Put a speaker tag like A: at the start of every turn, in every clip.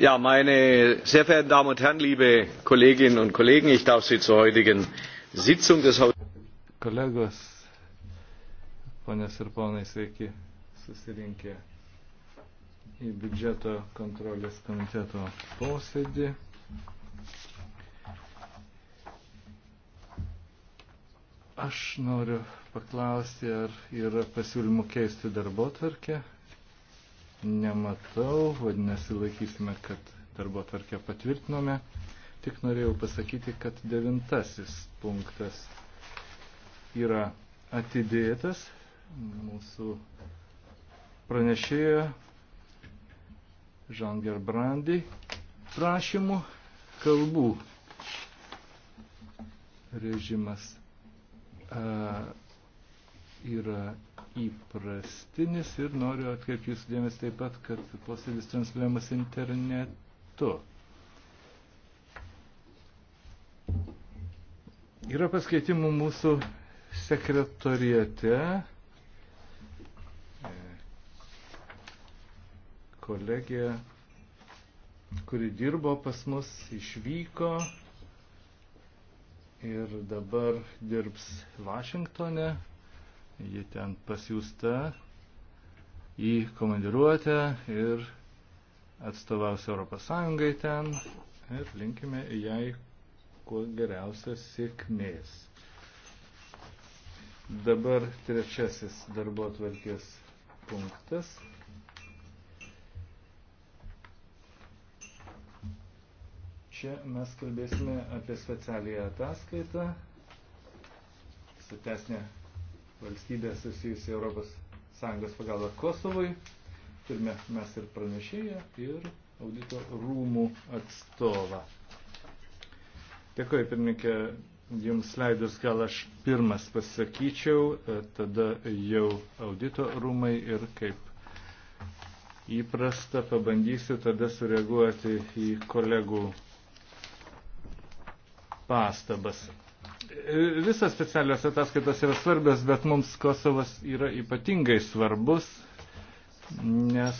A: Ja, meine sehr verehrten Damen und Herren, liebe Kolleginnen und Kollegen, ich darf Sie zur heutigen Sitzung des
B: Kollegos, ponios ir ponai, sveiki susirinkę į biudžeto kontrolės komiteto posėdį. Aš noriu paklausti, ar yra pasiūlymų keisti darbo tvarkę nematau, vadinasi laikysime, kad darbo tvarkę patvirtinome. Tik norėjau pasakyti, kad devintasis punktas yra atidėtas mūsų pranešėjo Jean Gerbrandi prašymų kalbų režimas a, yra įprastinis ir noriu atkreipti jūsų dėmesį taip pat, kad posėdis transliuojamas internetu. Yra paskaitimų mūsų sekretoriete. Kolegija, kuri dirbo pas mus, išvyko ir dabar dirbs Vašingtone ji ten pasiūsta į komandiruotę ir atstovaus Europos Sąjungai ten ir linkime jai kuo geriausios sėkmės. Dabar trečiasis darbo atvarkės punktas. Čia mes kalbėsime apie specialiją ataskaitą, statesnę valstybė susijusi Europos Sąjungos pagalba Kosovui. Turime mes ir pranešėją, ir audito rūmų atstovą. Dėkuoju, pirmininkė, jums leidus gal aš pirmas pasakyčiau, e, tada jau audito rūmai ir kaip įprasta pabandysiu tada sureaguoti į kolegų pastabas. Visas specialios ataskaitos yra svarbios, bet mums Kosovas yra ypatingai svarbus, nes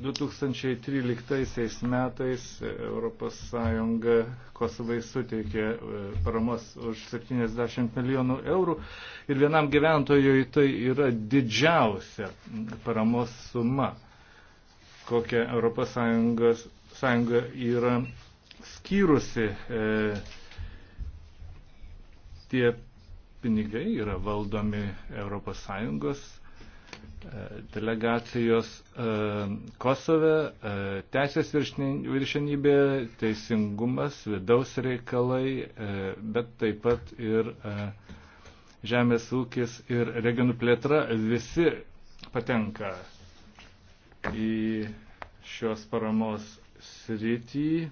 B: 2013 e, metais Europos Sąjunga Kosovai suteikė e, paramos už 70 milijonų eurų ir vienam gyventojui tai yra didžiausia paramos suma, kokią Europos Sąjungos, Sąjunga yra skyrusi. E, tie pinigai yra valdomi ES e, delegacijos e, Kosove, teisės viršenybė, teisingumas, vidaus reikalai, bet taip pat ir žemės ūkis ir regionų plėtra visi patenka į šios paramos srityje.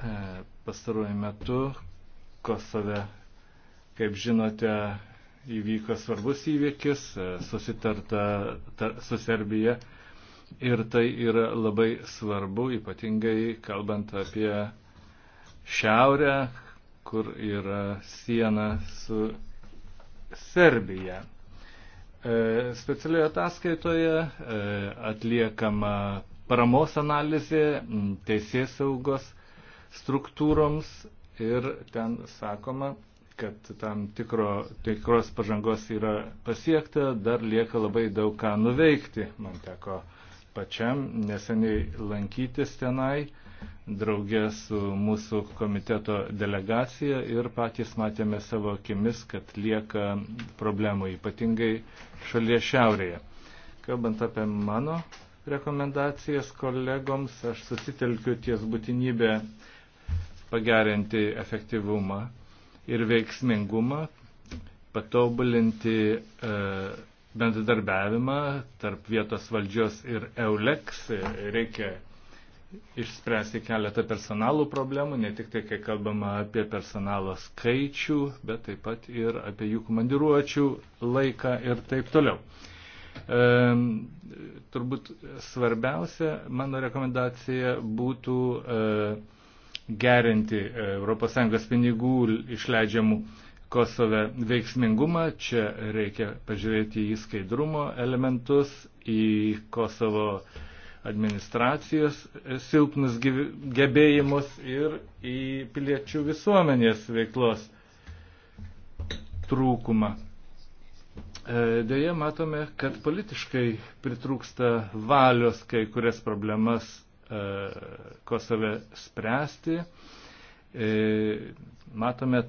B: E, pastaruoju metu Kosove, kaip žinote, įvyko svarbus įvykis, e, susitarta tar, su Serbija ir tai yra labai svarbu, ypatingai kalbant apie šiaurę, kur yra siena su Serbija. E, specialioje ataskaitoje atliekama paramos analizė, teisės saugos struktūroms ir ten sakoma, kad tam tikro, tikros pažangos yra pasiekta, dar lieka labai daug ką nuveikti. Man teko pačiam neseniai lankytis tenai, draugė su mūsų komiteto delegacija ir patys matėme savo akimis, kad lieka problemų ypatingai šalies šiaurėje. Kalbant apie mano rekomendacijas kolegoms, aš susitelkiu ties būtinybę pagerinti efektyvumą ir veiksmingumą, patobulinti e, bendradarbiavimą tarp vietos valdžios ir EULEX. E, reikia išspręsti keletą personalų problemų, ne tik tai, kai kalbama apie personalo skaičių, bet taip pat ir apie jų komandiruočių laiką ir taip toliau. E, turbūt svarbiausia mano rekomendacija būtų e, gerinti ES pinigų išleidžiamų Kosove veiksmingumą. Čia reikia pažiūrėti į skaidrumo elementus, į Kosovo administracijos silpnus gebėjimus ir į piliečių visuomenės veiklos trūkumą. E, Deja, matome, kad politiškai pritrūksta valios kai kurias problemas E, Kosove spręsti. E, matome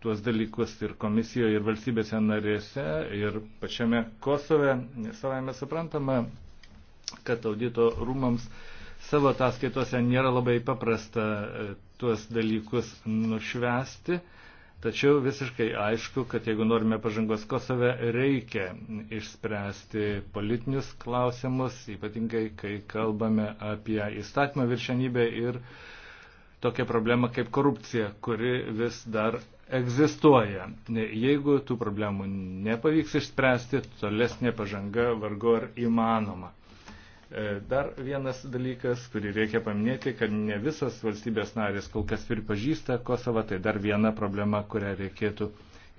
B: tuos dalykus ir komisijoje, ir valstybėse narėse, ir pačiame Kosove. Savai mes suprantame, kad audito rūmams savo ataskaitose nėra labai paprasta e, tuos dalykus nušvesti. E, Tačiau visiškai aišku, kad jeigu norime pažangos Kosove, reikia išspręsti politinius klausimus, ypatingai kai kalbame apie įstatymą viršenybę ir tokią problemą kaip korupcija, kuri vis dar egzistuoja. Jeigu tų problemų nepavyks išspręsti, tolesnė pažanga vargu ar įmanoma. E, dar vienas dalykas, kurį reikia paminėti, kad ne visas valstybės narės kol kas pripažįsta Kosovą, tai dar viena problema, kurią reikėtų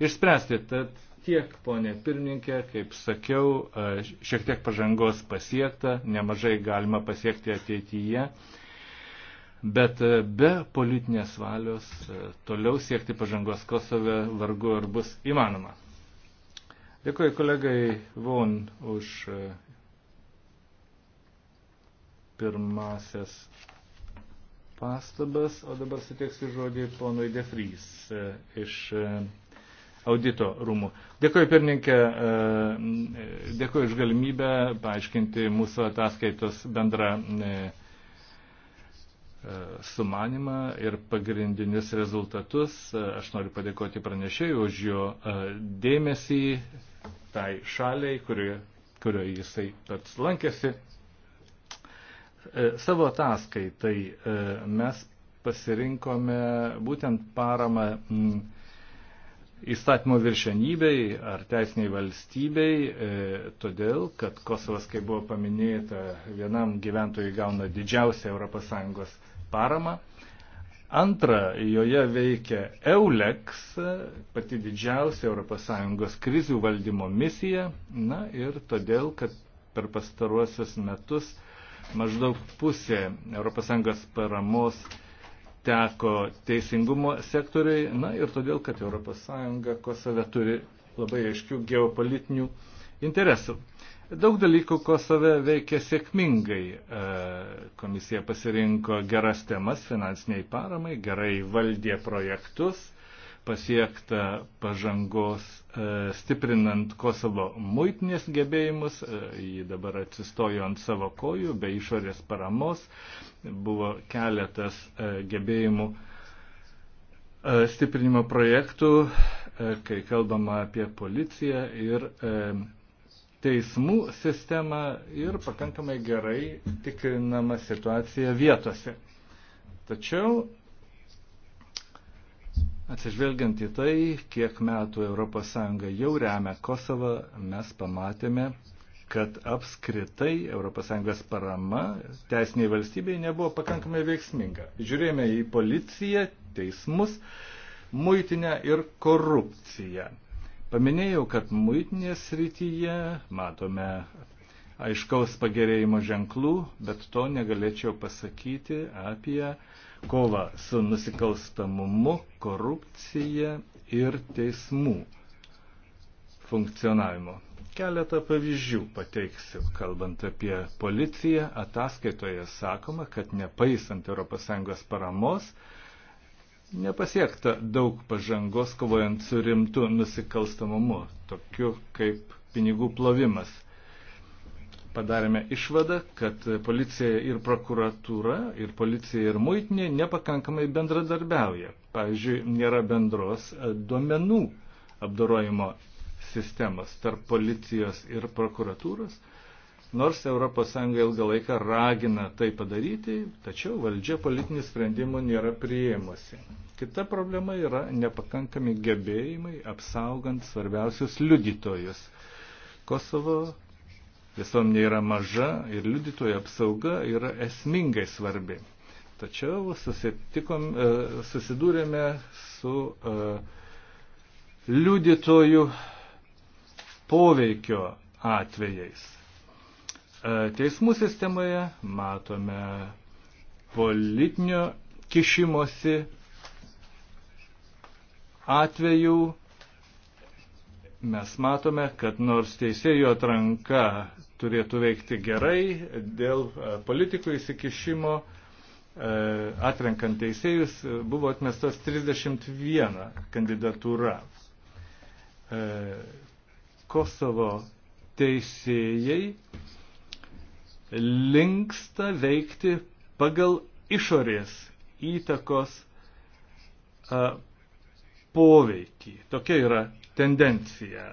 B: išspręsti. Tad tiek, ponė pirmininkė, kaip sakiau, e, šiek tiek pažangos pasiekta, nemažai galima pasiekti ateityje, bet e, be politinės valios toliau siekti pažangos Kosove vargu ar bus įmanoma. Dėkuoju kolegai Vaughan už pirmasias pastabas, o dabar suteiksiu žodį ponui Defrys e, iš e, audito rūmų. Dėkuoju pirmininkė, e, dėkuoju už galimybę paaiškinti mūsų ataskaitos bendrą sumanimą ir pagrindinius rezultatus. Aš noriu padėkoti pranešėjui už jo dėmesį tai šaliai, kurioje, kurioje jisai pats lankėsi E, savo ataskaitai e, mes pasirinkome būtent paramą įstatymo viršenybei ar teisiniai valstybei, e, todėl, kad Kosovas, kaip buvo paminėta, vienam gyventojui gauna didžiausią ES paramą. Antra, joje veikia EULEX, pati didžiausia ES krizių valdymo misija. Na ir todėl, kad per pastaruosius metus Maždaug pusė ES paramos teko teisingumo sektoriui, na ir todėl, kad ES Kosove turi labai aiškių geopolitinių interesų. Daug dalykų Kosove veikia sėkmingai. E, komisija pasirinko geras temas finansiniai paramai, gerai valdė projektus, pasiekta pažangos E, stiprinant Kosovo muitinės gebėjimus, e, ji dabar atsistojo ant savo kojų be išorės paramos, buvo keletas e, gebėjimų stiprinimo projektų, kai kalbama apie policiją ir teismų sistemą ir pakankamai gerai tikrinama situacija vietose. Tačiau Atsižvelgiant į tai, kiek metų ES jau remia Kosovą, mes pamatėme, kad apskritai ES parama teisiniai valstybei nebuvo pakankamai veiksminga. Žiūrėjome į policiją, teismus, muitinę ir korupciją. Paminėjau, kad muitinės rytyje matome aiškaus pagerėjimo ženklų, bet to negalėčiau pasakyti apie uh, kovą su nusikalstamumu, korupcija ir teismų funkcionavimo. Keletą pavyzdžių pateiksiu, kalbant apie policiją. Ataskaitoje sakoma, kad nepaisant ES paramos, nepasiekta daug pažangos kovojant su rimtu nusikalstamumu, tokiu kaip pinigų plovimas padarėme išvadą, kad policija ir prokuratūra, ir policija ir muitinė nepakankamai bendradarbiauja. Pavyzdžiui, nėra bendros e, duomenų apdorojimo sistemos tarp policijos ir prokuratūros. Nors ES ilgą laiką ragina tai padaryti, tačiau valdžia politinių sprendimų nėra prieimusi. Kita problema yra nepakankami gebėjimai apsaugant svarbiausius liudytojus. Kosovo visuomenė yra maža ir liudytojų apsauga yra esmingai svarbi. Tačiau susitikom, e, susidūrėme su e, liudytojų poveikio atvejais. E, teismų sistemoje matome politinio kišimosi atvejų mes matome, kad nors teisėjų atranka turėtų veikti gerai dėl e, politikų įsikišimo e, atrenkant teisėjus e, buvo atmestas 31 kandidatūra. Kosovo teisėjai linksta veikti pagal išorės įtakos poveikį. Tokia yra tendencija.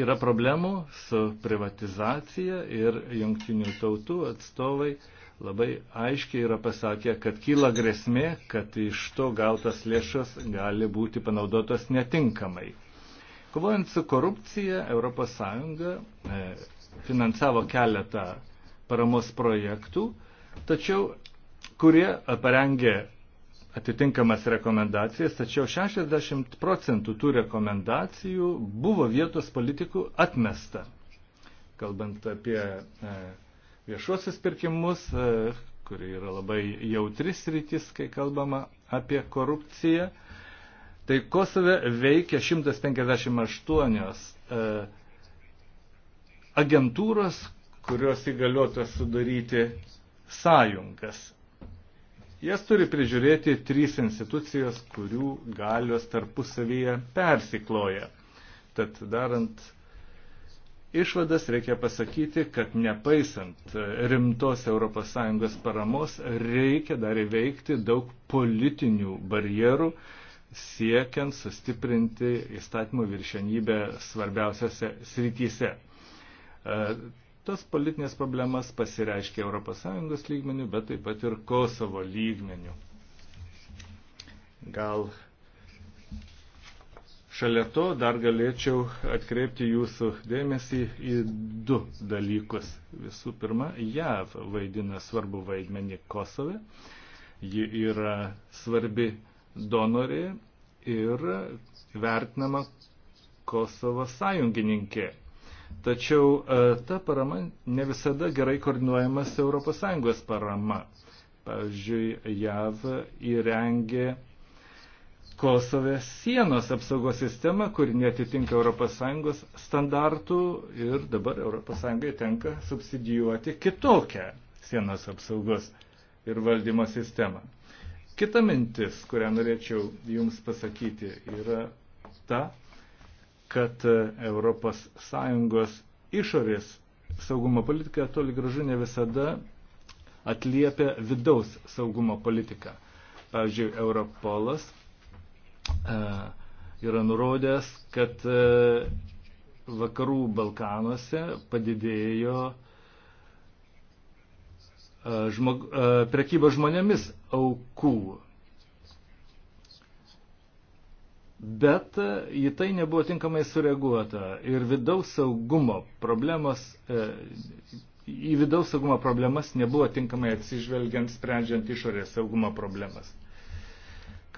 B: Yra problemų su privatizacija ir jungtinių tautų atstovai labai aiškiai yra pasakę, kad kyla grėsmė, kad iš to gautas lėšas gali būti panaudotas netinkamai. Kovojant su korupcija, ES e, finansavo keletą paramos projektų, tačiau kurie parengė atitinkamas rekomendacijas, tačiau 60 procentų tų rekomendacijų buvo vietos politikų atmesta. Kalbant apie e, viešuosius pirkimus, e, kuri yra labai jautris rytis, kai kalbama apie korupciją, tai Kosove veikia 158 e, agentūros, kurios įgaliotos sudaryti sąjungas. Jas turi prižiūrėti trys institucijos, kurių galios tarpusavyje persikloja. Tad darant išvadas reikia pasakyti, kad nepaisant rimtos ES paramos, reikia dar įveikti daug politinių barjerų, siekiant sustiprinti įstatymo viršenybę svarbiausiose srityse. Tas politinės problemas pasireiškia ES lygmenių, bet taip pat ir Kosovo lygmenių. Gal šalia to dar galėčiau atkreipti jūsų dėmesį į du dalykus. Visų pirma, JAV vaidina svarbu vaidmenį Kosove. Ji yra svarbi donorė ir vertinama Kosovo sąjungininkė Tačiau e, ta parama ne visada gerai koordinuojamas ES parama. Pavyzdžiui, JAV įrengė Kosove sienos apsaugos sistemą, kuri netitinka ES standartų ir dabar ES tenka subsidijuoti kitokią sienos apsaugos ir valdymo sistemą. Kita mintis, kurią norėčiau Jums pasakyti, yra ta, kad ES išorės saugumo politika toli gražu ne visada atliepia vidaus saugumo politiką. Pavyzdžiui, Europolas e, yra nurodęs, kad e, vakarų Balkanuose padidėjo e, žmog, e, prekyba žmonėmis aukų bet e, į tai nebuvo tinkamai sureaguota ir vidaus saugumo problemos, e, į vidaus saugumo problemas nebuvo tinkamai atsižvelgiant sprendžiant išorės saugumo problemas.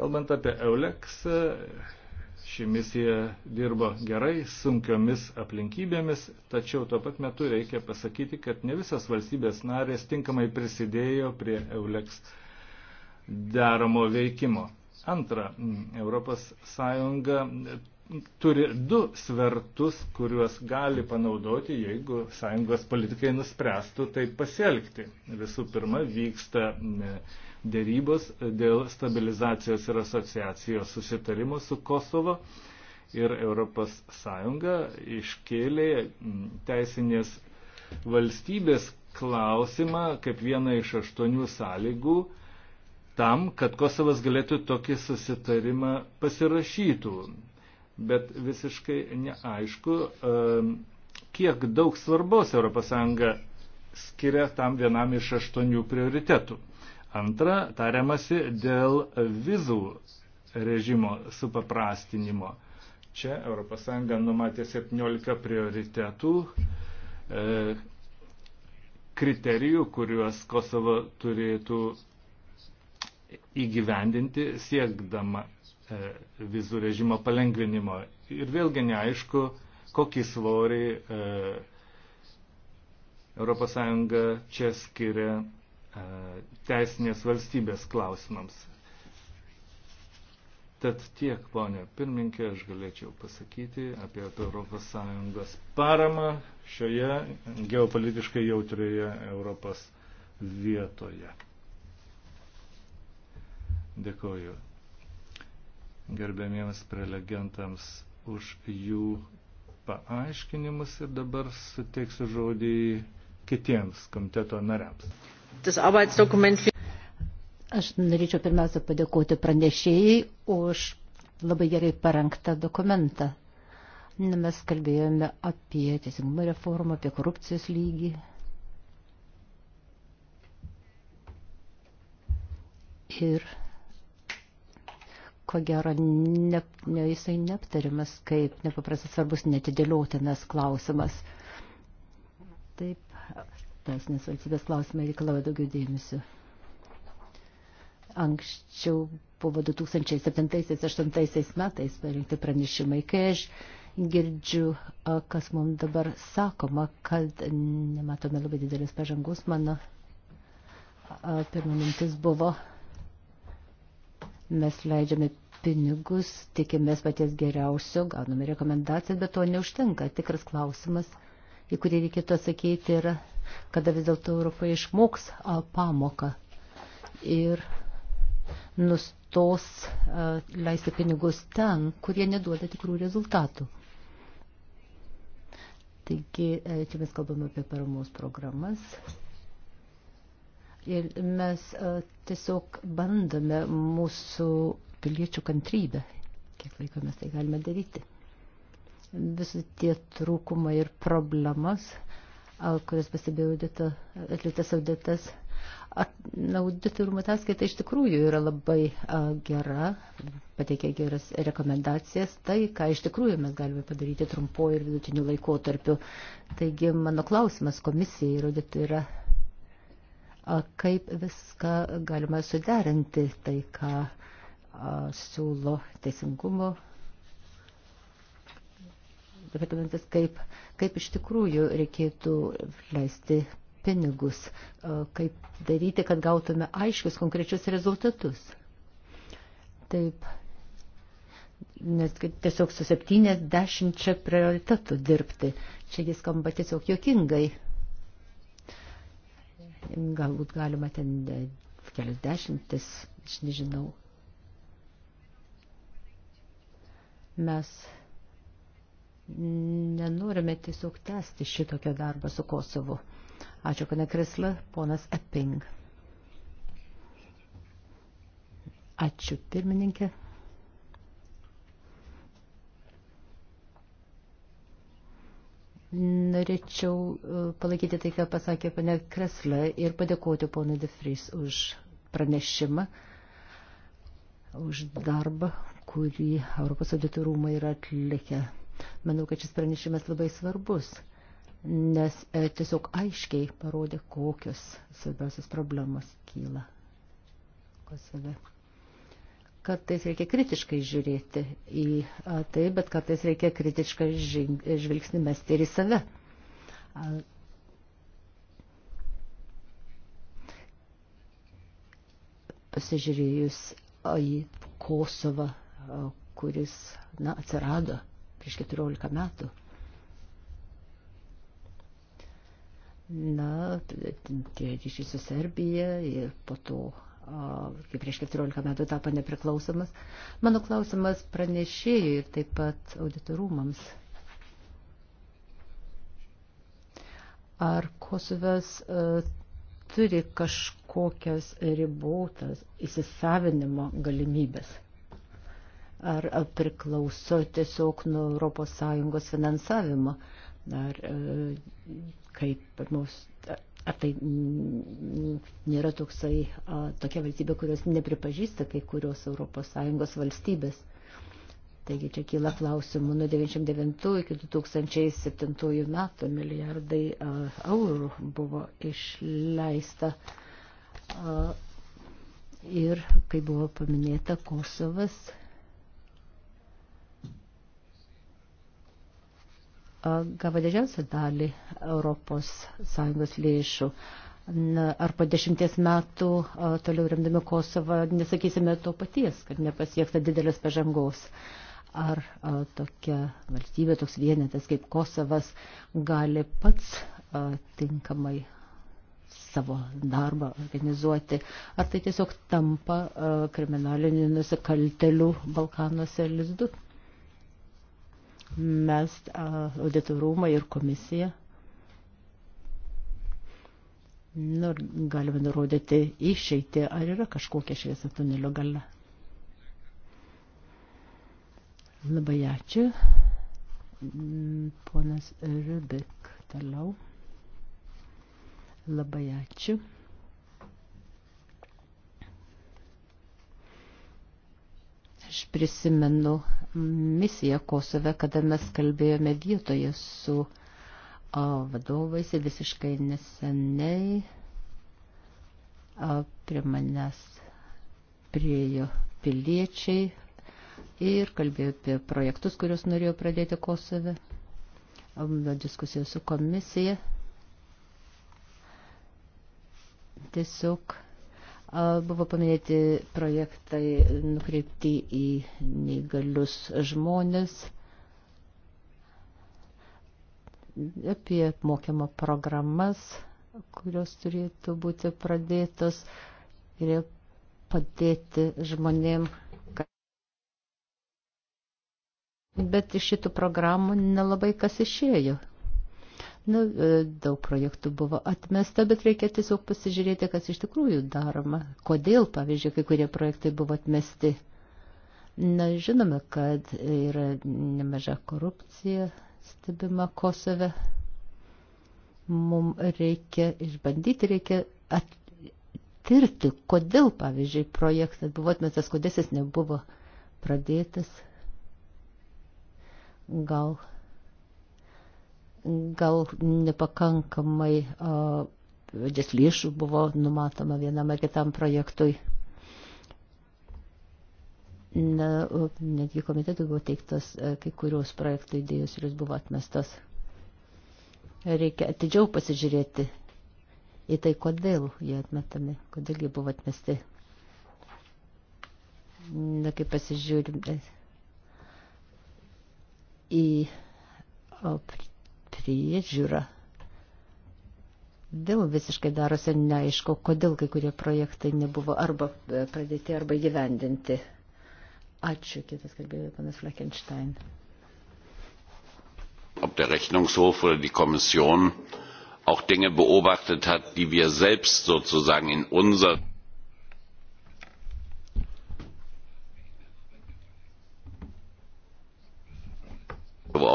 B: Kalbant apie Eulex, e, ši misija dirbo gerai, sunkiomis aplinkybėmis, tačiau tuo pat metu reikia pasakyti, kad ne visas valstybės narės tinkamai prisidėjo prie Eulex daromo veikimo. Antra, ES turi du svertus, kuriuos gali panaudoti, jeigu sąjungos politikai nuspręstų taip pasielgti. Visų pirma, vyksta dėrybos dėl stabilizacijos ir asociacijos susitarimo su Kosovo ir ES iškėlė teisinės valstybės klausimą kaip vieną iš aštuonių sąlygų, tam, kad Kosovas galėtų tokį susitarimą pasirašytų. Bet visiškai neaišku, kiek daug svarbos ES skiria tam vienam iš aštuonių prioritetų. Antra, tariamasi dėl vizų režimo supaprastinimo. Čia ES numatė 17 prioritetų, e, kriterijų, kuriuos Kosovo turėtų įgyvendinti siekdama e, vizų režimo palengvinimo. Ir vėlgi neaišku, kokį svorį ES čia skiria e, teisinės valstybės klausimams. Tad tiek, ponė pirmininkė, aš galėčiau pasakyti apie ES paramą šioje geopolitiškai jautrioje Europos vietoje. Dėkoju gerbėmiems prelegentams už jų paaiškinimus ir dabar suteiksiu žodį kitiems komiteto nariams.
C: Aš norėčiau pirmiausia padėkoti pranešėjai už labai gerai parengtą dokumentą. Mes kalbėjome apie teisingumo reformą, apie korupcijos lygį. Ir ko gero, ne, ne, jisai neaptarimas kaip nepaprastai svarbus netidėliotinas klausimas. Taip, teisinės valstybės klausimai reikalauja daugiau dėmesio. Anksčiau buvo 2007-2008 metais parengti pranešimai, kai aš girdžiu, kas mums dabar sakoma, kad nematome labai didelės pažangos. Mano pirma mintis buvo Mes leidžiame pinigus, tikimės paties geriausio, gauname rekomendacijas, bet to neužtenka. Tikras klausimas, į kurį reikėtų atsakyti, yra, kada vis dėlto Europa išmoks pamoką ir nustos leisti pinigus ten, kurie neduoda tikrų rezultatų. Taigi, e, čia mes kalbame apie paramos programas. Ir mes e, tiesiog bandome mūsų piliečių kantrybę, kiek laiko mes tai galime daryti. Visi tie trūkumai ir problemas, kurias pastebėjo atliktas auditas, auditorų ataskaita iš tikrųjų yra labai gera, pateikia geras rekomendacijas, tai, ką iš tikrųjų mes galime padaryti trumpuoju ir vidutiniu laikotarpiu. Taigi mano klausimas komisijai ir auditorui yra kaip viską galima suderinti, tai ką siūlo teisingumo departamentas, kaip, kaip iš tikrųjų reikėtų leisti pinigus, kaip daryti, kad gautume aiškius konkrečius rezultatus. Taip, nes tiesiog su septynės dešimčia prioritetų dirbti. Čia jis skamba tiesiog jokingai. Galbūt galima ten e, kelias dešimtis, aš nežinau. Mes nenorime tiesiog tęsti šitokio darbą su Kosovu. Ačiū, kad nekrisla, ponas Epping. Ačiū, pirmininkė. Norėčiau e, palaikyti tai, ką pasakė pane Kreslė ir padėkoti ponui Defrys už pranešimą, už darbą, kurį Europos auditų rūmai yra atlikę. Manau, kad šis pranešimas labai svarbus, nes e, tiesiog aiškiai parodė, kokios svarbiausios problemos kyla. Kosove. Kartais reikia kritiškai žiūrėti į tai, bet kartais reikia kritišką žvilgsnį mesti ir į save. Pasižiūrėjus į Kosovą, kuris na, atsirado prieš 14 metų. Na, tie ryšiai su Serbija ir po to kaip prieš 14 metų tapo nepriklausomas. Mano klausimas pranešėjai ir taip pat auditorumams. Ar Kosovas e, turi kažkokias ribotas įsisavinimo galimybės? Ar e, priklauso tiesiog nuo ES finansavimo? Ar e, kaip mūsų Ar tai nėra toksai, a, tokia valstybė, kurios nepripažįsta kai kurios ES valstybės? Taigi čia kyla klausimų nuo 99 iki 2007 metų milijardai a, eurų buvo išleista. A, ir, kaip buvo paminėta, Kosovas gavo didžiausią dalį ES lėšų. Ar po dešimties metų toliau remdami Kosovą nesakysime to paties, kad nepasiekta didelės pažangos. Ar tokia valstybė, toks vienetas kaip Kosovas gali pats tinkamai savo darbą organizuoti, ar tai tiesiog tampa kriminalinių nusikaltelių Balkanuose lizdu mes auditorumą ir komisiją nu, galime nurodyti išeitį, ar yra kažkokia šviesa tunelio gale. Labai ačiū. Mm, ponas Rubik toliau. Labai ačiū. Aš prisimenu misiją Kosove, kada mes kalbėjome vietoje su o, vadovais ir visiškai neseniai o, prie manęs priejo piliečiai ir kalbėjo apie projektus, kuriuos norėjo pradėti Kosove, diskusijos su komisija. Tiesiog Buvo paminėti projektai nukreipti į neįgalius žmonės apie mokymo programas, kurios turėtų būti pradėtos ir padėti žmonėm. Bet iš šitų programų nelabai kas išėjo. Na, nu, e, daug projektų buvo atmesta, bet reikia tiesiog pasižiūrėti, kas iš tikrųjų daroma. Kodėl, pavyzdžiui, kai kurie projektai buvo atmesti. Na, žinome, kad yra nemaža korupcija stebima Kosove. Mums reikia išbandyti, reikia attirti, kodėl, pavyzdžiui, projektas buvo atmestas, kodėl jis nebuvo pradėtas. Gal gal nepakankamai biudžet lėšų buvo numatoma vienam ar kitam projektui. Na, netgi komitetui buvo teiktos kai kurios projektų idėjos ir jos buvo atmestos. Reikia atidžiau pasižiūrėti į tai, kodėl jie atmetami, kodėl jie buvo atmesti. Na, kai pasižiūrim e, į priežiūra. Dėl visiškai darosi neaišku, kodėl kai kurie projektai nebuvo arba e, pradėti, arba gyvendinti. Ačiū, kitas kalbėjo panas Fleckenstein.
A: Ob der Rechnungshof oder die Kommission auch Dinge beobachtet hat, die wir selbst sozusagen in unserer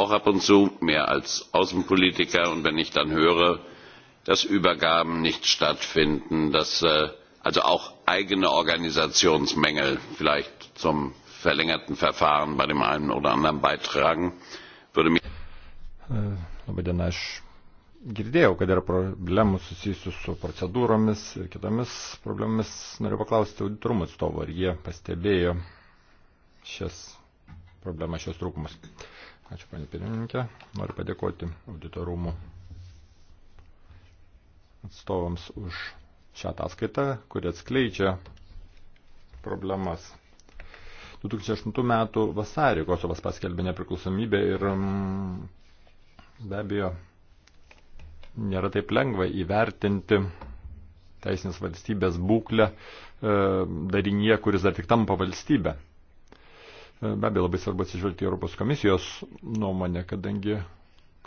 A: auch ab und zu mehr als außenpolitiker und wenn ich dann höre dass übergaben nicht stattfinden dass äh, also auch eigene organisationsmängel vielleicht zum verlängerten verfahren bei dem einen oder anderen beitragen würde mich
D: äh, Labai diena, aš girdėjau, kad yra problemų susijusių su procedūromis ir kitomis problemomis. Noriu paklausti auditorumų atstovų, ar jie pastebėjo šias problemas, šios trūkumus. Uh, Ačiū, panė pirmininkė. Noriu padėkoti auditorumų atstovams už šią ataskaitą, kuri atskleidžia problemas. 2008 metų vasarį Kosovas paskelbė nepriklausomybę ir mm, be abejo nėra taip lengva įvertinti teisinės valstybės būklę e, darinėje, kuris dar tik tampa valstybė. Be abejo, labai svarbu atsižvelgti Europos komisijos nuomonę, kadangi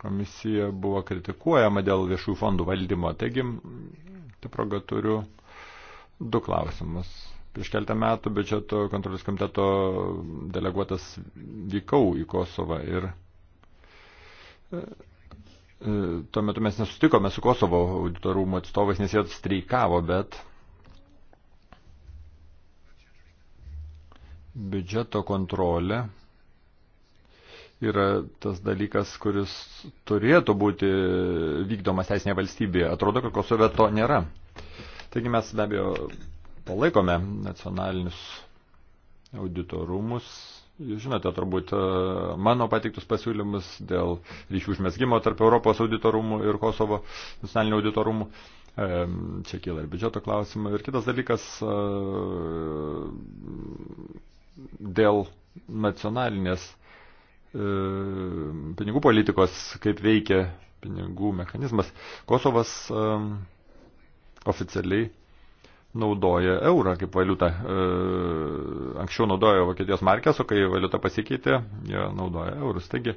D: komisija buvo kritikuojama dėl viešų fondų valdymo. Taigi, ta proga turiu du klausimus. Prieš keltą metų biudžeto kontrolės komiteto deleguotas vykau į Kosovą ir e, e, tuo metu mes nesutikome su Kosovo auditorumo atstovais, nes jie streikavo, bet biudžeto kontrolė yra tas dalykas, kuris turėtų būti vykdomas teisinėje valstybėje. Atrodo, kad Kosove to nėra. Taigi mes be abejo palaikome nacionalinius auditorumus. Jūs žinote turbūt e, mano pateiktus pasiūlymus dėl ryšių užmesgymo tarp Europos auditorumų ir Kosovo nacionalinių auditorumų. E, čia kyla ir biudžeto klausimai. Ir kitas dalykas, e, dėl nacionalinės e, pinigų politikos, kaip veikia pinigų mechanizmas. Kosovas e, oficialiai naudoja eurą kaip valiutą. E, anksčiau naudojo Vokietijos markės, o kai valiuta pasikeitė, jie naudoja eurus. Taigi,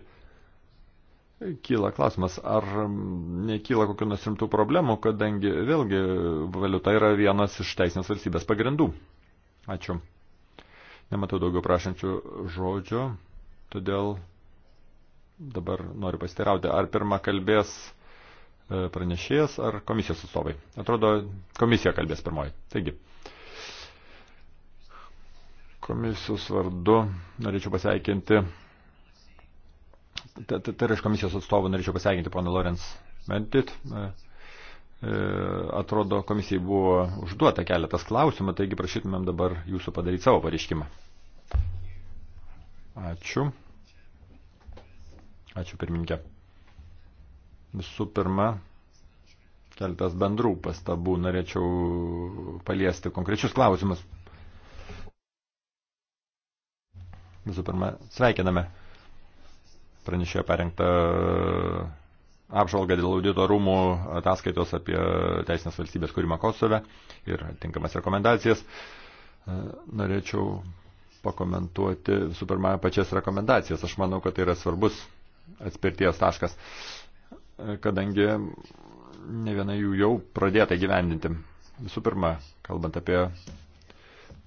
D: Kyla klausimas, ar nekyla kokių nors rimtų problemų, kadangi vėlgi valiuta yra vienas iš teisinės valstybės pagrindų. Ačiū. Nematau daugiau prašančių žodžio, todėl dabar noriu pasiteirauti, ar pirmą kalbės e, pranešėjas ar komisijos atstovai. Atrodo, komisija kalbės pirmoji. Taigi, komisijos vardu norėčiau pasveikinti, tai yra iš komisijos atstovų norėčiau pasveikinti poną Lorenz Mentit, e, E, atrodo, komisijai buvo užduota keletas klausimų, taigi prašytumėm dabar jūsų padaryti savo pareiškimą. Ačiū. Ačiū pirmininkė. Visų pirma, keletas bendrų pastabų norėčiau paliesti konkrečius klausimus. Visų pirma, sveikiname pranešėjo parengtą apžvalgą dėl audito rūmų ataskaitos apie teisinės valstybės kūrimą Kosove ir tinkamas rekomendacijas. Norėčiau pakomentuoti visų pirma pačias rekomendacijas. Aš manau, kad tai yra svarbus atspirties taškas, kadangi ne viena jų jau pradėta gyvendinti. Visų pirma, kalbant apie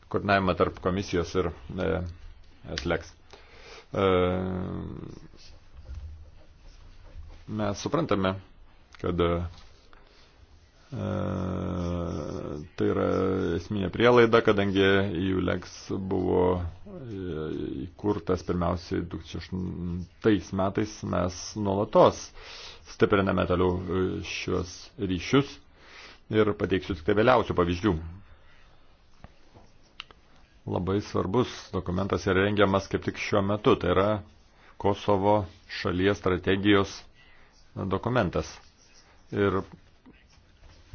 D: koordinavimą tarp komisijos ir e, SLEX. E, Mes suprantame, kad e, tai yra esminė prielaida, kadangi EULEX buvo e, įkurtas pirmiausiai 2008 metais, mes nuolatos stipriname toliau e, šios ryšius ir pateiksiu tik tai vėliausių pavyzdžių. Labai svarbus dokumentas yra rengiamas kaip tik šiuo metu, tai yra Kosovo šalies strategijos dokumentas. Ir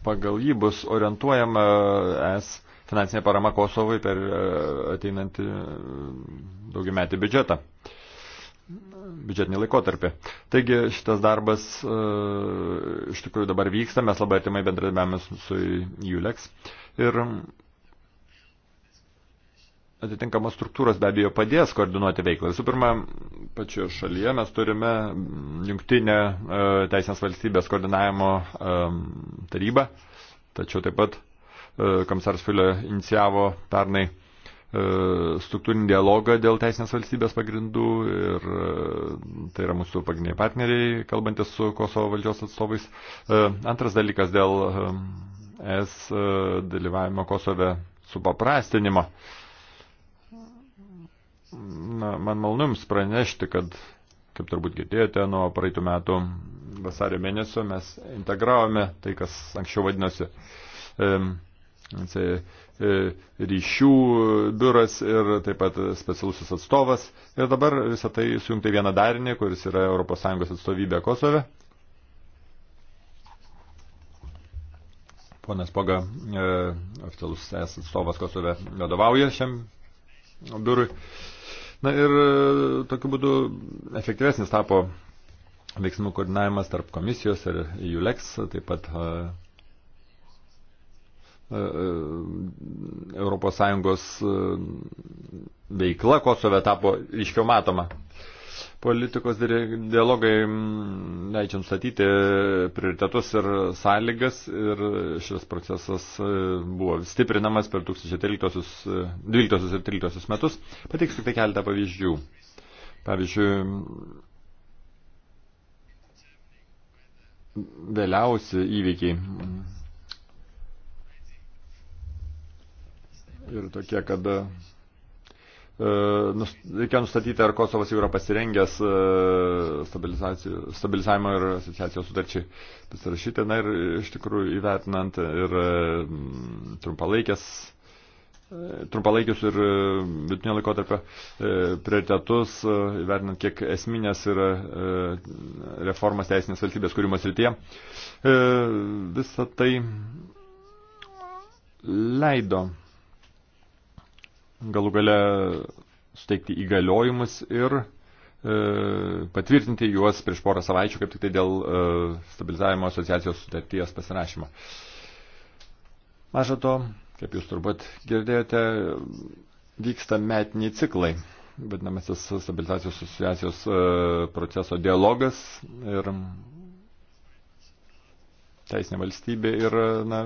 D: pagal jį bus orientuojama es finansinė parama Kosovui per e, ateinantį e, daugiametį biudžetą biudžetinį laikotarpį. Taigi šitas darbas e, iš tikrųjų dabar vyksta, mes labai artimai bendradarbiavame su ULEX ir atitinkamos struktūros be abejo padės koordinuoti veiklą. Visų pirma, pačioje šalyje mes turime jungtinę e, teisinės valstybės koordinavimo e, tarybą, tačiau taip pat e, komisaras Filio inicijavo pernai e, struktūrinį dialogą dėl teisinės valstybės pagrindų ir e, tai yra mūsų pagrindiniai partneriai, kalbantis su Kosovo valdžios atstovais. E, antras dalykas dėl e, es e, dalyvavimo Kosove supaprastinimo. E, Na, man malonu Jums pranešti, kad, kaip turbūt girdėjote, nuo praeitų metų vasario mėnesio mes integravome tai, kas anksčiau vadinosi e, e, ryšių biuras ir taip pat specialusis atstovas. Ir dabar visą tai sujungti vieną darinį, kuris yra ES atstovybė Kosove. Ponas Poga, e, oficialus es atstovas Kosove, vadovauja šiam biurui. Na ir e, tokiu būdu efektyvesnis tapo veiksmų koordinavimas tarp komisijos ir ULEX, taip pat e, e, Europos Sąjungos veikla Kosove tapo ryškiau matoma politikos dialogai mm, leidžia nustatyti prioritetus ir sąlygas ir šis procesas e, buvo stiprinamas per 2012 e, ir 2013 metus. Pateiksiu tik tai keletą pavyzdžių. Pavyzdžiui, vėliausi įvykiai. Ir tokie, kada E, reikia nustatyti, ar Kosovas jau yra pasirengęs e, stabilizavimo ir asociacijos sutarčiai pasirašyti. Na ir iš tikrųjų įvertinant ir e, trumpalaikės trumpalaikius ir vidutinio laikotarpio prioritetus, įvertinant, kiek esminės yra reformas teisinės valstybės kūrimo srityje. Visą tai leido galų gale suteikti įgaliojimus ir e, patvirtinti juos prieš porą savaičių, kaip tik tai dėl e, stabilizavimo asociacijos sutarties pasirašymo. Maža to, kaip jūs turbūt girdėjote, vyksta metiniai ciklai, vadinamasis stabilizacijos asociacijos e, proceso dialogas ir teisinė valstybė yra na,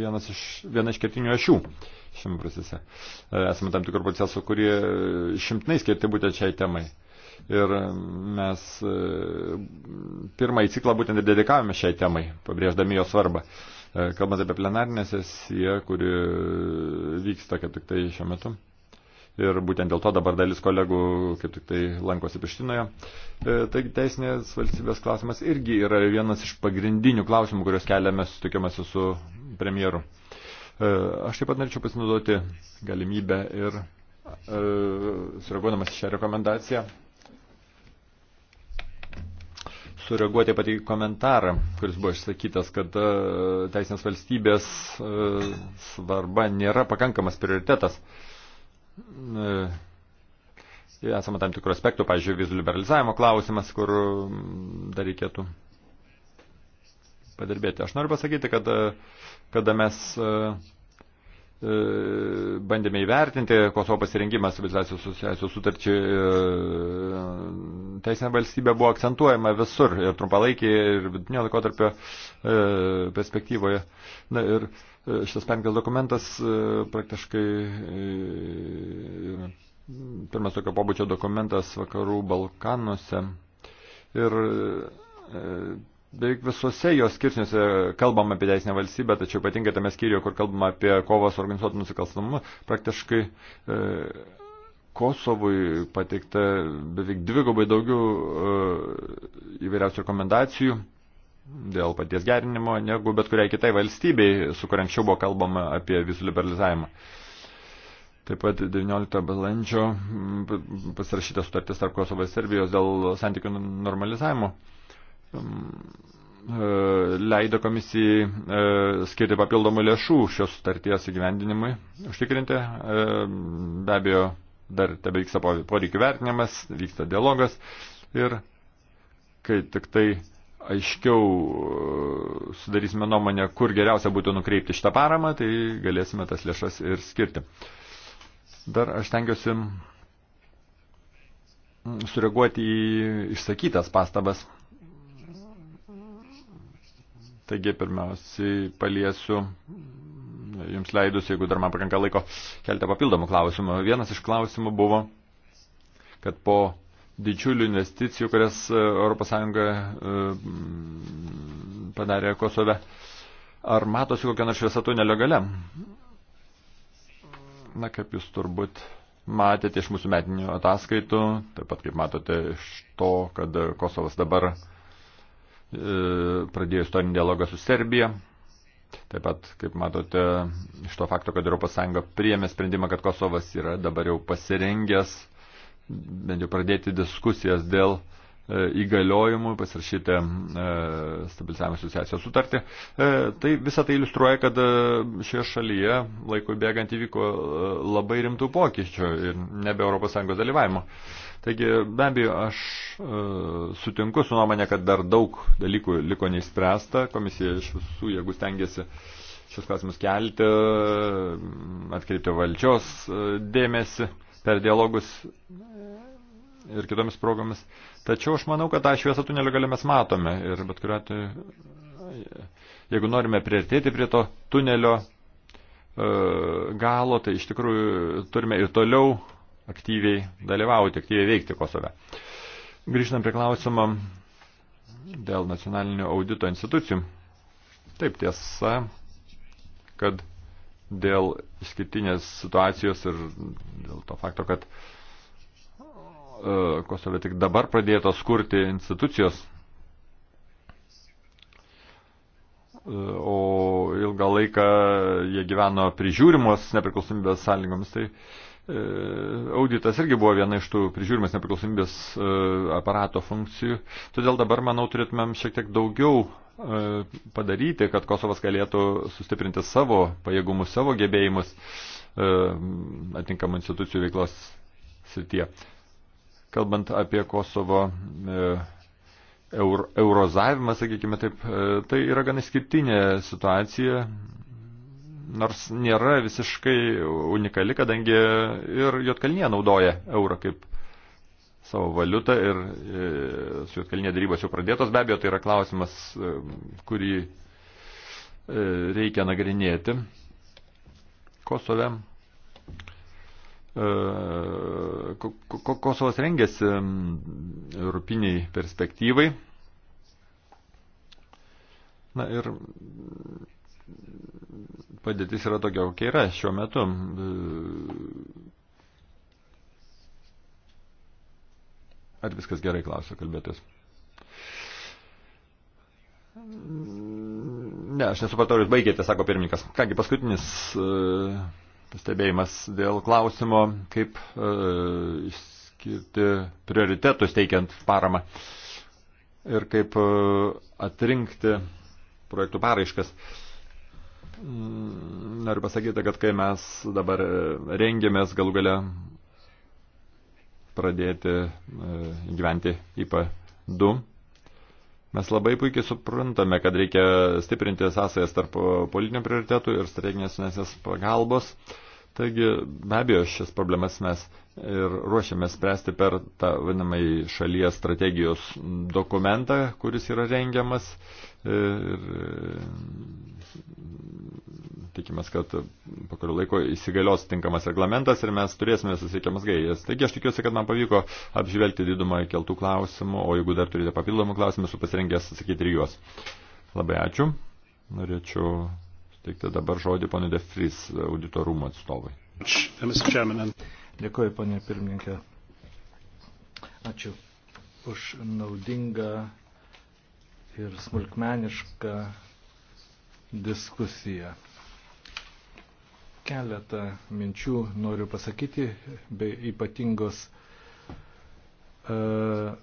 D: vienas iš, viena iš kertinių ašių. E, šiame procese. E, esame tam tikrų procesų, kurie šimtnai skirti būtent šiai temai. Ir mes e, pirmąjį ciklą būtent ir dedikavome šiai temai, pabrėždami jo svarbą. E, kalbant apie plenarinę sesiją, kuri vyksta kaip tik tai šiuo metu. Ir būtent dėl to dabar dalis kolegų kaip tik tai lankosi Pištinoje. Taigi teisinės valstybės klausimas irgi yra vienas iš pagrindinių klausimų, kuriuos keliame sutikiamasi su premjeru. E, aš taip pat norėčiau pasinaudoti galimybę ir e, sureaguodamas šią rekomendaciją sureaguoti patį komentarą, kuris buvo išsakytas, kad e, teisinės valstybės svarba nėra pakankamas prioritetas. Esama tam tikrų aspektų, pavyzdžiui, vizų liberalizavimo klausimas, kur dar reikėtų padirbėti. Aš noriu pasakyti, kad e, kada mes e, e, bandėme įvertinti Kosovo pasirinkimą civilizacijos asociacijos sutarčių teisinė valstybė buvo akcentuojama visur ir trumpalaikį ir vidutinio laikotarpio perspektyvoje. Na ir šitas penktas dokumentas praktiškai pirmas tokio pobūdžio dokumentas vakarų Balkanuose. Ir Beveik visose jos skirsniuose kalbam apie teisinę valstybę, tačiau ypatingai tame skyriuje, kur kalbam apie kovą su organizuotų nusikalstamumu, praktiškai e, Kosovui pateikta beveik dvigubai daugiau e, įvairiausių rekomendacijų dėl paties gerinimo, negu bet kuriai kitai valstybei, su kuria anksčiau buvo kalbama apie visų liberalizavimą. Taip pat 19 balandžio pasirašyta sutartis tarp Kosovo ir Serbijos dėl santykių normalizavimo. E, Mm, e, leido komisijai e, skirti papildomų lėšų šios sutarties įgyvendinimui užtikrinti. E, be abejo, dar tebe vyksta poreikių vertinimas, vyksta dialogas ir kai tik tai aiškiau sudarysime nuomonę, kur geriausia būtų nukreipti šitą paramą, tai galėsime tas lėšas ir skirti. Dar aš tengiuosi mm, sureaguoti į išsakytas pastabas. Taigi pirmiausiai paliesiu, jums leidus, jeigu dar man pakanka laiko, keltą papildomų klausimų. Vienas iš klausimų buvo, kad po didžiulių investicijų, kurias ES e, padarė Kosove, ar matosi kokia nors šviesa tunelio gale? Na, kaip jūs turbūt matėte iš mūsų metinių ataskaitų, taip pat kaip matote iš to, kad Kosovas dabar pradėjo istorinį dialogą su Serbija. Taip pat, kaip matote, iš to fakto, kad ES priėmė sprendimą, kad Kosovas yra dabar jau pasirengęs bent jau pradėti diskusijas dėl e, įgaliojimų pasirašyti e, stabilizavimo asociacijos sutartį. E, tai visą tai iliustruoja, kad šioje šalyje laikui bėgant įvyko labai rimtų pokyčių ir nebe ES dalyvavimo. Taigi, be abejo, aš e, sutinku su nuomonė, kad dar daug dalykų liko neįspręsta. Komisija iš visų, jeigu stengiasi šios klausimus kelti, atkreipti valdžios e, dėmesį per dialogus ir kitomis progomis. Tačiau aš manau, kad tą šviesą tunelio gale mes matome ir bet kuriuo atveju, jeigu norime priartėti prie to tunelio e, galo, tai iš tikrųjų turime ir toliau aktyviai dalyvauti, aktyviai veikti Kosove. Grįžtant prie klausimą dėl nacionalinio audito institucijų. Taip tiesa, kad dėl išskirtinės situacijos ir dėl to fakto, kad e, Kosove tik dabar pradėtos kurti institucijos, e, o ilgą laiką jie gyveno prižiūrimos nepriklausomybės sąlygomis, tai E, auditas irgi buvo viena iš tų prižiūrimas nepriklausomybės e, aparato funkcijų. Todėl dabar, manau, turėtumėm šiek tiek daugiau e, padaryti, kad Kosovas galėtų sustiprinti savo pajėgumus, savo gebėjimus atinkamų institucijų veiklos srityje. Kalbant apie Kosovo eurozavimą, sakykime taip, tai yra gan išskirtinė situacija, nors nėra visiškai unikali, kadangi ir Jotkalnie naudoja eurą kaip savo valiutą ir e, su Jotkalnie darybos jau pradėtos, be abejo, tai yra klausimas, e, kurį e, reikia nagrinėti. Kosove. Kosovas rengiasi europiniai perspektyvai. Na ir padėtis yra tokia, kokia yra šiuo metu. Ar viskas gerai, klausia kalbėtojas. Ne, aš nesupratau, jūs baigėte, sako pirmininkas. Kągi, paskutinis e, pastebėjimas dėl klausimo, kaip e, išskirti prioritetus teikiant paramą ir kaip e, atrinkti projektų paraiškas. E, Mm, noriu pasakyti, kad kai mes dabar e, rengiamės galų gale pradėti e, gyventi IPA 2, mes labai puikiai suprantame, kad reikia stiprinti sąsajas tarp politinių prioritetų ir strateginės finansinės pagalbos. Uh, Taigi, be abejo, šias problemas mes ir ruošiame spręsti per tą vadinamąjį šalies strategijos dokumentą, kuris yra rengiamas. Ir e, tikimės, kad po kurio laiko įsigalios tinkamas reglamentas ir mes turėsime susiekiamas gairės. Taigi aš tikiuosi, kad man pavyko apžvelgti didumą keltų klausimų, o jeigu dar turite papildomų klausimų, esu pasirengęs atsakyti ir juos. Labai ačiū. Norėčiau Teikti dabar žodį ponė Defris, auditorumo atstovai.
B: Dėkuoju, ponė pirmininkė. Ačiū už naudingą ir smulkmenišką diskusiją. Keletą minčių noriu pasakyti, be ypatingos uh,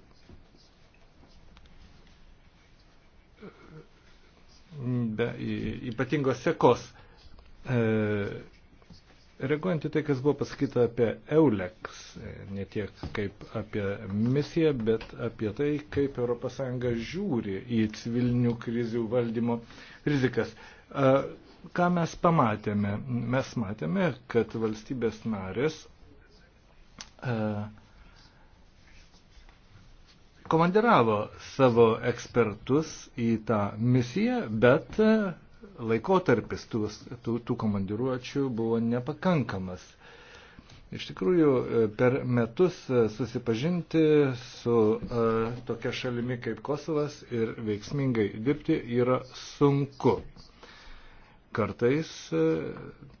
B: be ypatingos sekos. E, reaguojant į tai, kas buvo pasakyta apie EULEX, e, ne tiek kaip apie misiją, bet apie tai, kaip ES žiūri į civilinių krizių valdymo rizikas. E, ką mes pamatėme? Mes matėme, kad valstybės narės uh, komandiravo savo ekspertus į tą misiją, bet e, laikotarpis tų, tų, tų komandiruočių buvo nepakankamas. Iš tikrųjų, e, per metus e, susipažinti su uh, tokia šalimi kaip Kosovas ir veiksmingai dirbti yra sunku. Kartais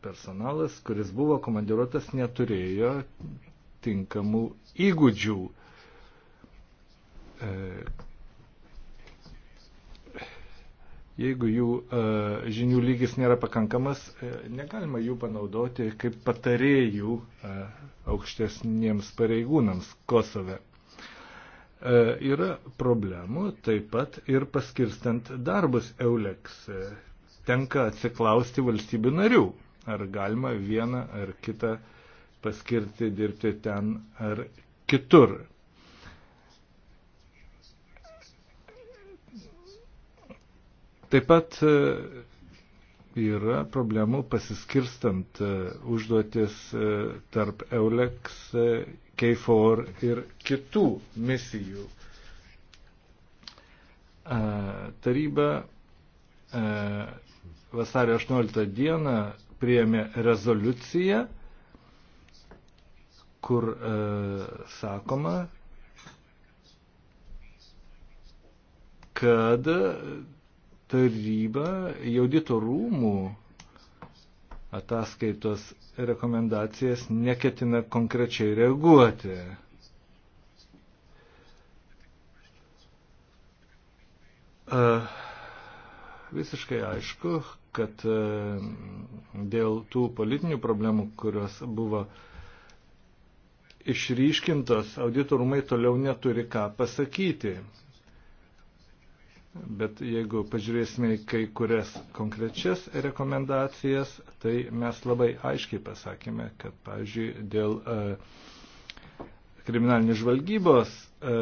B: personalas, kuris buvo komandiruotas, neturėjo tinkamų įgūdžių. Uh, E, jeigu jų e, žinių lygis nėra pakankamas, e, negalima jų panaudoti kaip patarėjų aukštesniems pareigūnams Kosove. Yra problemų taip pat ir paskirstant darbus Euleks. Tenka atsiklausti valstybių narių, ar galima vieną ar kitą paskirti dirbti ten ar kitur. Taip pat e, yra problemų pasiskirstant e, užduotis e, tarp EULEX, KFOR ir kitų misijų. Taryba vasario 18 dieną priėmė rezoliuciją, kur sakoma, kad taryba į audito rūmų ataskaitos rekomendacijas neketina konkrečiai reaguoti. Visiškai aišku, kad dėl tų politinių problemų, kurios buvo išryškintos, auditorumai toliau neturi ką pasakyti. Bet jeigu pažiūrėsime į kai kurias konkrečias rekomendacijas, tai mes labai aiškiai pasakėme, kad, pavyzdžiui, dėl e, kriminalinės žvalgybos e,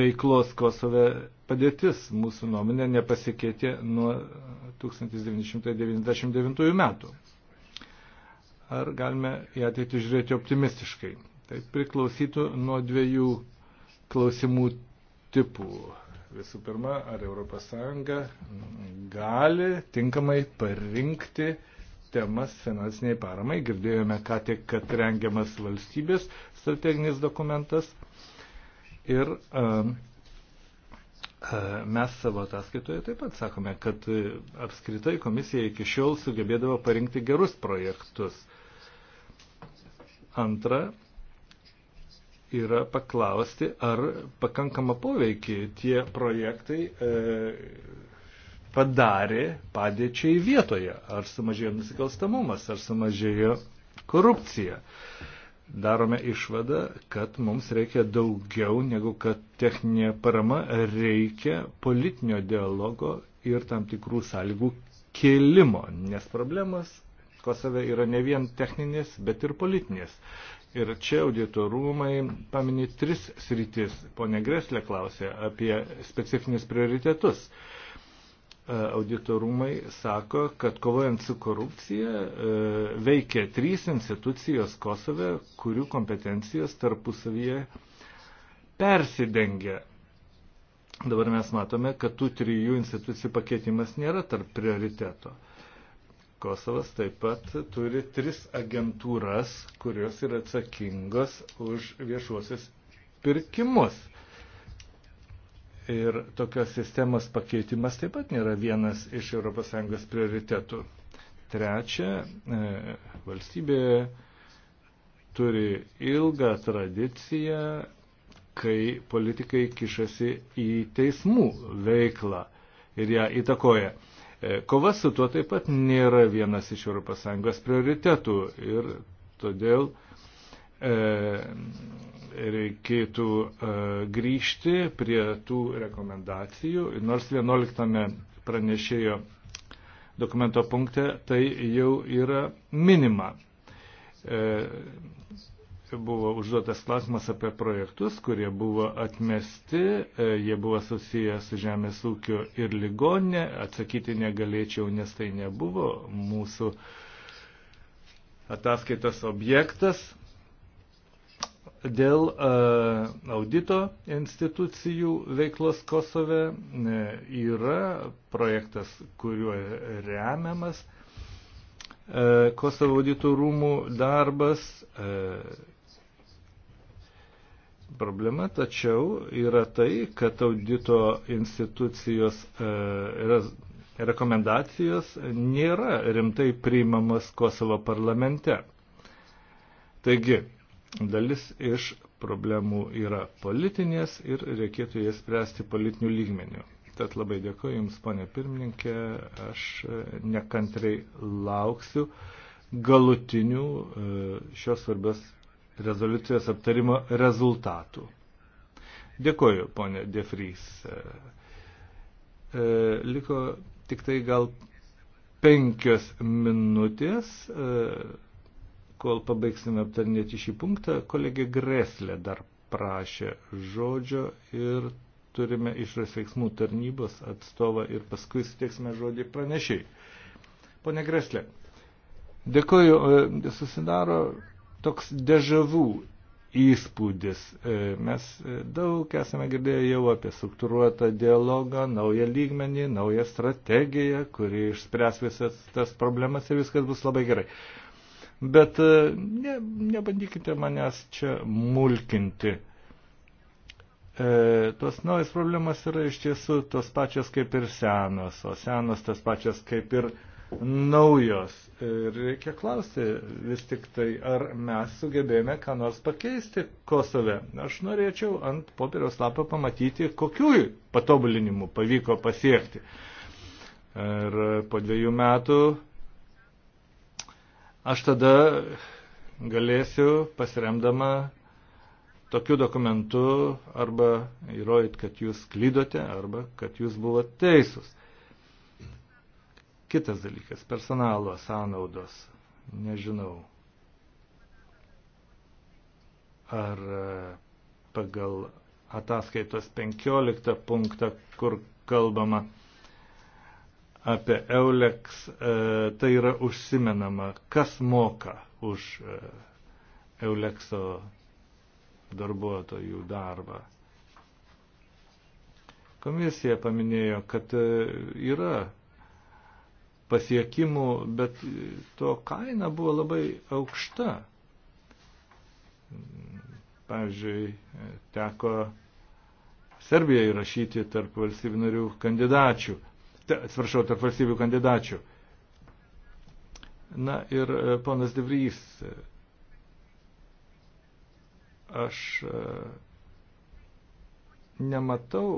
B: veiklos Kosove padėtis mūsų nuomonė nepasikeitė nuo 1999 metų. Ar galime į ateitį žiūrėti optimistiškai? Tai priklausytų nuo dviejų klausimų tipų. Visų pirma, ar ES gali tinkamai parinkti temas finansiniai paramai. Girdėjome ką tik, kad rengiamas valstybės strateginis dokumentas. Ir um, Mes savo ataskaitoje taip pat sakome, kad apskritai komisija iki šiol sugebėdavo parinkti gerus projektus. Antra, yra paklausti, ar pakankamą poveikį tie projektai e, padarė padėčiai vietoje, ar sumažėjo nusikalstamumas, ar sumažėjo korupcija. Darome išvadą, kad mums reikia daugiau negu kad techninė parama, reikia politinio dialogo ir tam tikrų sąlygų kėlimo, nes problemas Kosove yra ne vien techninės, bet ir politinės. Ir čia audito rūmai paminė tris sritis. Pone Greslė klausė apie specifinius prioritetus. E, audito rūmai sako, kad kovojant su korupcija e, veikia trys institucijos Kosove, kurių kompetencijos tarpusavyje persidengia. Dabar mes matome, kad tų trijų institucijų pakeitimas nėra tarp prioriteto. Kosovas taip pat turi tris agentūras, kurios yra atsakingos už viešuosius pirkimus. Ir tokios sistemos pakeitimas taip pat nėra vienas iš ES prioritetų. Trečia, e, valstybė turi ilgą tradiciją, kai politikai kišasi į teismų veiklą ir ją įtakoja. Kova su tuo taip pat nėra vienas iš ES prioritetų ir todėl e, reikėtų e, grįžti prie tų rekomendacijų, nors 11 pranešėjo dokumento punkte tai jau yra minima. E, buvo užduotas klausimas apie projektus, kurie buvo atmesti, e, jie buvo susiję su žemės ūkio ir ligonė, atsakyti negalėčiau, nes tai nebuvo mūsų ataskaitas objektas. Dėl e, audito institucijų veiklos Kosove e, yra projektas, kuriuo remiamas Kosovo auditų rūmų darbas Problema tačiau yra tai, kad audito institucijos e, rekomendacijos nėra rimtai priimamas Kosovo parlamente. Taigi, dalis iš problemų yra politinės ir reikėtų jas spręsti politinių lygmenių. Tad labai dėkoju Jums, ponė pirmininkė, aš e, nekantriai lauksiu galutinių e, šios svarbios rezoliucijos aptarimo rezultatų. Dėkoju, ponė Defrys. E, e, liko tik tai gal penkios minutės, e, kol pabaigsime aptarnėti šį punktą. Kolegė Greslė dar prašė žodžio ir turime išras veiksmų tarnybos atstovą ir paskui suteiksime žodį pranešiai. Pone Greslė, dėkoju, susidaro toks dežavų įspūdis. E, mes e, daug esame girdėję jau apie struktūruotą dialogą, naują lygmenį, naują strategiją, kuri išspręs visas tas problemas ir viskas bus labai gerai. Bet e, ne, nebandykite manęs čia mulkinti. E, tos naujas problemas yra iš tiesų tos pačios kaip ir senos, o senos tas pačios kaip ir e, naujos. Ir reikia klausti vis tik tai, ar mes sugebėjome ką nors pakeisti Kosove. Aš norėčiau ant popieriaus lapą pamatyti, kokių patobulinimų pavyko pasiekti. Ir po dviejų metų aš tada galėsiu pasiremdama tokiu dokumentu arba įrodyti, kad jūs klydote arba kad jūs buvote teisūs. Kitas dalykas - personalo sąnaudos. Nežinau, ar e, pagal ataskaitos 15 punktą, kur kalbama apie Euleks, e, tai yra užsimenama, kas moka už e, Eulekso darbuotojų darbą. Komisija paminėjo, kad yra pasiekimų, bet to kaina buvo labai aukšta. Pavyzdžiui, teko Serbijai rašyti tarp valstybių narių kandidačių, atsiprašau, tarp valstybių kandidačių. Na ir e, ponas Devrys, e, aš e, nematau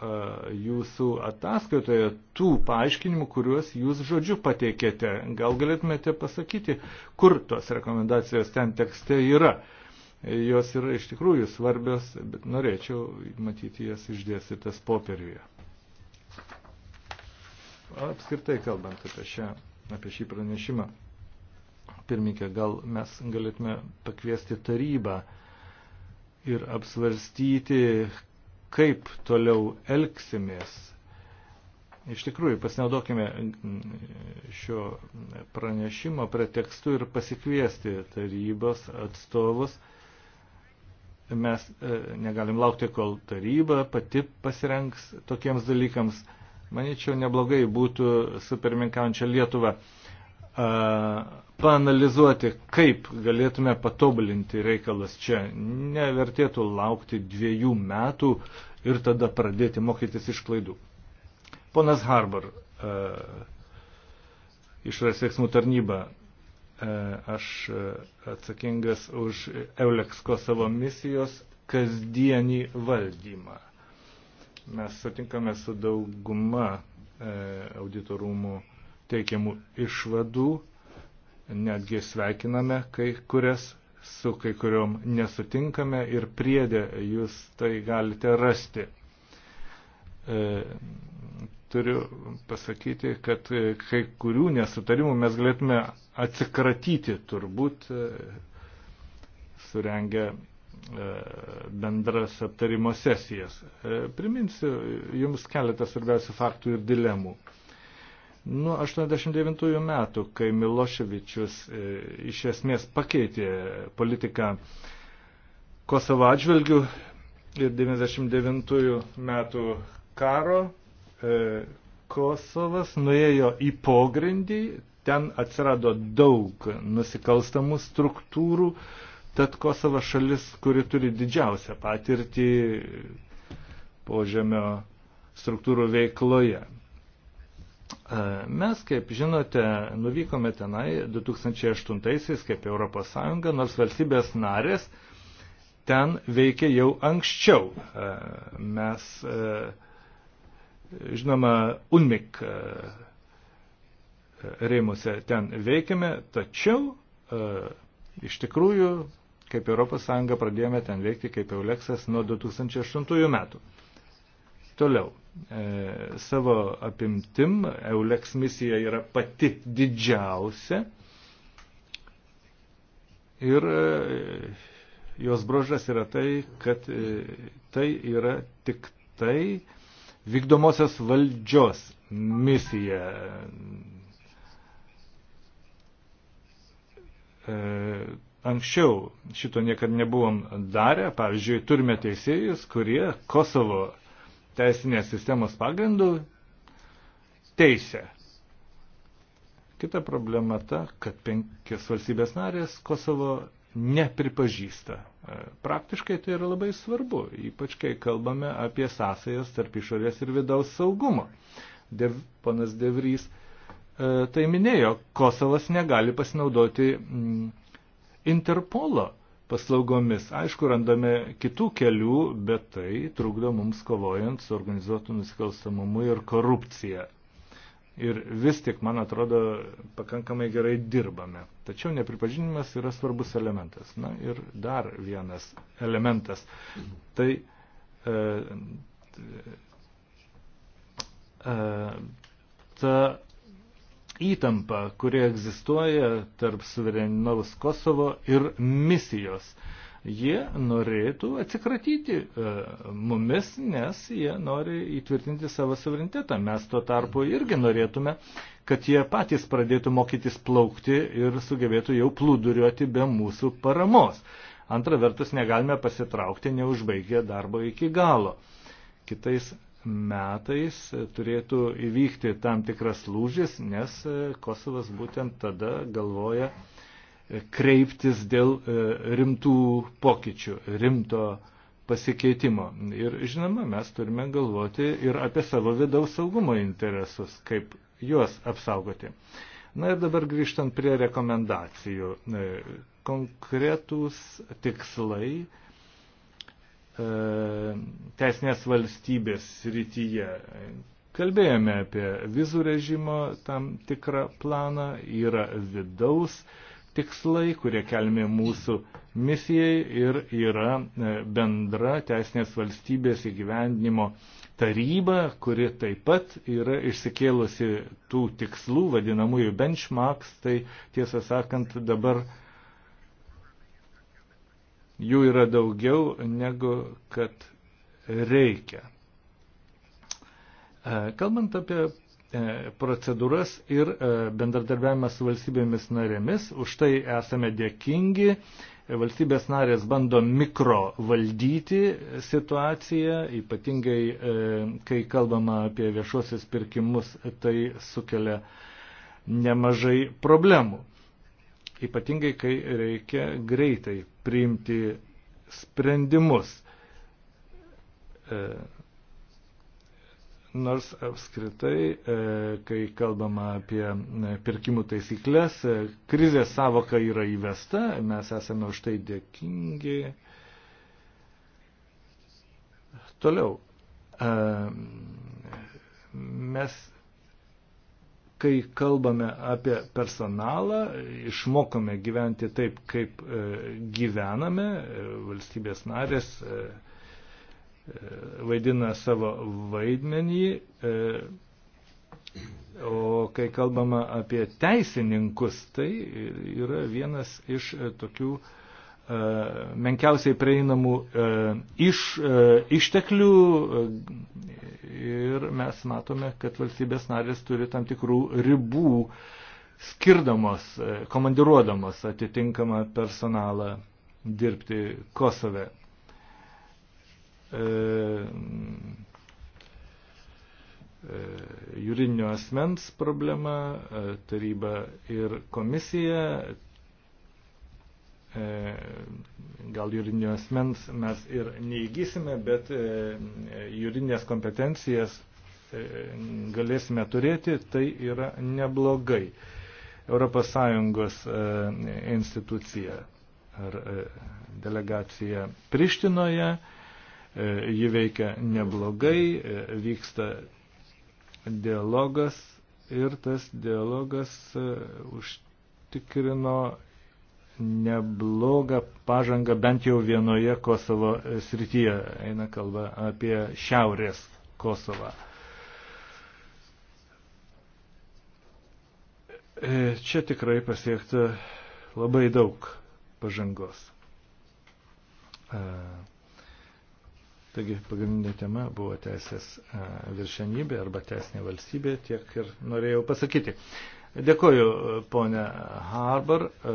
B: jūsų ataskaitoje tų paaiškinimų, kuriuos jūs žodžiu pateikėte. Gal galėtumėte pasakyti, kur tos rekomendacijos ten tekste yra. Jos yra iš tikrųjų svarbios, bet norėčiau matyti jas išdėstytas popieriuje. Apskritai kalbant apie, šią, apie šį pranešimą, pirmininkė, gal mes galėtume pakviesti tarybą ir apsvarstyti, kaip toliau elgsimės. Iš tikrųjų, pasinaudokime šio pranešimo pretekstu ir pasikviesti tarybos atstovus. Mes e, negalim laukti, kol taryba pati pasirenks tokiems dalykams. Maničiau, neblogai būtų su pirminkančia Lietuva panalizuoti, kaip galėtume patobulinti reikalas čia. Nevertėtų laukti dviejų metų ir tada pradėti mokytis iš klaidų. Ponas Harbar, e, išras veiksmų tarnyba, e, aš e, atsakingas už Euleks Kosovo misijos kasdienį valdymą. Mes sutinkame su dauguma e, auditorumų teikiamų išvadų. E, netgi sveikiname kai kurias, su kai kuriuom nesutinkame ir priedė jūs tai galite rasti. E, turiu pasakyti, kad e, kai kurių nesutarimų mes galėtume atsikratyti turbūt e, surengę e, bendras aptarimo sesijas. E, priminsiu Jums keletą svarbiausių faktų ir dilemų. Nuo 89 metų, kai Miloševičius e, iš esmės pakeitė politiką Kosovo atžvilgių ir 99 metų karo, e, Kosovas nuėjo į pogrindį, ten atsirado daug nusikalstamų struktūrų, tad Kosovas šalis, kuri turi didžiausią patirtį požemio struktūrų veikloje. E, mes, kaip žinote, nuvykome tenai 2008-aisiais kaip ES, nors valstybės narės ten veikė jau anksčiau. E, mes, e, žinoma, UNMIK rėmose ten veikėme, tačiau iš tikrųjų, kaip ES pradėjome ten veikti kaip Euleksas nuo 2008 metų. Toliau. E, savo apimtim Euleks misija yra pati didžiausia ir e, jos brožas yra tai, kad e, tai yra tik tai vykdomosios valdžios misija. Anksčiau šito niekada nebuvom darę, pavyzdžiui, turime teisėjus, kurie Kosovo teisinės sistemos pagrindų teisę. Kita problema ta, kad penkias valstybės narės Kosovo nepripažįsta. E, praktiškai tai yra labai svarbu, ypač kai kalbame apie sąsajas tarp išorės ir vidaus saugumo. Dev, panas Devrys e, tai minėjo, Kosovas negali pasinaudoti Interpolo paslaugomis. Aišku, randame kitų kelių, bet tai trukdo mums kovojant su organizuotu nusikalstamumu ir korupcija. Ir vis tik, man atrodo, pakankamai gerai dirbame. Tačiau nepripažinimas yra svarbus elementas. Na ir dar vienas elementas. Tai e, e, ta įtampą, kuri egzistuoja tarp suverenaus Kosovo ir misijos. Jie norėtų atsikratyti e, mumis, nes jie nori įtvirtinti savo suverenitetą. Mes tuo tarpu irgi norėtume, kad jie patys pradėtų mokytis plaukti ir sugebėtų jau plūduriuoti be mūsų paramos. Antra vertus, negalime pasitraukti neužbaigę darbo iki galo. Kitais metais turėtų įvykti tam tikras lūžis, nes e, Kosovas būtent tada galvoja e, kreiptis dėl e, rimtų pokyčių, rimto pasikeitimo. Ir žinoma, mes turime galvoti ir apie savo vidaus saugumo interesus, kaip juos apsaugoti. Na ir dabar grįžtant prie rekomendacijų. Konkretūs tikslai E, teisinės valstybės rytyje. Kalbėjome apie vizų režimo tam tikrą planą, yra vidaus tikslai, kurie kelmi mūsų misijai ir yra e, bendra teisinės valstybės įgyvendinimo taryba, kuri taip pat yra išsikėlusi tų tikslų, vadinamųjų benchmarks, tai tiesą sakant dabar uh, jų yra daugiau negu kad reikia. E, kalbant apie e, procedūras ir e, bendradarbiavimą su valstybėmis narėmis, už tai esame dėkingi. Valstybės narės bando mikro valdyti situaciją, ypatingai kai kalbama apie viešuosius pirkimus, tai sukelia nemažai problemų. Ypatingai, kai reikia greitai priimti sprendimus. E, nors apskritai, e, kai kalbama apie e, pirkimų taisyklės, krizės savoka yra įvesta, mes esame už tai dėkingi. Toliau, mes kai kalbame apie personalą, išmokome gyventi taip, kaip e, gyvename, e, valstybės narės e, vaidina savo vaidmenį, o kai kalbama apie teisininkus, tai yra vienas iš tokių uh, E, menkiausiai prieinamų e, iš, e, išteklių ir mes matome, kad valstybės narės turi tam tikrų ribų skirdamos, komandiruodamos atitinkamą personalą dirbti Kosove. Juridinio asmens problema, taryba ir komisija E, gal juridinio asmens mes ir neįgysime, bet e, juridinės kompetencijas e, galėsime turėti, tai yra neblogai. ES institucija ar delegacija Prištinoje, ji veikia neblogai, vyksta dialogas ir tas dialogas užtikrino neblogą pažangą bent jau vienoje Kosovo srityje. Eina kalba apie šiaurės Kosovą. E, čia tikrai pasiekta labai daug pažangos. E, taigi pagrindinė tema buvo teisės e, viršenybė arba teisinė valstybė, tiek ir norėjau pasakyti. Dėkoju, ponė Harbar. E,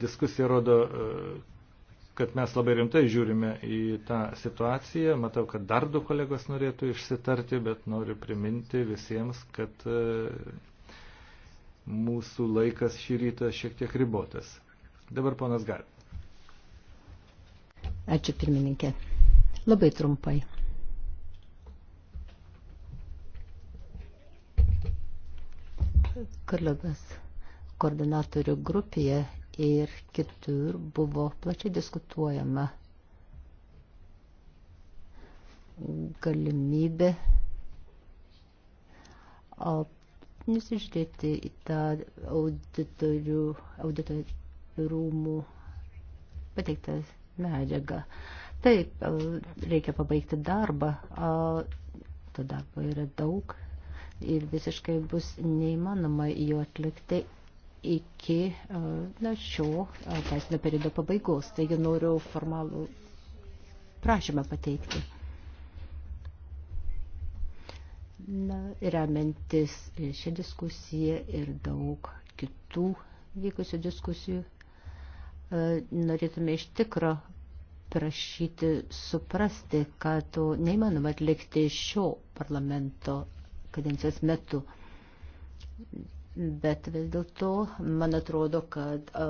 B: diskusija rodo, e, kad mes labai rimtai žiūrime į tą situaciją. Matau, kad dar du kolegos norėtų išsitarti, bet noriu priminti visiems, kad e, mūsų laikas šį rytą šiek tiek ribotas. Dabar ponas Gal.
C: Ačiū pirmininkė. Labai trumpai. kolegas koordinatorių grupėje ir kitur buvo plačiai diskutuojama galimybė nusižiūrėti į tą auditorių, auditorių rūmų pateiktą medžiagą. Taip, reikia pabaigti darbą. To darbo yra daug, ir visiškai bus neįmanoma jo atlikti iki e, na, šio e, teisinio periodo pabaigos. Taigi noriu formalų prašymą pateikti. Na, remiantis šią diskusiją ir daug kitų vykusių diskusijų, e, norėtume iš tikro prašyti suprasti, kad neįmanoma atlikti šio parlamento kadencijos metu. Bet vis dėlto, man atrodo, kad a,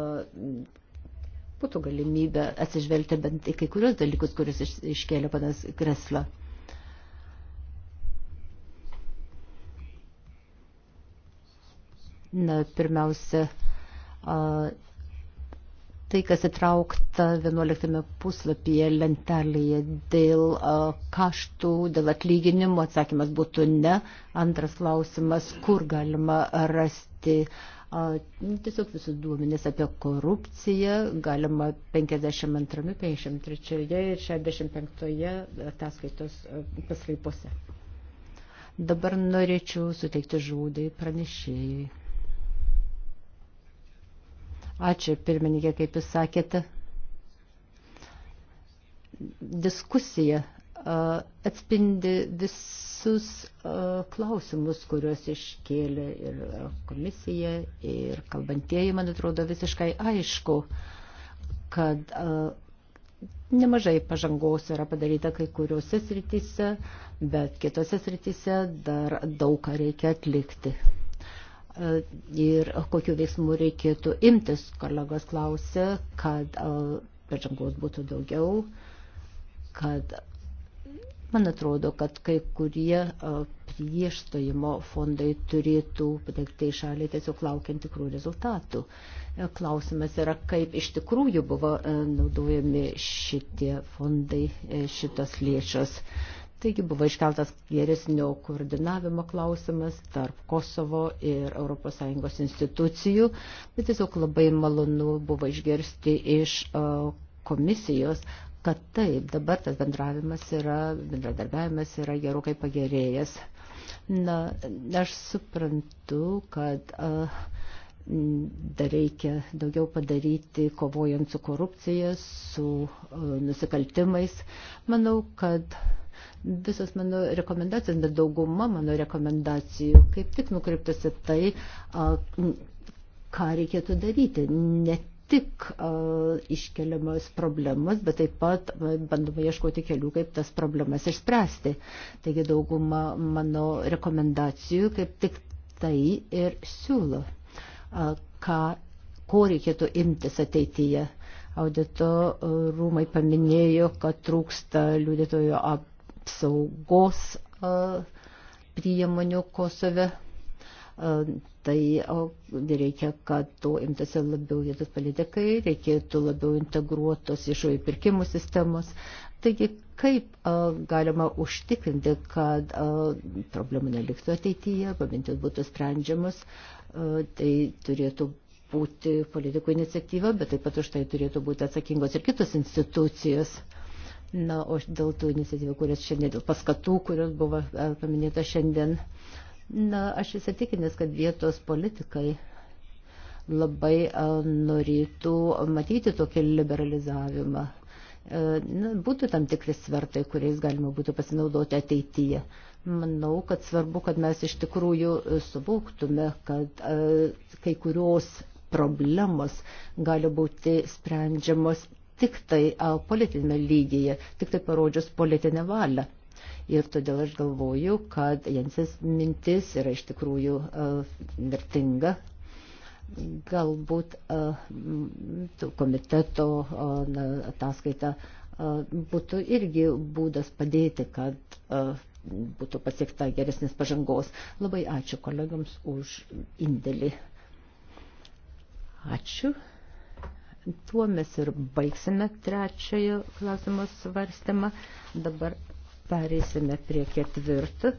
C: būtų galimybė atsižvelgti bent į kai kurios dalykus, kuris iš, iškėlė panas Kresla. Na, pirmiausia, a, tai, kas įtraukta 11 puslapyje lentelėje dėl kaštų, dėl atlyginimų, atsakymas būtų ne. Antras klausimas, kur galima rasti tiesiog visus duomenys apie korupciją, galima 52, 53 ir 65 ataskaitos paslaipose. Dabar norėčiau suteikti žodį pranešėjai. Ačiū pirmininkė, kaip jūs sakėte. Diskusija atspindi visus klausimus, kuriuos iškėlė ir komisija, ir kalbantieji, man atrodo, visiškai aišku, kad nemažai pažangos yra padaryta kai kuriuose srityse, bet kitose srityse dar daug ką reikia atlikti. E, ir kokiu veiksmu reikėtų imtis. Kolegos klausė, kad e, pažangos būtų daugiau, kad man atrodo, kad kai kurie e, prieš stojimo fondai turėtų patekti į šalį tiesiog laukiant tikrų rezultatų. Klausimas yra, kaip iš tikrųjų buvo naudojami šitie fondai, šitos lėšos. Taigi buvo iškeltas geresnio koordinavimo klausimas tarp Kosovo ir ES institucijų, bet tiesiog labai malonu buvo išgirsti iš komisijos, kad taip, dabar tas bendravimas yra, bendradarbiavimas yra gerokai pagerėjęs. Na, aš suprantu, kad uh, dar reikia daugiau padaryti, kovojant su korupcija, su uh, nusikaltimais. Manau, kad uh, Visos mano rekomendacijos, bet dauguma mano rekomendacijų kaip tik nukreiptas į tai, ką reikėtų daryti. Ne tik uh, iškeliamas problemas, bet taip pat bandoma ieškoti kelių, kaip tas problemas išspręsti. Taigi dauguma mano rekomendacijų kaip tik tai ir siūlo, uh, ką, ko reikėtų imtis ateityje. Audito rūmai paminėjo, kad trūksta liudytojo apsaugos apsaugos priemonių Kosove. Tai reikia, kad to imtasi labiau vietos politikai, reikėtų labiau integruotos išojų pirkimų sistemos. Taigi, kaip a, galima užtikrinti, kad a, problemų neliktų ateityje, pamintis būtų sprendžiamas, a, tai turėtų būti politikų iniciatyva, bet taip pat už tai turėtų būti atsakingos ir kitos institucijos. A, Na, o dėl tų iniciatyvų, kurios šiandien, dėl paskatų, kurios buvo e, paminėta šiandien, na, aš įsitikinęs, kad vietos politikai labai e, norėtų matyti tokį liberalizavimą. E, na, būtų tam tikri svertai, kuriais galima būtų pasinaudoti ateityje. Manau, kad svarbu, kad mes iš tikrųjų suvoktume, kad kai kurios problemos gali būti sprendžiamos tik tai politinėme lygyje, tik tai parodžius politinę valią. Ir todėl aš galvoju, kad Jensės mintis yra iš tikrųjų vertinga. Galbūt komiteto ataskaita būtų irgi būdas padėti, kad būtų pasiekta geresnės pažangos. Labai ačiū kolegams už indėlį. Ačiū. Tuo mes ir baigsime trečiojo klausimo svarstymą. Dabar pereisime prie ketvirtų.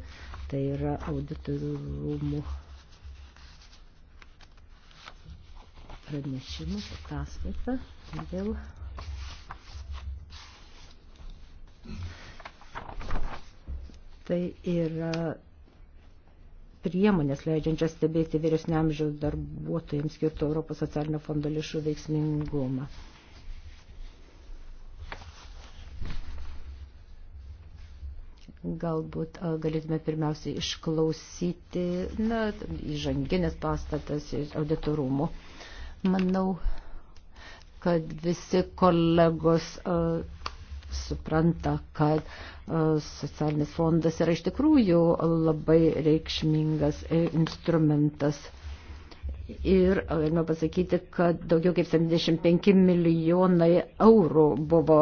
C: Tai yra auditorumų pranešimas, ataskaita dėl tai yra priemonės leidžiančias stebėti vyresniamžiaus darbuotojams skirtų Europos socialinio fondo lėšų veiksmingumą. Galbūt galėtume pirmiausiai išklausyti na, įžanginės pastatas auditorumų. Manau, kad visi kolegos uh, supranta, kad e, socialinis fondas yra iš tikrųjų labai reikšmingas e, instrumentas. Ir e, galime pasakyti, kad daugiau kaip 75 milijonai eurų buvo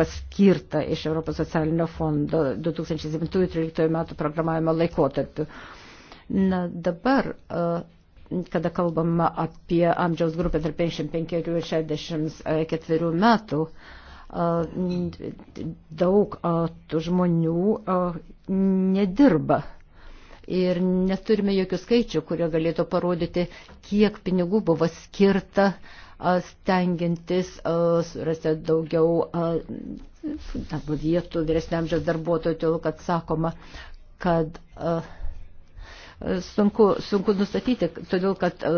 C: paskirta iš Europos socialinio fondo 2007-2013 metų programavimo laikotarpiu. Na dabar kada kalbama apie amžiaus grupę tarp 55 ir 64 metų, daug žmonių nedirba. Ir neturime jokių skaičių, kurie galėtų parodyti, kiek pinigų buvo skirta stengiantis surasti daugiau darbo vietų vyresniamžiaus darbuotojų, todėl kad sakoma, kad uh, sunku, sunku nustatyti, todėl kad e,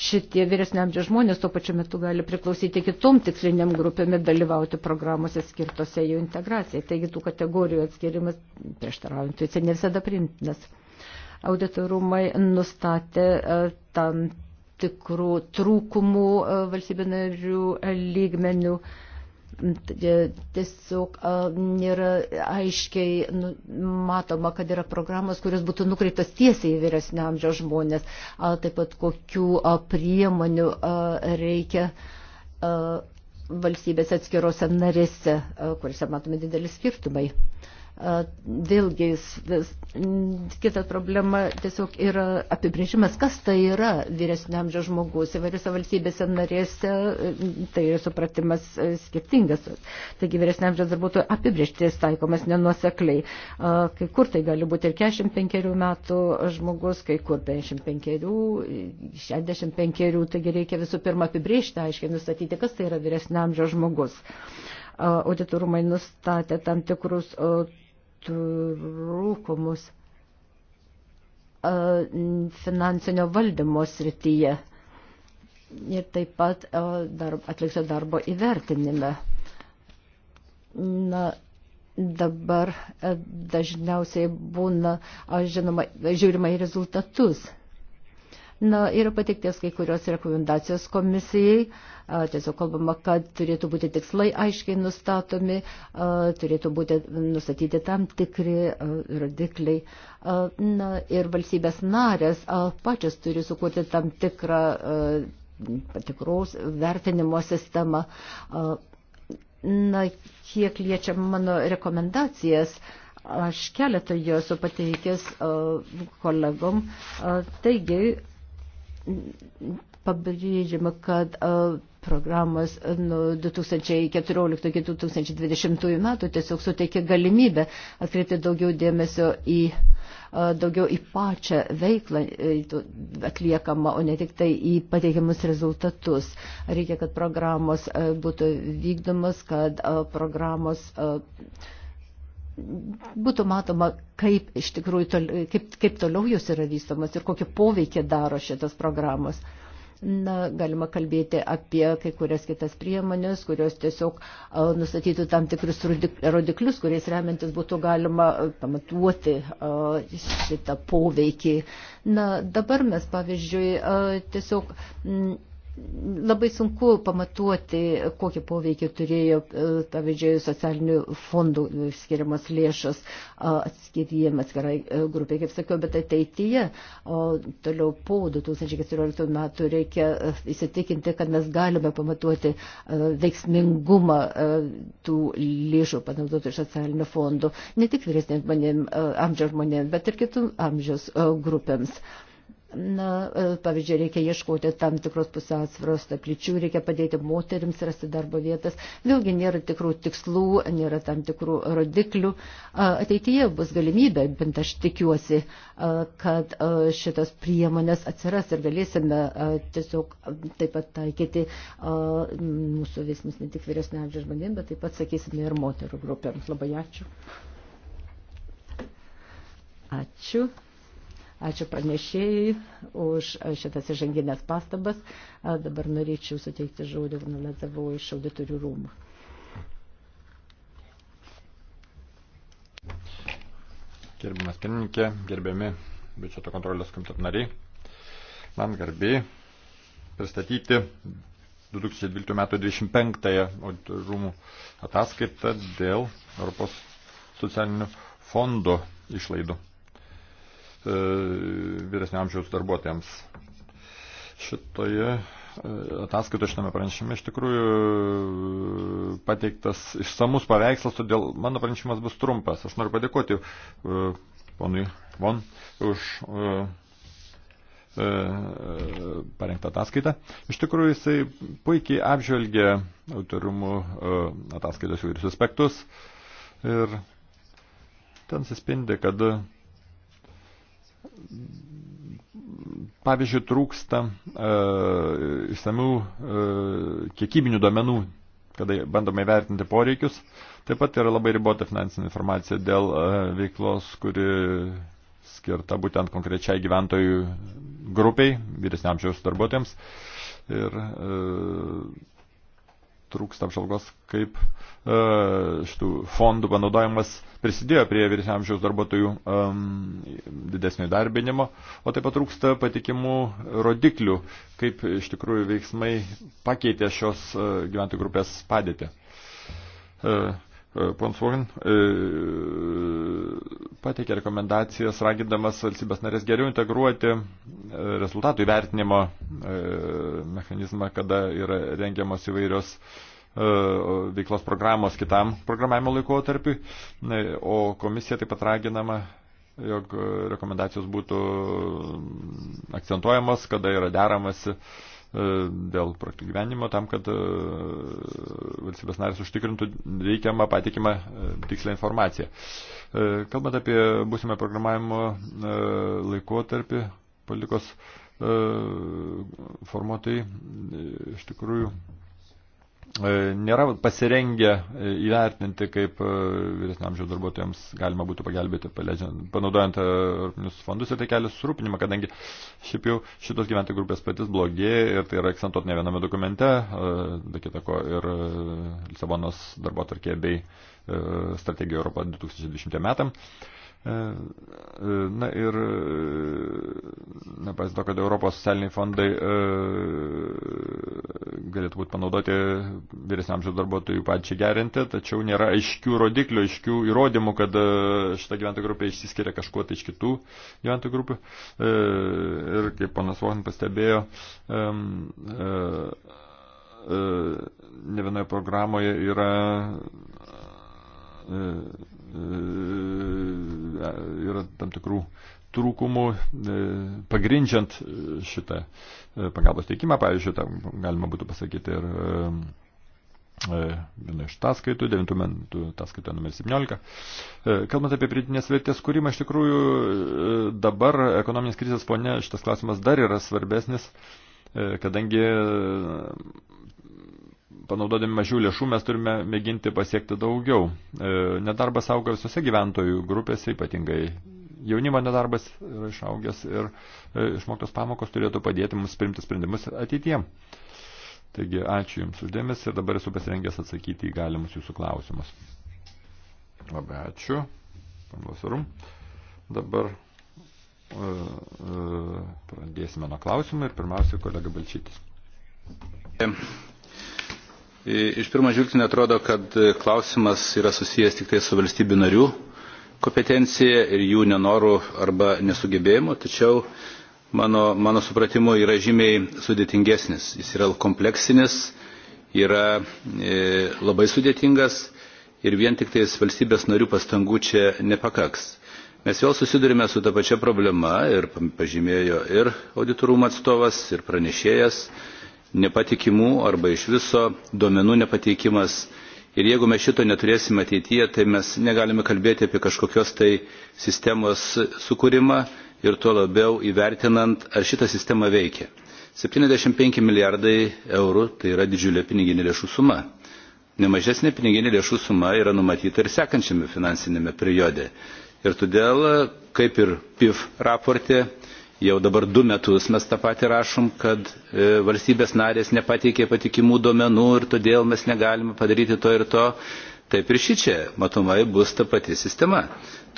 C: šitie vyresnio amžiaus žmonės tuo pačiu metu gali priklausyti kitom tiksliniam grupėm ir dalyvauti programuose skirtose jų integracijai. Taigi tų kategorijų atskirimas prieštarauja intuicija tai ne visada priimtinas. Auditorumai nustatė e, tam tikrų trūkumų e, valstybinarių lygmenių. Uh, tiesiog nėra aiškiai nu, matoma, kad yra programos, kurios būtų nukreiptos tiesiai į vyresnio amžiaus žmonės, a, taip pat kokių a, priemonių a, reikia a, valstybės atskirose narėse, a, kuriuose matome didelį skirtumai. A, Vėlgi, kita problema tiesiog yra apibrėžimas, kas tai yra vyresniamžio žmogus. Įvairiose valstybėse narėse e, tai supratimas e, skirtingas. Taigi vyresniamžio darbuotojų apibrėžtis taikomas nenuosekliai. Kai kur tai gali būti ir 45 metų žmogus, kai kur 55, 65. Taigi reikia visų pirma apibrėžti, aiškiai nustatyti, kas tai yra vyresniamžio žmogus auditorumai nustatė tam tikrus trūkumus finansinio valdymo srityje ir taip pat darb, atliksio darbo įvertinime. Na, dabar dažniausiai būna, žinoma, žiūrima į rezultatus. Na ir patikties kai kurios rekomendacijos komisijai. Tiesiog kalbama, kad turėtų būti tikslai aiškiai nustatomi, turėtų būti nustatyti tam tikri rodikliai. Na ir valstybės narės pačios turi sukurti tam tikrą patikros vertinimo sistemą. Na, kiek liečia mano rekomendacijas, aš keletą jo esu pateikęs kolegom. Taigi, pabrėžiama, kad programos nuo 2014-2020 metų tiesiog suteikia galimybę atkreipti daugiau dėmesio į daugiau į pačią veiklą atliekamą, o ne tik tai į pateikiamus rezultatus. Reikia, kad programos būtų vykdomas, kad programos būtų matoma, kaip iš tikrųjų, toli, kaip, kaip toliau jos yra vystomas ir kokį poveikį daro šitas programos. Na, galima kalbėti apie kai kurias kitas priemonės, kurios tiesiog a, nustatytų tam tikrus rodiklius, kuriais remiantis būtų galima pamatuoti a, šitą poveikį. Na, dabar mes, pavyzdžiui, a, tiesiog. M, labai sunku pamatuoti, kokį poveikį turėjo, e, pavyzdžiui, socialinių fondų skiriamas lėšas atskiriem atskirai e, grupiai, kaip sakiau, bet ateityje, o toliau po 2014 metų reikia e, įsitikinti, kad mes galime pamatuoti veiksmingumą tų lėšų panaudotų iš socialinių fondų, ne tik vyresnėms amžiaus žmonėms, bet ir kitų amžiaus grupėms. Na, e, pavyzdžiui, reikia ieškoti tam tikros pusiausvėros taplyčių, reikia padėti moteriams rasti darbo vietas. Vėlgi nėra tikrų tikslų, nėra tam tikrų rodiklių. Ateityje bus galimybė, bent aš tikiuosi, kad šitos priemonės atsiras ir galėsime tiesiog taip pat taikyti mūsų veiksmus ne tik vyresnio amžiaus žmonėms, bet taip pat, sakysime, ir moterų grupėms. Labai ačiū. Ačiū. Ačiū pranešėjai už šitas įžanginės pastabas. Dabar norėčiau suteikti žodį Vanalazavau iš auditorių rūmų.
D: Gerbiamas pirmininkė, gerbiami biudžeto kontrolės komiteto nariai, man garbė pristatyti 2012 m. 25 rūmų ataskaitą dėl Europos socialinių fondų išlaidų. E, vyresniamžiaus darbuotojams. Šitoje e, ataskaitoje šitame pranešime iš tikrųjų e, pateiktas išsamus paveikslas, todėl mano pranešimas bus trumpas. Aš noriu padėkoti ponui Von už parengtą ataskaitą. Iš tikrųjų, jisai puikiai apžvelgė autorumų ataskaitos įvairius aspektus ir ten suspindi, kad Pavyzdžiui, trūksta e, išsamių e, kiekybinių duomenų, kada bandome įvertinti poreikius. Taip pat yra labai ribota finansinė informacija dėl e, veiklos, kuri skirta būtent konkrečiai gyventojų grupiai, vyresniamžiaus darbuotojams. Ir e, trūksta apžalgos, kaip e, šitų fondų panaudojimas prisidėjo prie vyresnio amžiaus darbuotojų um, didesnio įdarbinimo, o taip pat trūksta patikimų rodiklių, kaip iš tikrųjų veiksmai pakeitė šios e, gyventojų grupės padėtį. Uh, E, Ponforin e, pateikė rekomendacijas, ragindamas valstybės narės geriau integruoti e, rezultatų įvertinimo mechanizmą, kada yra rengiamos įvairios veiklos programos kitam programavimo laikotarpiui, o komisija taip pat raginama jog rekomendacijos būtų akcentuojamos, kada yra deramasi uh, E, dėl projektų gyvenimo, tam, kad e, valstybės narės užtikrintų reikiamą patikimą e, tikslę informaciją. Kalbant apie būsimą programavimo laikotarpį, politikos formuotojai iš tikrųjų E, nėra pasirengę e, įvertinti, kaip e, vyresnio amžiaus darbuotojams galima būtų pagelbėti, panaudojant europinius fondus ir tai kelia surūpinimą, kadangi šiaip jau šitos gyventojų grupės patys blogėja ir tai yra akcentuot ne viename dokumente, be kitako ir Lisabonos darbo tarkė bei strategija Europa 2020 metam. E, e, na ir, e, nepaisant to, kad Europos socialiniai fondai galėtų būti panaudoti vyresniamžių darbuotojų pačiai gerinti, tačiau nėra aiškių rodiklių, aiškių įrodymų, kad šita gyventojų grupė išsiskiria kažkuo tai iš kitų gyventojų grupių. Ir kaip panas Vohin pastebėjo, ne vienoje programoje yra E, e, yra tam tikrų trūkumų, e, pagrindžiant šitą pagalbos teikimą, pavyzdžiui, tam galima būtų pasakyti ir viena iš taskaitų, 9 metų taskaita numeris 17. Kalbant apie pridinės vertės kūrimą, iš tikrųjų dabar ekonominės krizės fone šitas klausimas dar yra svarbesnis, kadangi panaudodami mažiau lėšų mes turime mėginti pasiekti daugiau. E, nedarbas auga visose gyventojų grupėse, ypatingai jaunimo nedarbas yra išaugęs ir e, išmoktos pamokos turėtų padėti mums priimti sprendimus ateitie. Taigi, ačiū Jums uždėmės ir dabar esu pasirengęs atsakyti į galimus Jūsų klausimus. Labai ačiū, pamlosarum. Dabar uh, uh, pradėsime nuo klausimų ir pirmiausia kolega Balčytis. E, iš pirmo žvilgsnio atrodo, kad e, klausimas
A: yra susijęs tik tai su valstybių narių kompetencija ir jų nenorų arba nesugebėjimu, tačiau mano, mano supratimu yra žymiai sudėtingesnis. Jis yra kompleksinis, yra e, labai sudėtingas ir vien tik tais valstybės narių pastangų čia nepakaks. Mes vėl susidurime su ta pačia problema ir pažymėjo ir auditorumo atstovas, ir pranešėjas, nepatikimų arba iš viso duomenų nepateikimas. Ir jeigu mes šito neturėsime ateityje, tai mes negalime kalbėti apie kažkokios tai sistemos sukūrimą ir tuo labiau įvertinant, ar šita sistema veikia. 75 milijardai eurų tai yra didžiulė piniginė lėšų suma. Nemažesnė piniginė lėšų suma yra numatyta ir sekančiame finansinėme periode. Ir todėl, kaip ir PIF raporte, jau dabar du metus mes tą patį rašom, kad e, valstybės narės nepateikė patikimų duomenų ir todėl mes negalime padaryti to ir to. Taip ir ši čia matomai bus ta pati sistema.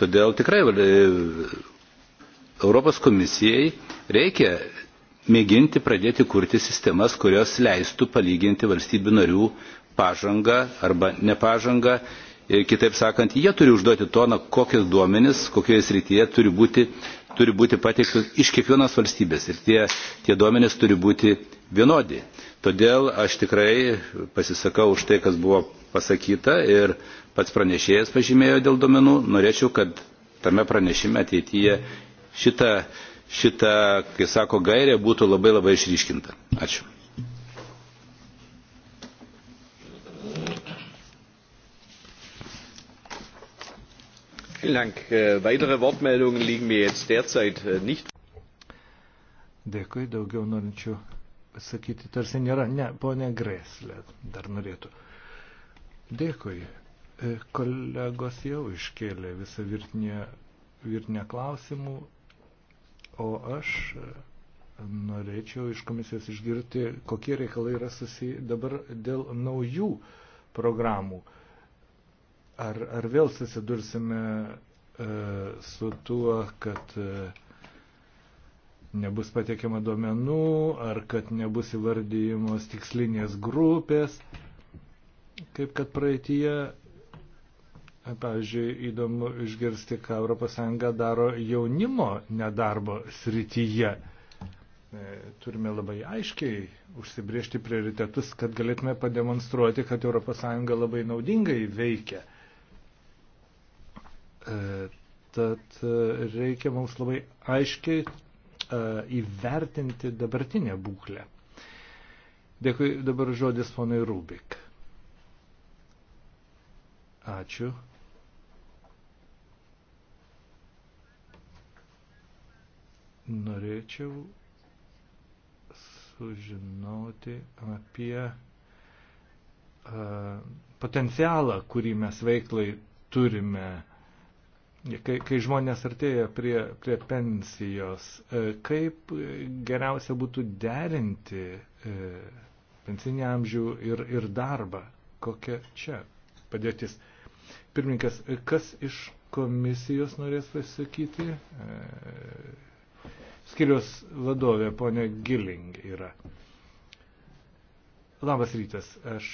A: Todėl tikrai e, Europos komisijai reikia mėginti pradėti kurti sistemas, kurios leistų palyginti valstybių narių pažangą arba nepažangą. Ir e, kitaip sakant, jie turi užduoti toną, kokios duomenis, kokioje srityje turi būti turi būti pateiktos iš kiekvienos valstybės ir tie, tie duomenys turi būti vienodi. Todėl aš tikrai pasisakau už tai, kas buvo pasakyta ir pats pranešėjas pažymėjo dėl duomenų. Norėčiau, kad tame pranešime ateityje šita, šita kai sako, gairė būtų labai labai išryškinta. Ačiū. Vielen Dank. Äh, weitere Wortmeldungen liegen mir jetzt derzeit äh, nicht.
B: Dėkui, daugiau norinčių pasakyti tarsi nėra. Ne, ponė Greslė dar norėtų. Dėkui. Kolegos jau iškėlė visą virtinę, virtinę klausimų, o aš e, norėčiau iš komisijos išgirti, kokie reikalai yra susiję dabar dėl naujų programų. Uh, Ar, ar vėl susidursime e, su tuo, kad e, nebus patiekiama duomenų, ar kad nebus įvardyjimos tikslinės grupės, kaip kad praeitie. Pavyzdžiui, įdomu išgirsti, ką ES daro jaunimo nedarbo srityje. E, turime labai aiškiai užsibriežti prioritetus, kad galėtume pademonstruoti, kad ES labai naudingai veikia E, tad e, reikia mums labai aiškiai e, įvertinti dabartinę būklę. Dėkui dabar žodis ponui Rubik. Ačiū. Norėčiau sužinoti apie a, potencialą, kurį mes veiklai turime kai, kai žmonės artėja prie, prie pensijos, e, kaip geriausia būtų derinti e, pensinį amžių ir, ir darbą? Kokia čia padėtis? Pirmininkas, e, kas iš komisijos norės pasakyti? Skiriaus vadovė ponė Giling yra. Labas rytas, aš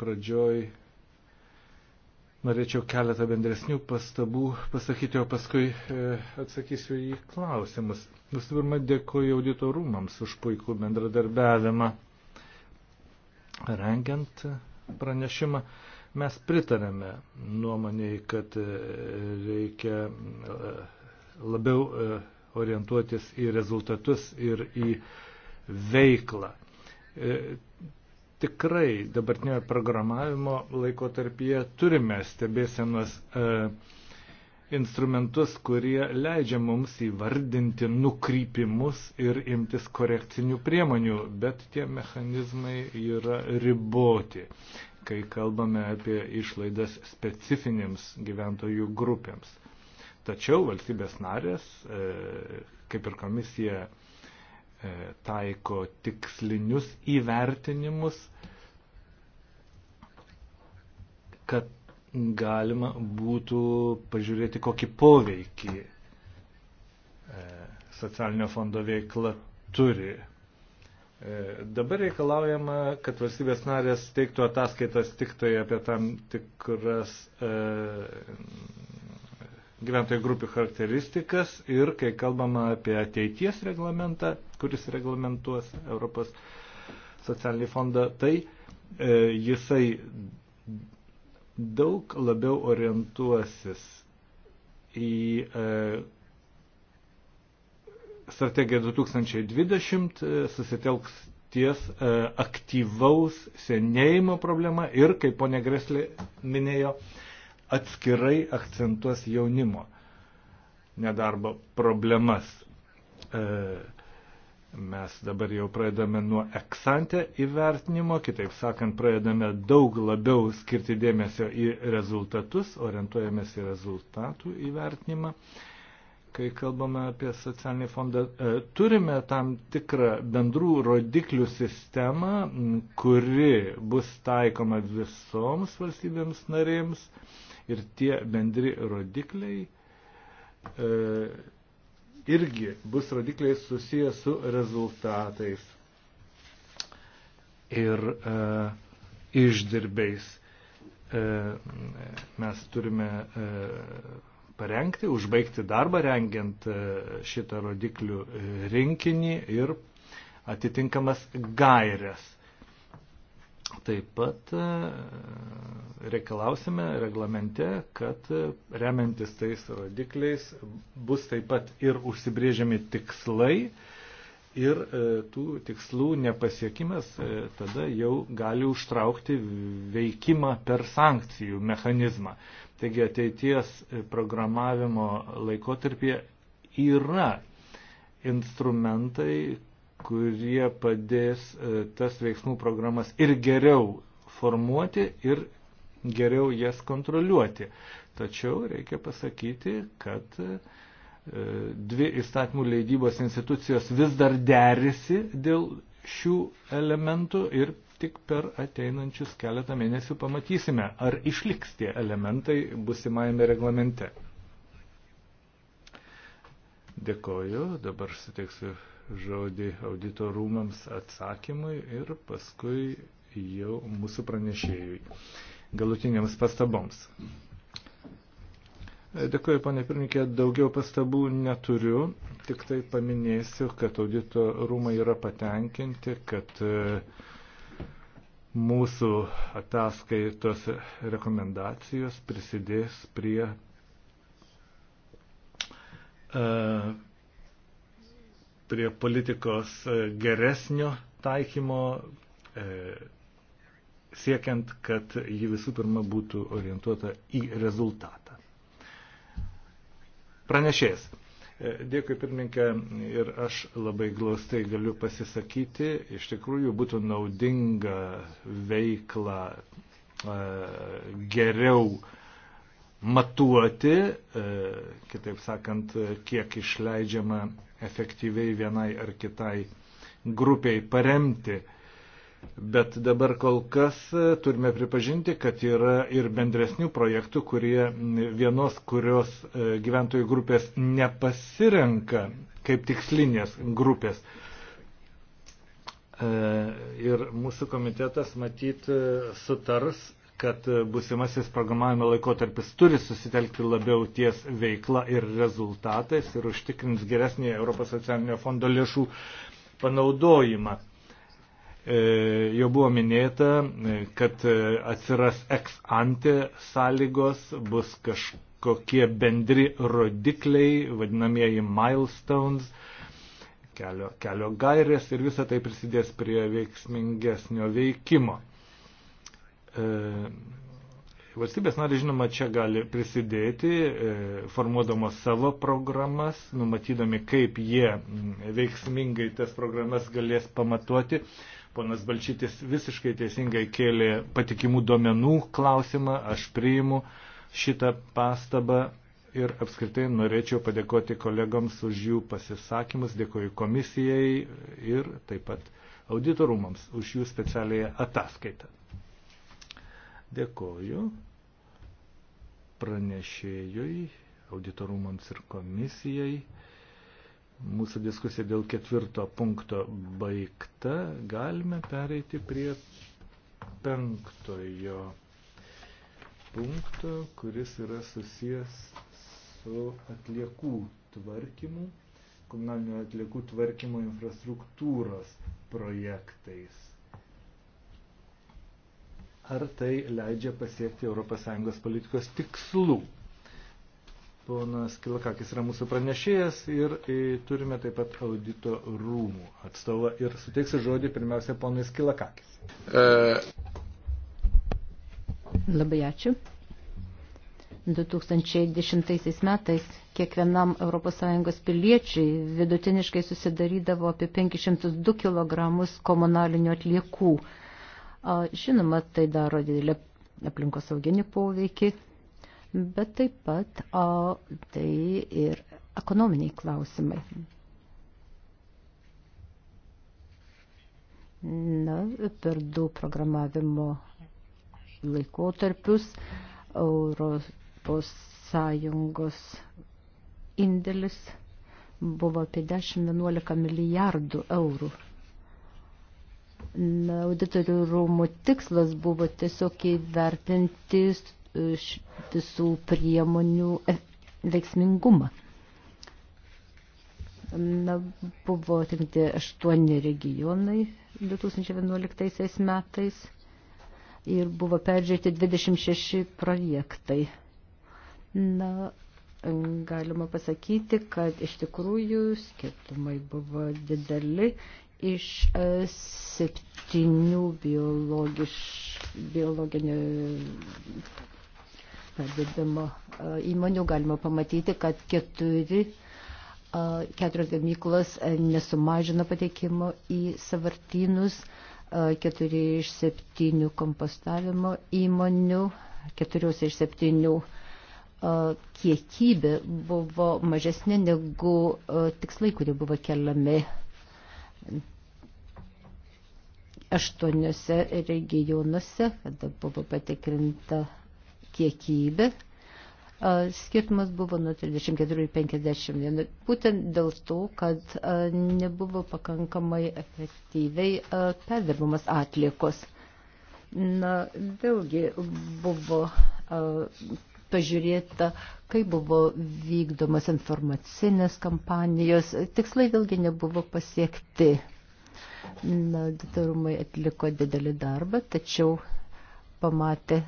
B: pradžioj Norėčiau keletą bendresnių pastabų pasakyti, o paskui e, atsakysiu į klausimus. Visų pirma, dėkoju auditorumams už puikų bendradarbiavimą. Rengiant pranešimą, mes pritarėme nuomonėj, kad e, reikia e, labiau e, orientuotis į rezultatus ir į veiklą tikrai dabartinio programavimo laikotarpyje turime stebėsenos e, instrumentus, kurie leidžia mums įvardinti nukrypimus ir imtis korekcinių priemonių, bet tie mechanizmai yra riboti, kai kalbame apie išlaidas specifinėms gyventojų grupėms. Tačiau valstybės narės, e, kaip ir komisija, E, taiko tikslinius įvertinimus, kad galima būtų pažiūrėti, kokį poveikį e, socialinio fondo veikla turi. E, dabar reikalaujama, kad valstybės narės teiktų ataskaitas tik tai apie tam tikras e, gyventojų grupių charakteristikas ir kai kalbama apie ateities reglamentą, kuris reglamentuos Europos socialinį fondą, tai e, jisai daug labiau orientuosis į e, strategiją 2020, e, susitelks ties e, aktyvaus senėjimo problema ir, kaip ponė Greslė minėjo, atskirai akcentuos jaunimo nedarbo problemas. E, Mes dabar jau pradedame nuo eksantę įvertinimo, kitaip sakant, pradedame daug labiau skirti dėmesio į rezultatus, orientuojamės į rezultatų įvertinimą. Kai kalbame apie socialinį fondą, e, turime tam tikrą bendrų rodiklių sistemą, kuri bus taikoma visoms valstybėms narėms ir tie bendri rodikliai e, irgi bus rodikliai susiję su rezultatais ir e, išdirbiais. E, mes turime e, parengti, užbaigti darbą rengiant e, šitą rodiklių e, rinkinį ir atitinkamas gairias. Taip pat e, reikalausime reglamente, kad e, remiantis tais rodikliais bus taip pat ir užsibrėžiami tikslai ir e, tų tikslų nepasiekimas tada jau gali užtraukti veikimą per sankcijų mechanizmą. Taigi ateities programavimo laikotarpėje yra instrumentai, kurie padės e, tas veiksmų programas ir geriau formuoti, ir geriau jas kontroliuoti. Tačiau reikia pasakyti, kad e, dvi įstatymų leidybos institucijos vis dar derisi dėl šių elementų ir tik per ateinančius keletą mėnesių pamatysime, ar išliks tie elementai busimajame reglamente. Dėkoju, dabar suteiksiu žodį audito rūmams atsakymui ir paskui jau mūsų pranešėjui galutiniams pastaboms. Dėkuoju, panė pirmininkė, daugiau pastabų neturiu, tik tai paminėsiu, kad audito rūmai yra patenkinti, kad e, mūsų ataskaitos rekomendacijos prisidės prie e, prie politikos e, geresnio taikymo, e, siekiant, kad ji visų pirma būtų orientuota į rezultatą. Pranešėjas. E, dėkui pirmininkė ir aš labai glaustai galiu pasisakyti. Iš tikrųjų būtų naudinga veikla geriau matuoti, e, kitaip sakant, kiek išleidžiama efektyviai vienai ar kitai grupiai paremti. Bet dabar kol kas e, turime pripažinti, kad yra ir bendresnių projektų, kurie vienos, kurios e, gyventojų grupės nepasirenka kaip tikslinės grupės. Ir mūsų komitetas matyt sutars kad e, busimasis programavimo laikotarpis turi susitelkti labiau ties veikla ir rezultatais ir užtikrins geresnį Europos socialinio fondo lėšų panaudojimą. E, jau buvo minėta, e, kad atsiras ex ante sąlygos, bus kažkokie bendri rodikliai, vadinamieji milestones, kelio, kelio gairės ir visa tai prisidės prie veiksmingesnio veikimo. E, valstybės nariai, žinoma, čia gali prisidėti, e, formuodamos savo programas, numatydami, kaip jie veiksmingai tas programas galės pamatuoti. Ponas Balčytis visiškai teisingai kėlė patikimų duomenų klausimą, aš priimu šitą pastabą ir apskritai norėčiau padėkoti kolegoms už jų pasisakymus, dėkoju komisijai ir taip pat auditorumams už jų specialiąją ataskaitą. Dėkoju pranešėjui, auditorumams ir komisijai. Mūsų diskusija dėl ketvirto punkto baigta. Galime pereiti prie penktojo punkto, kuris yra susijęs su atliekų tvarkymu, komunalinių atliekų tvarkymo infrastruktūros projektais ar tai leidžia pasiekti ES politikos tikslų. Ponas Kilakakis yra mūsų pranešėjas ir e, turime taip pat audito rūmų atstovą ir suteiksiu žodį pirmiausia ponui Kilakakis.
C: E... Labai ačiū. 2010 metais kiekvienam ES piliečiui vidutiniškai susidarydavo apie 502 kg komunalinių atliekų. Žinoma, tai daro didelį aplinkosauginį poveikį, bet taip pat o, tai ir ekonominiai klausimai. Na, per du programavimo laikotarpius Europos Sąjungos indėlis buvo apie 10-11 milijardų eurų Auditorių rūmų tikslas buvo tiesiog įvertinti e, visų priemonių e, veiksmingumą. Na, buvo atrinkti aštuoni regionai 2011 metais ir buvo peržiūrėti 26 projektai. Na, galima pasakyti, kad iš tikrųjų skirtumai buvo dideli. Iš 7 e, šaltinių biologiš, biologinio perdėdimo įmonių galima pamatyti, kad keturi, keturios gamyklos nesumažino patekimo į savartynus, keturi iš septynių kompostavimo įmonių, keturios iš septynių kiekybė buvo mažesnė negu tikslai, kurie buvo keliami aštuoniuose regionuose, kada buvo patikrinta kiekybė. Skirtumas buvo nuo 34 iki 51, būtent dėl to, kad nebuvo pakankamai efektyviai perdirbamas atliekos. Na, vėlgi buvo pažiūrėta, kaip buvo vykdomas informacinės kampanijos, tikslai vėlgi nebuvo pasiekti. Na, auditorumai atliko didelį darbą, tačiau pamatė,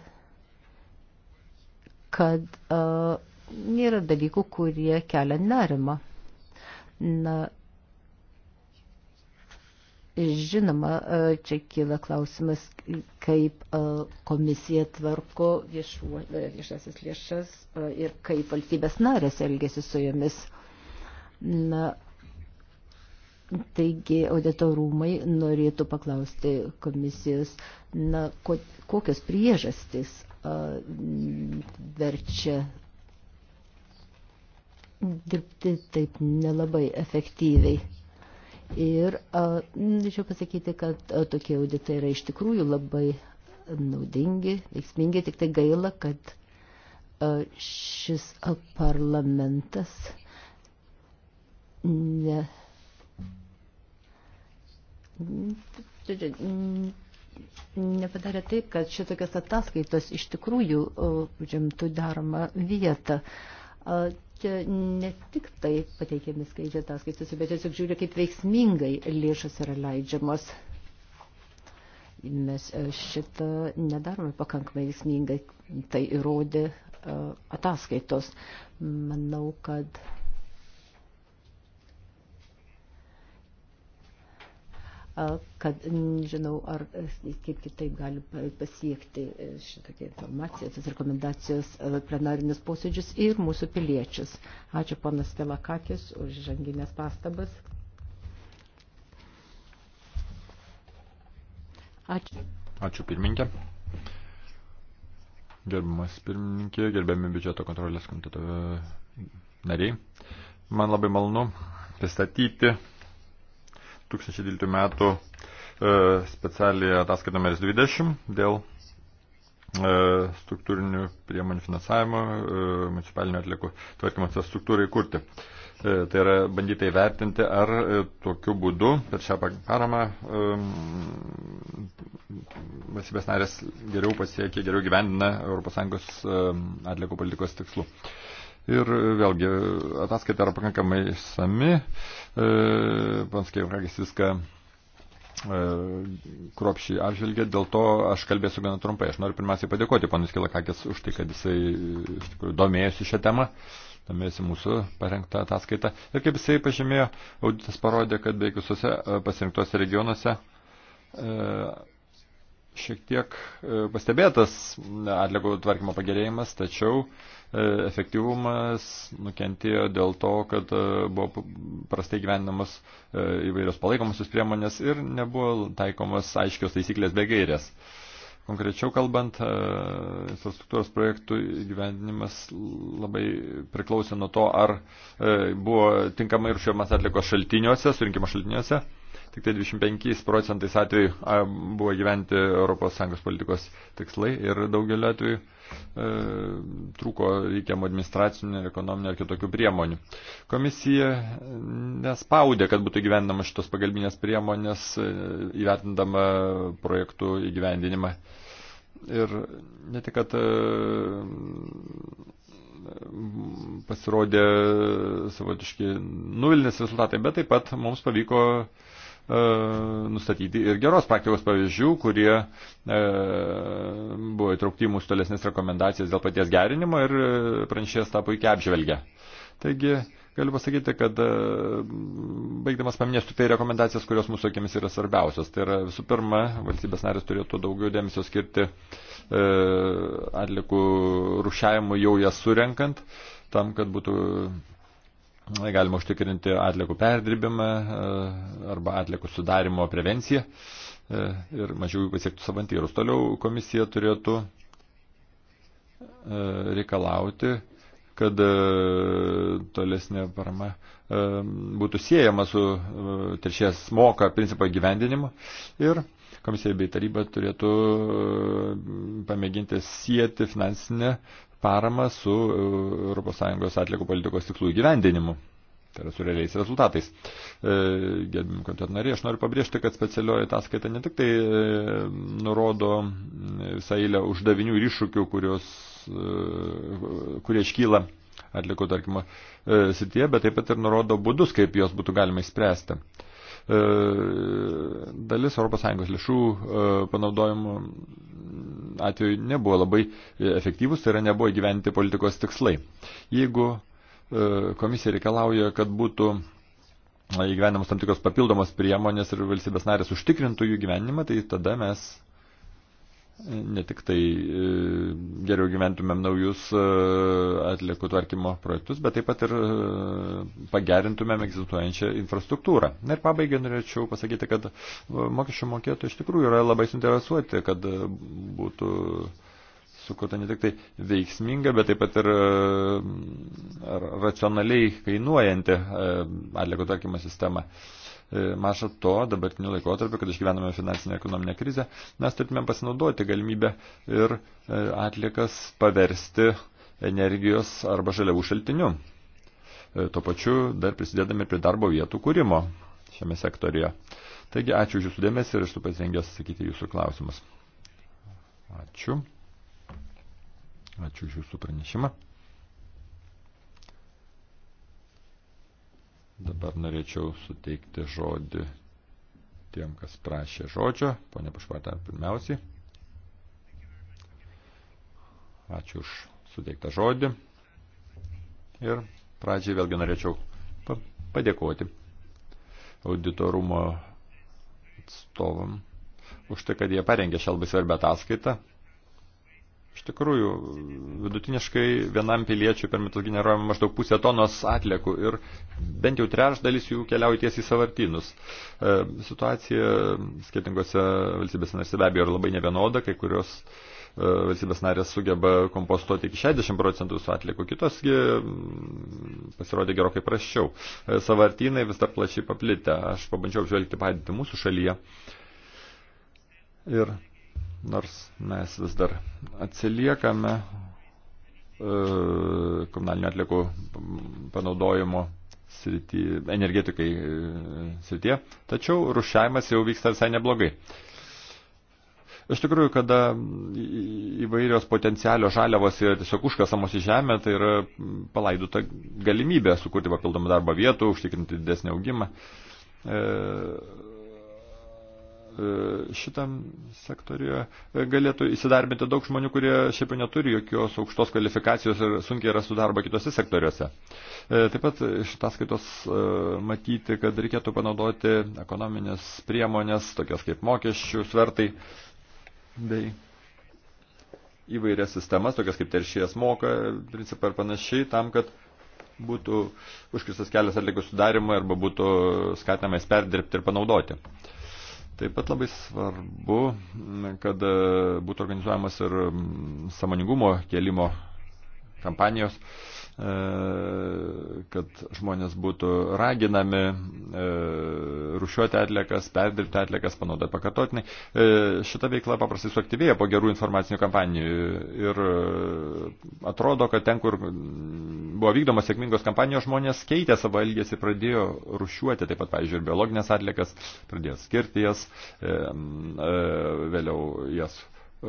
C: kad uh, yra dalykų, kurie kelia nerimą. Na, žinoma, čia kyla klausimas, kaip uh, komisija tvarko viešuo, e, viešasis lėšas uh, ir kaip valstybės narės elgesi su jomis. Na, Taigi auditorumai norėtų paklausti komisijos, na, ko, kokios priežastys a, verčia dirbti taip nelabai efektyviai. Ir norėčiau pasakyti, kad a, tokie auditai yra iš tikrųjų labai naudingi, veiksmingi, tik tai gaila, kad a, šis a, parlamentas ne nepadarė taip, kad šitokios ataskaitos iš tikrųjų žemtų daromą vietą. Čia ne tik tai pateikiami skaičiai ataskaitose, bet tiesiog žiūri, kaip veiksmingai lėšas yra leidžiamos. Mes e, šitą nedarome pakankamai veiksmingai, tai įrodė e, ataskaitos. Manau, kad kad nežinau, ar e, kaip kitaip gali pasiekti e, šitokią informaciją, tas rekomendacijos e, plenarinius posėdžius ir mūsų piliečius. Ačiū ponas Telakakis už žanginės pastabas. Ačiū.
D: Ačiū pirmininkė. Gerbiamas pirmininkė, gerbiami biudžeto kontrolės komiteto nariai. Man labai malonu pristatyti 2012 metų e, specialiai ataskaitą numeris 20 dėl e, struktūrinių priemonių finansavimo e, municipalinio atliekų tvarkymo struktūrai kurti. Tai yra bandyti įvertinti, ar tokiu būdu per šią paramą valstybės narės geriau pasiekia, geriau gyvendina ES atliekų politikos tikslų. Ir e, vėlgi, ataskaita yra pakankamai sami, e, pans Kevrakis viską e, kruopšį apžvelgė, dėl to aš kalbėsiu gana trumpai. Aš noriu pirmiausiai padėkoti panus Kilakakis už tai, kad jisai iš tikrųjų domėjosi šią temą, domėjosi mūsų parengtą ataskaitą. Ir kaip jisai pažymėjo, auditas parodė, kad beveik visose pasirinktose regionuose šiek tiek pastebėtas atliekų tvarkymo pagerėjimas, tačiau E, efektyvumas nukentėjo dėl to, kad e, buvo prastai gyvenamas e, įvairios palaikomusios priemonės ir nebuvo taikomas aiškios taisyklės be gairės. Konkrečiau kalbant, infrastruktūros projektų gyvendinimas labai priklausė nuo to, ar buvo tinkamai rušiamas atliko šaltiniuose, surinkimo šaltiniuose tik tai 25 procentais atveju buvo gyventi ES politikos tikslai ir daugeliu atveju e, trūko reikiamų administracinių, ekonominių ar kitokių priemonių. Komisija nespaudė, kad būtų gyvendama šitos pagalbinės priemonės, e, įvertindama projektų įgyvendinimą. Ir ne tik, kad e, pasirodė savotiški nulinis rezultatai, bet taip pat mums pavyko uh, E, nustatyti ir geros praktikos pavyzdžių, kurie e, buvo įtraukti į mūsų tolesnės rekomendacijas dėl paties gerinimo ir e, pranešėjas tą puikiai apžvelgia. Taigi, galiu pasakyti, kad baigdamas paminėsiu tai rekomendacijas, kurios mūsų akimis yra svarbiausios. Tai yra visų pirma, valstybės narės turėtų daugiau dėmesio skirti e, atlikų rušiavimui jau jas surenkant, tam, kad būtų galima užtikrinti atliekų perdirbimą e, arba atliekų sudarimo prevenciją e, ir mažiau pasiektų savantyrus. Toliau komisija turėtų e, reikalauti, kad tolesnė parama būtų siejama su teršės moka principo gyvendinimu ir komisija bei taryba turėtų pamėginti sieti finansinę paramą su ES atliekų politikos tiklų įgyvendinimu. Tai yra su realiais rezultatais. E, Gerbim komiteto nariai, aš noriu pabrėžti, kad specialioji ataskaita ne tik tai e, nurodo visą eilę uždavinių ir iššūkių, kurios, e, kurie iškyla atliko, tarkim, srityje, bet taip pat ir nurodo būdus, kaip juos būtų galima įspręsti. E, dalis ES lėšų e, panaudojimų atveju nebuvo labai efektyvus, tai yra nebuvo įgyventi politikos tikslai. Jeigu e, komisija reikalauja, kad būtų įgyvenimas tam tikros papildomos priemonės ir valstybės narės užtikrintų jų gyvenimą, tai tada mes ne tik tai e, geriau gyventumėm naujus e, atliekų tvarkymo projektus, bet taip pat ir e, pagerintumėm egzistuojančią infrastruktūrą. Na ir pabaigai norėčiau pasakyti, kad mokesčių mokėtojai iš tikrųjų yra labai suinteresuoti, kad būtų sukurta ne tik tai veiksminga, bet taip pat ir racionaliai kainuojanti atliekų tvarkymo sistema. E, Maža to, dabartiniu laikotarpiu, kad išgyvename finansinę ekonominę krizę, mes turėtume pasinaudoti galimybę ir e, atlikas paversti energijos arba žaliavų šaltiniu. E, tuo pačiu dar prisidedame prie darbo vietų kūrimo šiame sektorijoje. Taigi ačiū už jūsų dėmesį ir aš tu pasirengęs atsakyti jūsų klausimus. Ačiū. Ačiū už jūsų pranešimą. Dabar norėčiau suteikti žodį tiem, kas prašė žodžio. Pone Pašvartą, pirmiausiai. Ačiū už suteiktą žodį. Ir pradžiai vėlgi norėčiau padėkoti auditorumo atstovam už tai, kad jie parengė šią labai svarbią ataskaitą. Iš tikrųjų, vidutiniškai vienam piliečiui per metus generuojama maždaug pusę tonos atliekų ir bent jau trečdalis jų keliauja tiesiai į savartynus. E, situacija skirtingose valstybės narėse be abejo yra labai nevienoda, kai kurios e, valstybės narės sugeba kompostuoti iki 60 procentų su atliekų, kitosgi mm, pasirodė gerokai prasčiau. E, savartynai vis dar plačiai paplitę. Aš pabandžiau apžvelgti padėtį mūsų šalyje. Ir nors mes vis dar atsiliekame e, komunalinių atliekų panaudojimo srity, energetikai e, srityje, tačiau rušiavimas jau vyksta visai neblogai. Iš tikrųjų, kada įvairios potencialio žaliavos yra tiesiog užkasamos į žemę, tai yra palaidota galimybė sukurti papildomą darbo vietų, užtikrinti didesnį augimą. E, E, šitam sektoriuje e, galėtų įsidarbinti daug žmonių, kurie šiaip neturi jokios aukštos kvalifikacijos ir sunkiai rastų darbą kitose sektoriuose. E, taip pat iš ataskaitos matyti, kad reikėtų panaudoti ekonominės priemonės, tokias kaip mokesčių svertai bei įvairias sistemas, tokias kaip teršėjas moka, principai ir panašiai, tam, kad būtų užkristas kelias atlikų sudarimui arba būtų skatinamas perdirbti ir panaudoti. Uh, Taip pat labai svarbu, kad e, būtų organizuojamas ir samoningumo kėlimo kampanijos. Uh, E, kad žmonės būtų raginami e, rušiuoti atliekas, perdirbti atliekas, panaudoti pakartotinai. E, šita veikla paprastai suaktyvėja po gerų informacinių kampanijų ir atrodo, kad ten, kur buvo vykdomas sėkmingos kampanijos, žmonės keitė savo elgesį, pradėjo rušiuoti, taip pat, pavyzdžiui, ir biologinės atliekas, pradėjo skirti jas, vėliau jas E,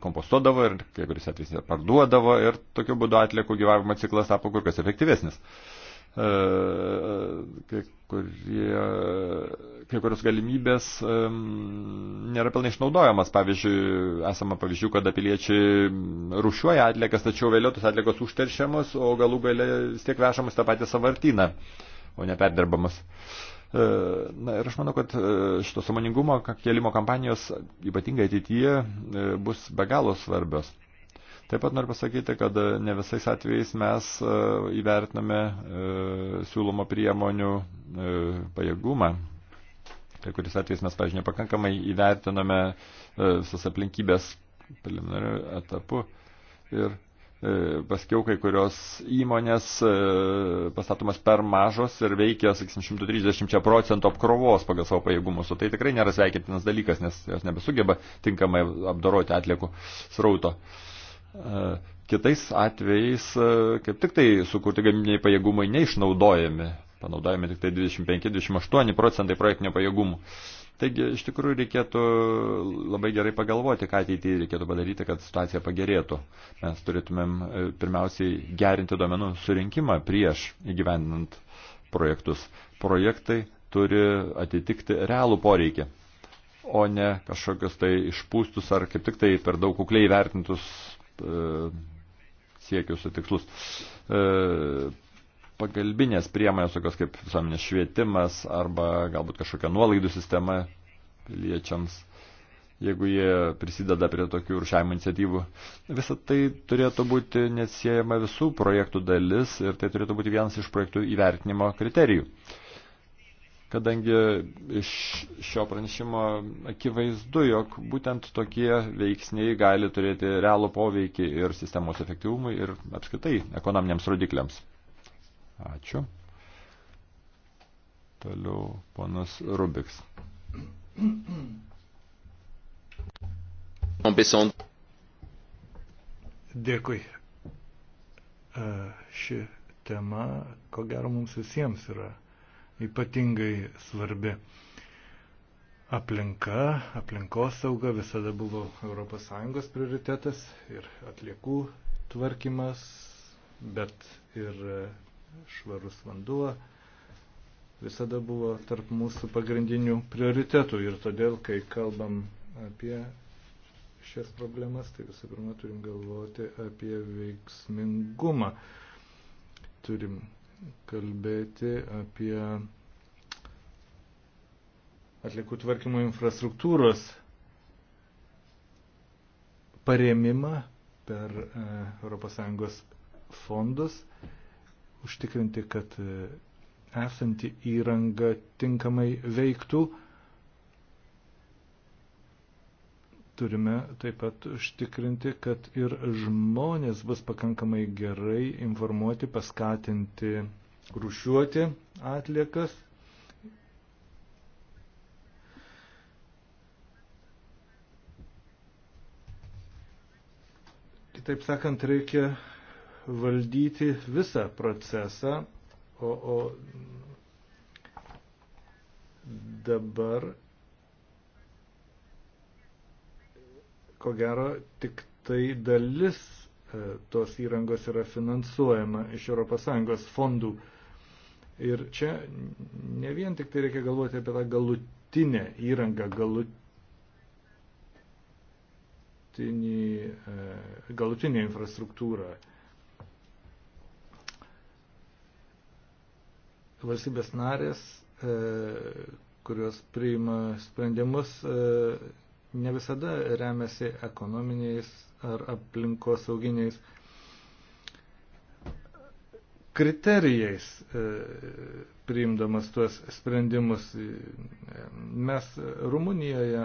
D: kompostuodavo ir kai kuris atvejais parduodavo ir tokiu būdu atliekų gyvavimo ciklas tapo kur kas efektyvesnis. E, kai, kurie, kai kurios galimybės e, nėra pilnai išnaudojamas. Pavyzdžiui, esama pavyzdžių, kada piliečiai rušiuoja atliekas, tačiau vėliau tos atliekos užteršiamos, o galų gale vis tiek vežamos tą patį savartyną, o neperdirbamas. Uh, E, na ir aš manau, kad e, šito samoningumo kelimo kampanijos ypatingai ateityje e, bus be galo svarbios. Taip pat noriu pasakyti, kad ne visais atvejais mes įvertiname siūlomo priemonių pajėgumą. Kai kuris atvejais mes, pažiūrėjau, pakankamai įvertiname visas aplinkybės preliminariu etapu. Ir E, paskiau kai kurios įmonės e, pastatomas per mažos ir veikia, sakysim, 130 procentų apkrovos pagal savo pajėgumus, o tai tikrai nėra sveikintinas dalykas, nes jos nebesugeba tinkamai apdoroti atliekų srauto. E, kitais atvejais, kaip tik tai sukurti gaminiai pajėgumai neišnaudojami, panaudojami tik tai 25-28 procentai projektinio pajėgumų. Taigi, iš tikrųjų, reikėtų labai gerai pagalvoti, ką ateityje reikėtų padaryti, kad situacija pagerėtų. Mes turėtumėm e, pirmiausiai gerinti duomenų surinkimą prieš įgyvendinant projektus. Projektai turi atitikti realų poreikį, o ne kažkokius tai išpūstus ar kaip tik tai per daug kukliai vertintus e, siekius ir tikslus. E, pagalbinės priemonės, tokios kaip visuomenės švietimas arba galbūt kažkokia nuolaidų sistema piliečiams, jeigu jie prisideda prie tokių rušiavimo iniciatyvų. Visa tai turėtų būti neatsiejama visų projektų dalis ir tai turėtų būti vienas iš projektų įvertinimo kriterijų. Kadangi iš šio pranešimo akivaizdu, jog būtent tokie veiksniai gali turėti realų poveikį ir sistemos efektyvumui ir apskritai ekonominiams rodikliams. Ačiū. Toliau ponas Rubiks.
B: Dėkui. Ši tema, ko gero, mums visiems yra ypatingai svarbi. Aplinka, aplinkos sauga visada buvo ES prioritetas ir atliekų tvarkymas, bet ir švarus vanduo visada buvo tarp mūsų pagrindinių prioritetų ir todėl, kai kalbam apie šias problemas, tai visų pirma turim galvoti apie veiksmingumą. Turim kalbėti apie atlikų tvarkymo infrastruktūros paremimą per ES fondus užtikrinti, kad e, esanti įranga tinkamai veiktų. Turime taip pat užtikrinti, kad ir žmonės bus pakankamai gerai informuoti, paskatinti rušiuoti atliekas. Kitaip sakant, reikia valdyti visą procesą, o, o dabar ko gero tik tai dalis e, tos įrangos yra finansuojama iš ES fondų. Ir čia ne vien tik tai reikia galvoti apie tą galutinę įrangą, galutinį, e, galutinę infrastruktūrą. valstybės narės, e, kurios priima sprendimus, e, ne visada remiasi ekonominiais ar aplinkosauginiais kriterijais e, priimdamas tuos sprendimus. Mes Rumunijoje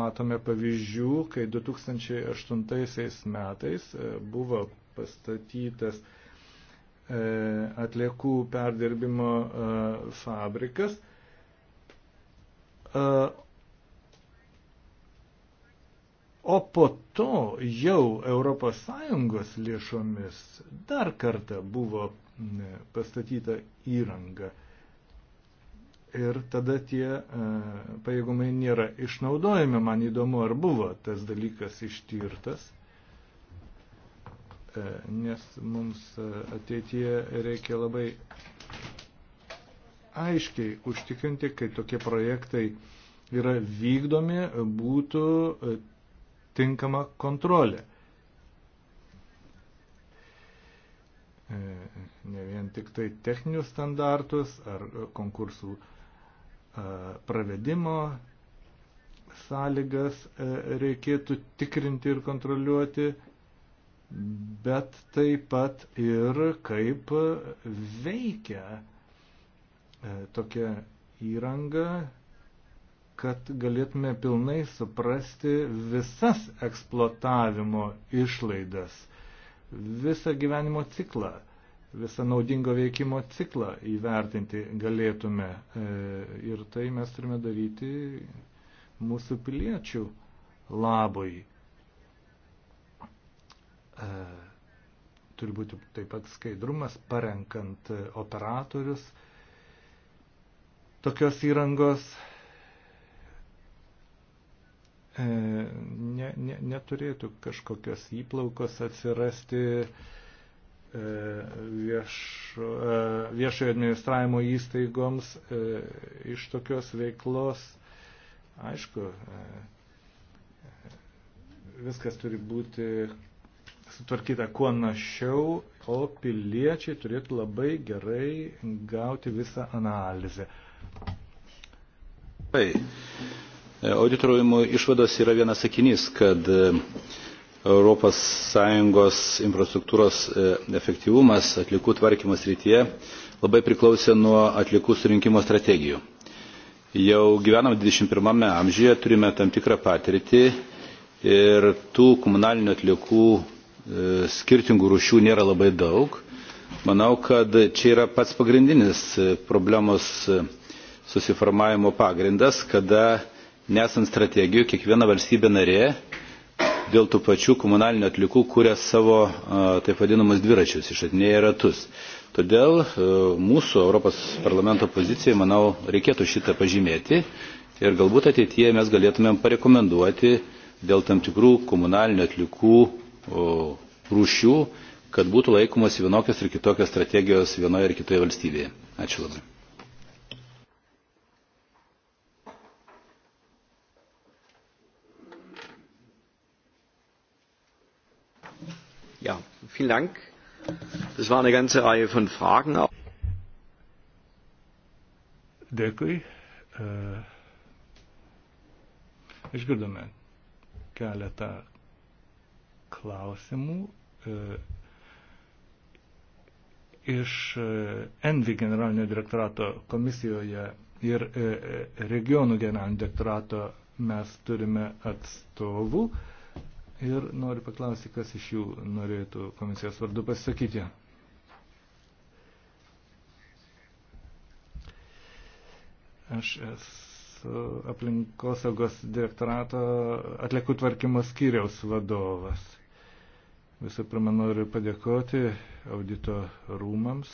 B: matome pavyzdžių, kai 2008 metais buvo pastatytas E, atliekų perdirbimo e, fabrikas. E, o po to jau ES lėšomis dar kartą buvo pastatyta įranga. Ir tada tie pajėgumai nėra išnaudojami. Man įdomu, ar buvo tas dalykas ištirtas. E, nes mums e, ateityje reikia labai aiškiai užtikrinti, kai tokie projektai yra vykdomi, būtų e, tinkama kontrolė. Ne vien tik tai techninius standartus ar konkursų pravedimo sąlygas reikėtų tikrinti ir kontroliuoti, bet taip pat ir kaip veikia e, tokia įranga, kad galėtume pilnai suprasti visas eksploatavimo išlaidas, visą gyvenimo ciklą visą naudingo veikimo ciklą įvertinti galėtume. E, ir tai mes turime daryti mūsų piliečių labui. E, turi būti taip pat skaidrumas, parenkant operatorius tokios įrangos. E, ne, ne, neturėtų kažkokios įplaukos atsirasti e, viešo, viešojo administravimo įstaigoms iš tokios veiklos. Aišku, viskas turi būti sutvarkyta kuo našiau, o piliečiai turėtų labai gerai gauti visą analizę.
A: Auditorimo išvados yra vienas sakinys, kad ES infrastruktūros e, efektyvumas atlikų tvarkymo srityje labai priklausė nuo atlikų surinkimo strategijų. Jau gyvenam 21 amžiuje, turime tam tikrą patirtį ir tų komunalinių atliekų E, skirtingų rušių nėra labai daug. Manau, kad čia yra pats pagrindinis e, problemos e, susiformavimo pagrindas, kada nesant strategijų kiekviena valstybė narė dėl tų pačių komunalinių atlikų kuria savo taip vadinamus dviračius, išatinėja ratus. Todėl mūsų Europos parlamento pozicijai, manau, reikėtų šitą pažymėti ir galbūt ateityje mes galėtumėm parekomenduoti dėl tam tikrų komunalinių atlikų rūšių, kad būtų laikomas vienokios ir kitokios strategijos vienoje ir kitoje valstybėje. Ačiū labai. Ja, vielen Dank. Das war eine ganze Reihe von Fragen.
B: Dėkui. Äh, išgirdome keletą klausimų e, iš e, Envi generalinio direktorato komisijoje ir e, regionų generalinio direktorato mes turime atstovų. Ir noriu paklausyti, kas iš jų norėtų komisijos vardu pasisakyti. Aš esu aplinkosaugos direktorato atliekų tvarkymo skyriaus vadovas. Visų pirma, noriu padėkoti audito rūmams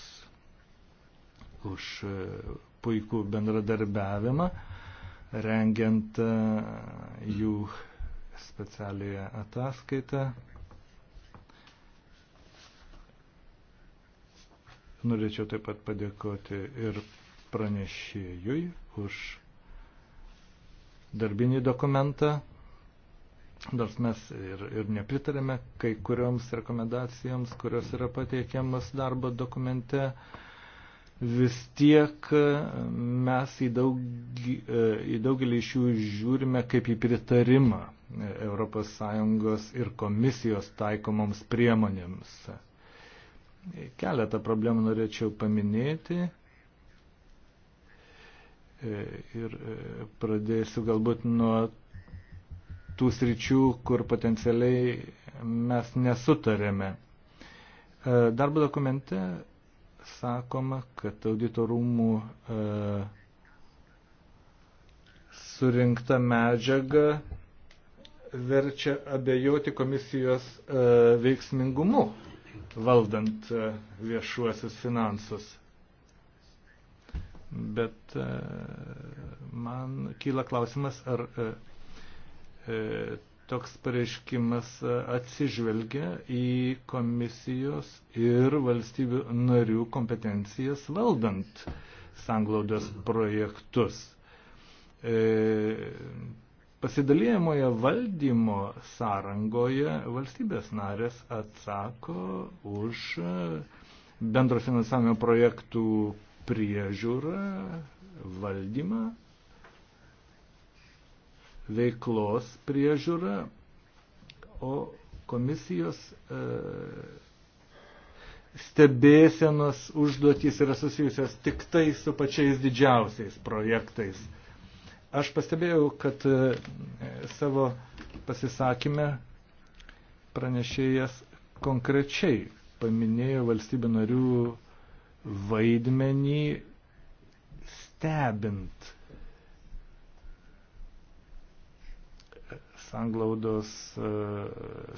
B: už e, puikų bendradarbiavimą, rengiant e, jų specialiąją ataskaitą. Norėčiau taip pat padėkoti ir pranešėjui už darbinį dokumentą nors mes ir, ir nepritarėme kai kurioms rekomendacijoms, kurios yra pateikiamas darbo dokumente, vis tiek e, mes į, daug, e, į daugelį iš jų žiūrime kaip į pritarimą e, ES ir komisijos taikomoms priemonėms. Keletą problemų norėčiau paminėti ir pradėsiu galbūt nuo tų sričių, kur potencialiai mes nesutarėme. E, darbo dokumente sakoma, kad auditorumų e, surinkta medžiaga verčia abejoti komisijos e, veiksmingumu valdant viešuosius finansus. Bet man kyla klausimas, ar E, toks pareiškimas atsižvelgia į komisijos ir valstybių narių kompetencijas valdant sanglaudos projektus. E, Pasidalėjamoje valdymo sąrangoje valstybės narės atsako už bendro finansavimo projektų priežiūrą, valdymą veiklos priežiūra, o komisijos e, stebėsenos užduotys yra susijusios tik tai su pačiais didžiausiais projektais. Aš pastebėjau, kad e, savo pasisakymę pranešėjas konkrečiai paminėjo valstybių narių vaidmenį stebint sanglaudos e,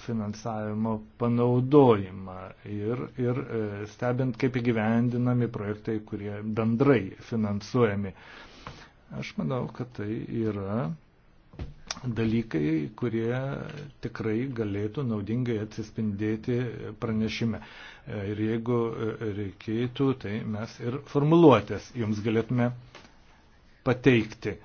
B: finansavimo panaudojimą ir, ir e, stebint, kaip įgyvendinami projektai, kurie bendrai finansuojami. Aš manau, kad tai yra dalykai, kurie tikrai galėtų naudingai atsispindėti pranešime. E, ir jeigu reikėtų, tai mes ir formuluotės jums galėtume pateikti.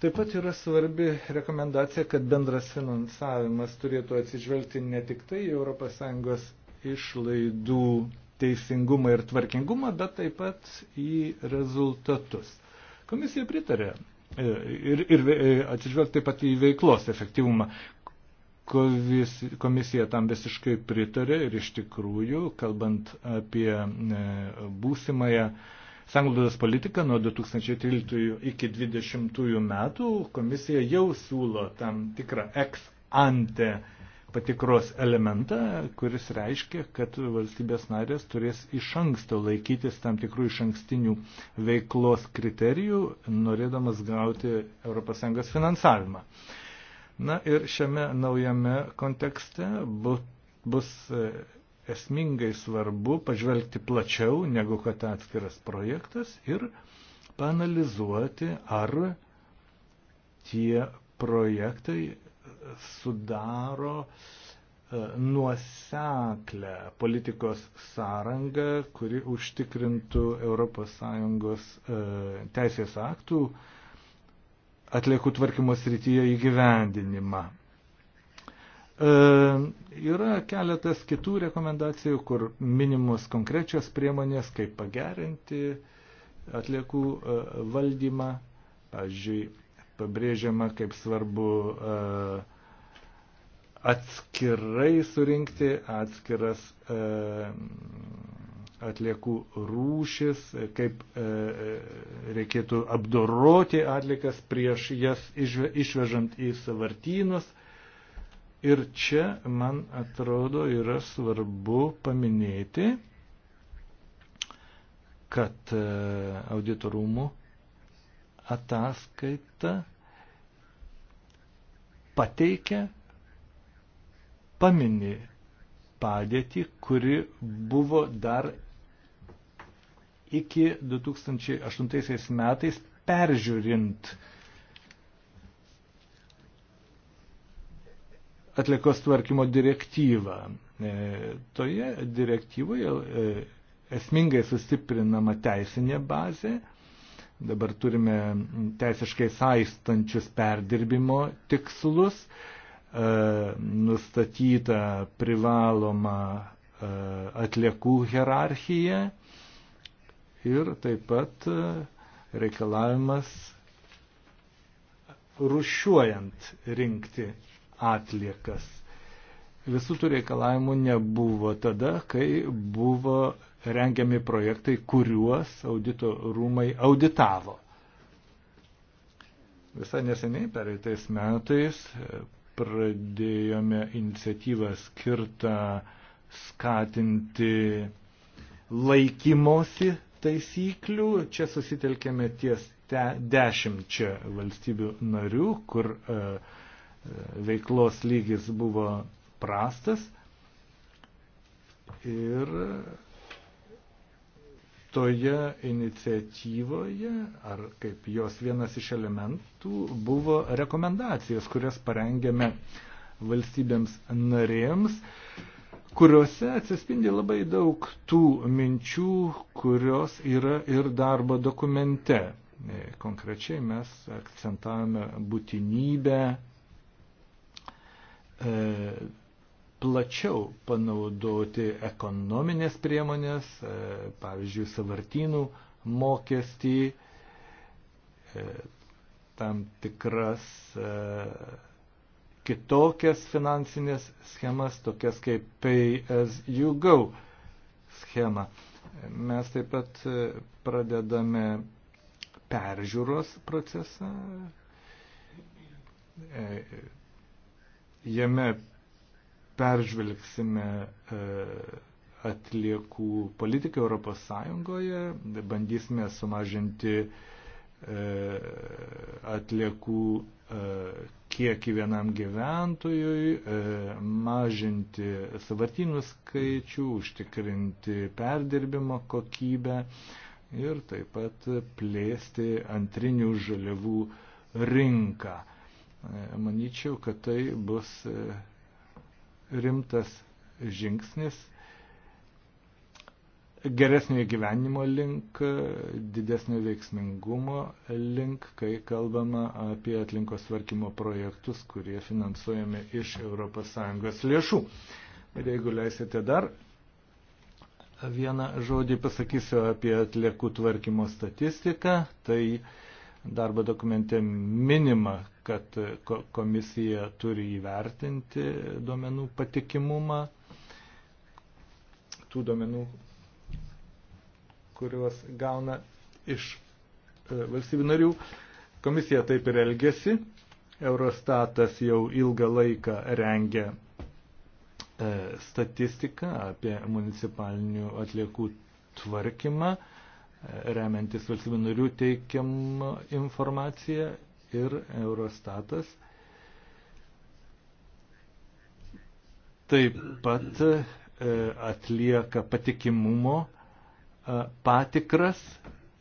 B: Taip pat yra svarbi rekomendacija, kad bendras finansavimas turėtų atsižvelgti ne tik tai ES išlaidų teisingumą ir tvarkingumą, bet taip pat į rezultatus. Komisija pritarė e, ir, ir e, atsižvelgti taip pat į veiklos efektyvumą. Komisija tam visiškai pritarė ir iš tikrųjų, kalbant apie e, būsimąją sanglaudos politiką nuo 2013 iki 2020 metų komisija jau siūlo tam tikrą ex ante patikros elementą, kuris reiškia, kad valstybės narės turės iš anksto laikytis tam tikrų iš ankstinių veiklos kriterijų, norėdamas gauti ES finansavimą. Na ir šiame naujame kontekste bu, bus esmingai svarbu pažvelgti plačiau negu kad atskiras projektas ir panalizuoti, ar tie projektai sudaro e, nuoseklę politikos sąrangą, kuri užtikrintų ES e, teisės aktų atliekų tvarkymo srityje įgyvendinimą. E, yra keletas kitų rekomendacijų, kur minimos konkrečios priemonės, kaip pagerinti atliekų e, valdymą. Pavyzdžiui, pabrėžiama, kaip svarbu e, atskirai surinkti atskiras atliekų rūšis, kaip reikėtų apdoroti atlikas prieš jas išvežant į savartynus Ir čia, man atrodo, yra svarbu paminėti, kad e, auditorumų ataskaita pateikia, pamini padėtį, kuri buvo dar iki 2008 metais peržiūrint uh, atlikos tvarkymo direktyvą. E, toje direktyvoje e, esmingai sustiprinama teisinė bazė. Dabar turime teisiškai saistančius perdirbimo tikslus, e, nustatyta privaloma atliekų hierarchija ir taip pat reikalavimas rušiuojant rinkti atliekas. Visų tų reikalavimų nebuvo tada, kai buvo rengiami projektai, kuriuos audito rūmai auditavo. Visai neseniai, pereitais metais, pradėjome iniciatyvą skirtą skatinti laikymosi taisyklių. Čia susitelkėme ties dešimčia valstybių narių, kur uh, veiklos lygis buvo prastas ir toje iniciatyvoje, ar kaip jos vienas iš elementų, buvo rekomendacijos, kurias parengėme valstybėms narėms, kuriuose atsispindi labai daug tų minčių, kurios yra ir darbo dokumente. Konkrečiai mes akcentavome būtinybę E, plačiau panaudoti ekonominės priemonės, e, pavyzdžiui, savartynų mokestį, e, tam tikras kitokias finansinės schemas, tokias kaip Pay as you go schema. Mes taip pat pradedame peržiūros procesą Jame peržvelgsime e, atliekų politiką Europos Sąjungoje, bandysime sumažinti e, atliekų e, kiekį vienam gyventojui, mažinti savartinių skaičių, užtikrinti perdirbimo kokybę ir taip pat plėsti antrinių žaliavų rinką. E, manyčiau, kad tai bus e, rimtas žingsnis geresnio gyvenimo link, didesnio veiksmingumo link, kai kalbama apie aplinkos tvarkymo projektus, kurie finansuojami iš ES lėšų. Ir jeigu leisite dar vieną žodį pasakysiu apie atliekų tvarkymo statistiką, tai uh, Darbo dokumente minima, kad komisija turi įvertinti duomenų patikimumą, tų duomenų, kuriuos gauna iš e, valstybių narių. Komisija taip ir elgesi. Eurostatas jau ilgą laiką rengia e, statistiką apie municipalinių atliekų tvarkymą remiantis valstybių narių teikiamą informaciją ir Eurostatas taip pat e, atlieka patikimumo e, patikras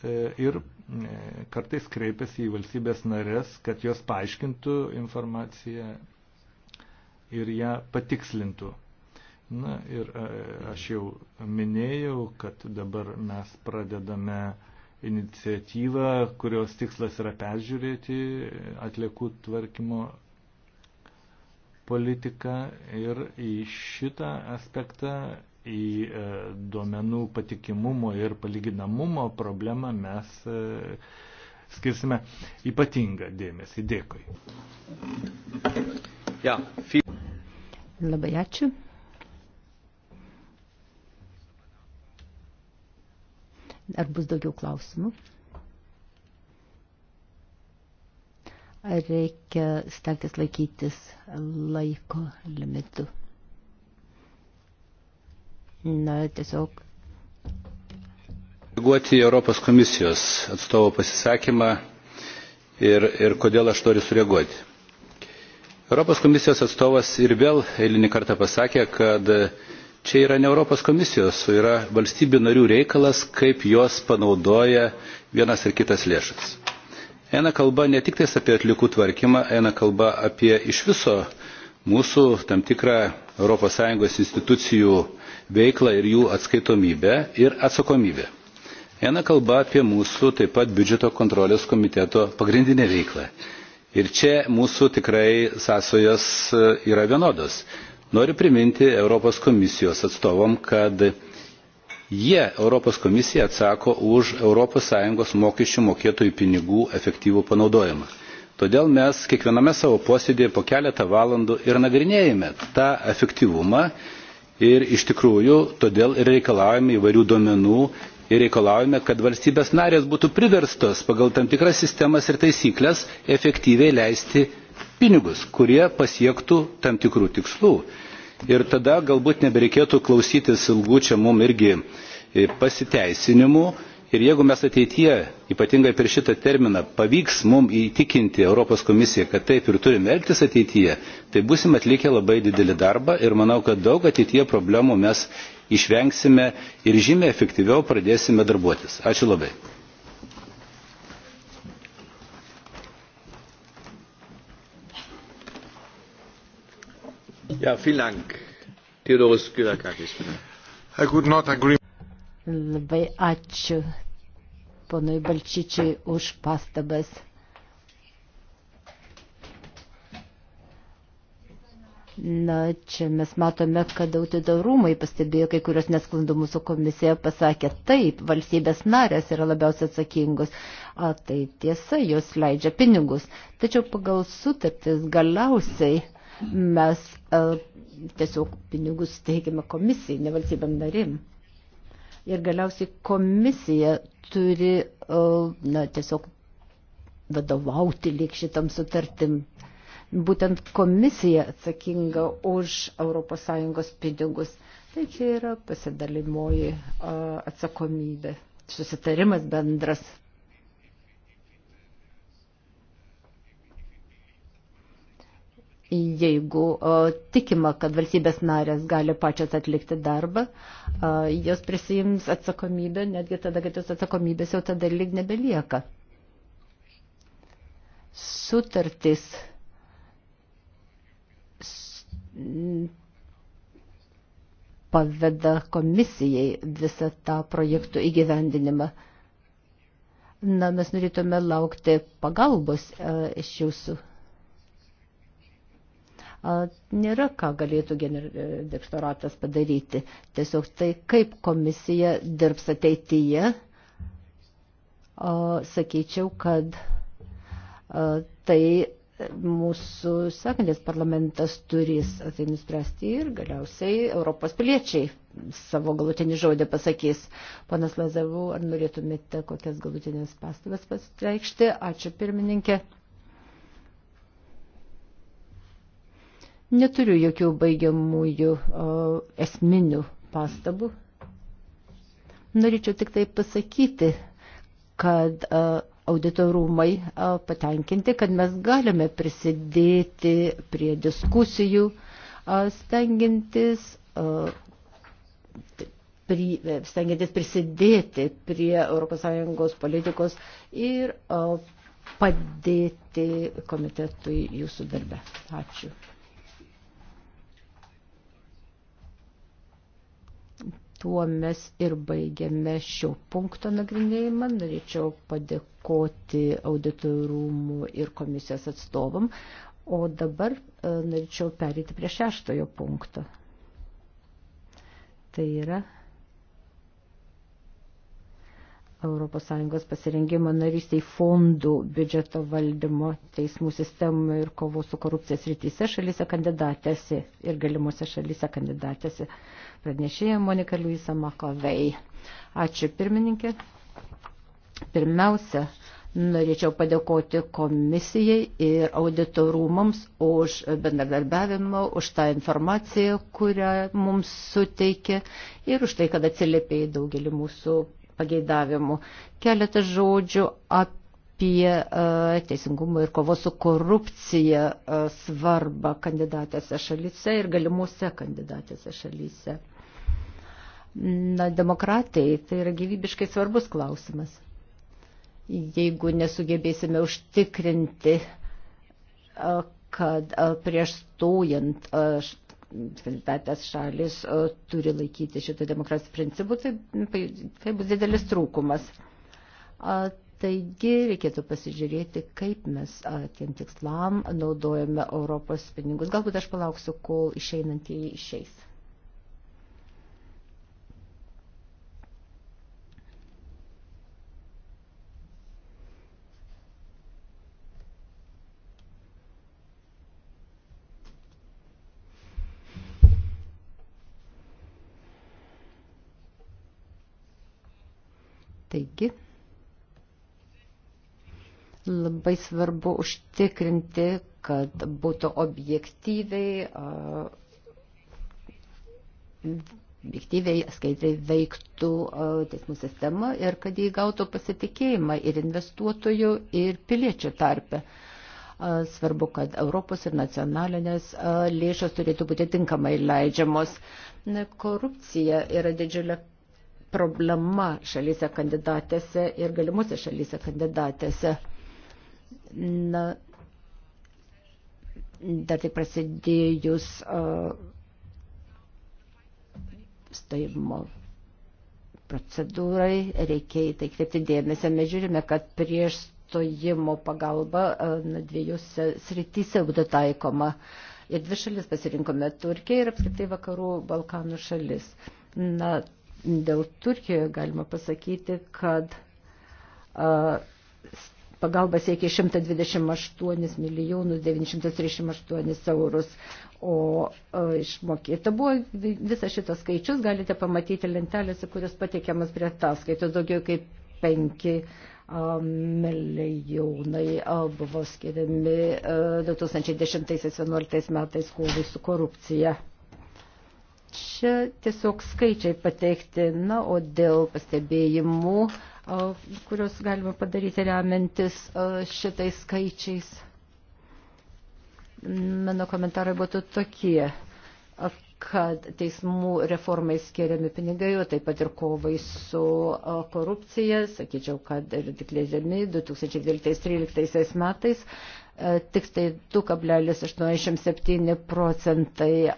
B: e, ir kartais kreipiasi į valstybės narės, kad jos paaiškintų informaciją ir ją patikslintų. Na ir e, aš jau minėjau, kad dabar mes pradedame iniciatyvą, kurios tikslas yra peržiūrėti atliekų tvarkymo politiką ir į šitą aspektą, į e, duomenų patikimumo ir palyginamumo problemą mes e, skirsime ypatingą dėmesį. Dėkui. Ja,
C: Labai ačiū. Ar bus daugiau klausimų? Ar reikia stengtis laikytis laiko limitų? Na, tiesiog.
A: Reaguoti į Europos komisijos atstovo pasisakymą ir, ir kodėl aš noriu sureaguoti. Europos komisijos atstovas ir vėl eilinį kartą pasakė, kad čia yra ne Europos komisijos, o yra valstybių narių reikalas, kaip jos panaudoja vienas ar kitas lėšas. Eina kalba ne tik tais apie atlikų tvarkymą, eina kalba apie iš viso mūsų tam tikrą ES institucijų veiklą ir jų atskaitomybę ir atsakomybę. Eina kalba apie mūsų taip pat biudžeto kontrolės komiteto pagrindinę veiklą. Ir čia mūsų tikrai sąsojos e, yra vienodos. Noriu priminti Europos komisijos atstovom, kad jie, Europos komisija, atsako už ES mokesčių mokėtojų pinigų efektyvų panaudojimą. Todėl mes kiekviename savo posėdėje po keletą valandų ir nagrinėjame tą efektyvumą ir iš tikrųjų todėl ir reikalaujame įvairių duomenų ir reikalaujame, kad valstybės narės būtų priverstos pagal tam tikras sistemas ir taisyklės efektyviai leisti pinigus, kurie pasiektų tam tikrų tikslų ir tada galbūt nebereikėtų klausytis ilgų čia mums irgi e, pasiteisinimų. Ir jeigu mes ateityje, ypatingai per šitą terminą, pavyks mums įtikinti Europos komisiją, kad taip ir turime elgtis ateityje, tai busim atlikę labai didelį darbą ir manau, kad daug ateityje problemų mes išvengsime ir žymiai efektyviau pradėsime darbuotis. Ačiū labai. Ja, vielen Dank. Teodoros Kilakakis.
C: I could not agree. Labai ačiū ponui Balčyčiai už pastabas. Na, čia mes matome, kad autido rūmai pastebėjo kai kurios nesklandumus, o komisija pasakė, taip, valstybės narės yra labiausiai atsakingos. A, tai tiesa, jos leidžia pinigus. Tačiau pagal sutartis galiausiai mes e, tiesiog pinigus teikiame komisijai, ne valstybėm narim. Ir galiausiai komisija turi e, na, tiesiog vadovauti lyg šitam sutartim. Būtent komisija atsakinga už ES pinigus. Tai čia yra pasidalimoji e, atsakomybė, susitarimas bendras jeigu tikima, kad valstybės narės gali pačios atlikti darbą, jos prisijims atsakomybę, netgi tada, kad jos atsakomybės jau tada lyg nebelieka. Sutartis paveda komisijai visą tą projektų įgyvendinimą. Na, mes norėtume laukti pagalbos e, iš jūsų nėra ką galėtų e, dektoratas padaryti. Tiesiog tai, kaip komisija dirbs ateityje, sakyčiau, kad tai mūsų sekantis parlamentas turės tai nuspręsti ir galiausiai Europos piliečiai savo galutinį žodį pasakys. Panas Lazavu, ar norėtumėte kokias galutinės pastabas pasitreikšti? Ačiū pirmininkė. Neturiu jokių baigiamųjų o, esminių pastabų. Norėčiau tik tai pasakyti, kad o, auditorumai o, patenkinti, kad mes galime prisidėti prie diskusijų, o, stengintis, o, pri, stengintis prisidėti prie ES politikos ir o, padėti komitetui jūsų darbe. Ačiū. tuo mes ir baigiame šio punkto nagrinėjimą. Norėčiau padėkoti auditorumų ir komisijos atstovam. O dabar e, norėčiau perėti prie šeštojo punkto. Tai yra ES pasirengimo narystiai fondų biudžeto valdymo teismų sistemų ir kovos su korupcijas rytise šalyse kandidatėsi ir galimuose šalyse kandidatėsi. E, pranešėja Monika Luisa Makovei. Ačiū pirmininkė. Pirmiausia, norėčiau padėkoti komisijai ir auditorumams už bendradarbiavimą, už tą informaciją, kurią mums suteikė ir už tai, kad atsiliepė į daugelį mūsų pageidavimų. Keletą žodžių apie apie teisingumo ir kovos su korupcija e, svarbą kandidatėse šalyse ir galimuose kandidatėse šalyse na, demokratai tai yra gyvybiškai svarbus klausimas. Jeigu nesugebėsime užtikrinti, kad prieš stojant kandidatės šalis turi laikyti šitą demokratijos principų, tai, tai, tai bus didelis trūkumas. Taigi reikėtų pasižiūrėti, kaip mes tiem tikslam naudojame Europos pinigus. Galbūt aš palauksiu, kol išeinantieji išeis. Taigi, labai svarbu užtikrinti, kad būtų objektyviai, objektyviai skaitriai veiktų teismų sistema ir kad jį gautų pasitikėjimą ir investuotojų, ir piliečių tarpe. Svarbu, kad Europos ir nacionalinės lėšos turėtų būti tinkamai leidžiamos. Korupcija yra didžiulė problema šalyse kandidatėse ir galimuose šalyse kandidatėse. Na, dar tik prasidėjus uh, stojimo procedūrai, reikia į tai kreipti dėmesį. Mes žiūrime, kad prieš stojimo pagalba uh, dviejose srityse būtų taikoma. Ir dvi šalis pasirinkome - Turkija ir apskritai vakarų Balkanų šalis. Na, dėl Turkijoje galima pasakyti, kad a, pagalba siekia 128 milijonus 938 eurus, o a, išmokėta buvo visą šitą skaičius, galite pamatyti lentelėse, kurios pateikiamas prie ataskaitos, daugiau kaip 5 milijonai buvo skiriami 2010-2011 metais kovai su korupcija. Čia tiesiog skaičiai pateikti, na, o dėl pastebėjimų, kuriuos galima padaryti remiantis šitais skaičiais. Mano komentarai būtų tokie kad teismų reformai skiriami pinigai, o taip pat ir kovai su korupcija, sakyčiau, kad ir tik leidžiami 2012-2013 metais tik tai 2,87 procentai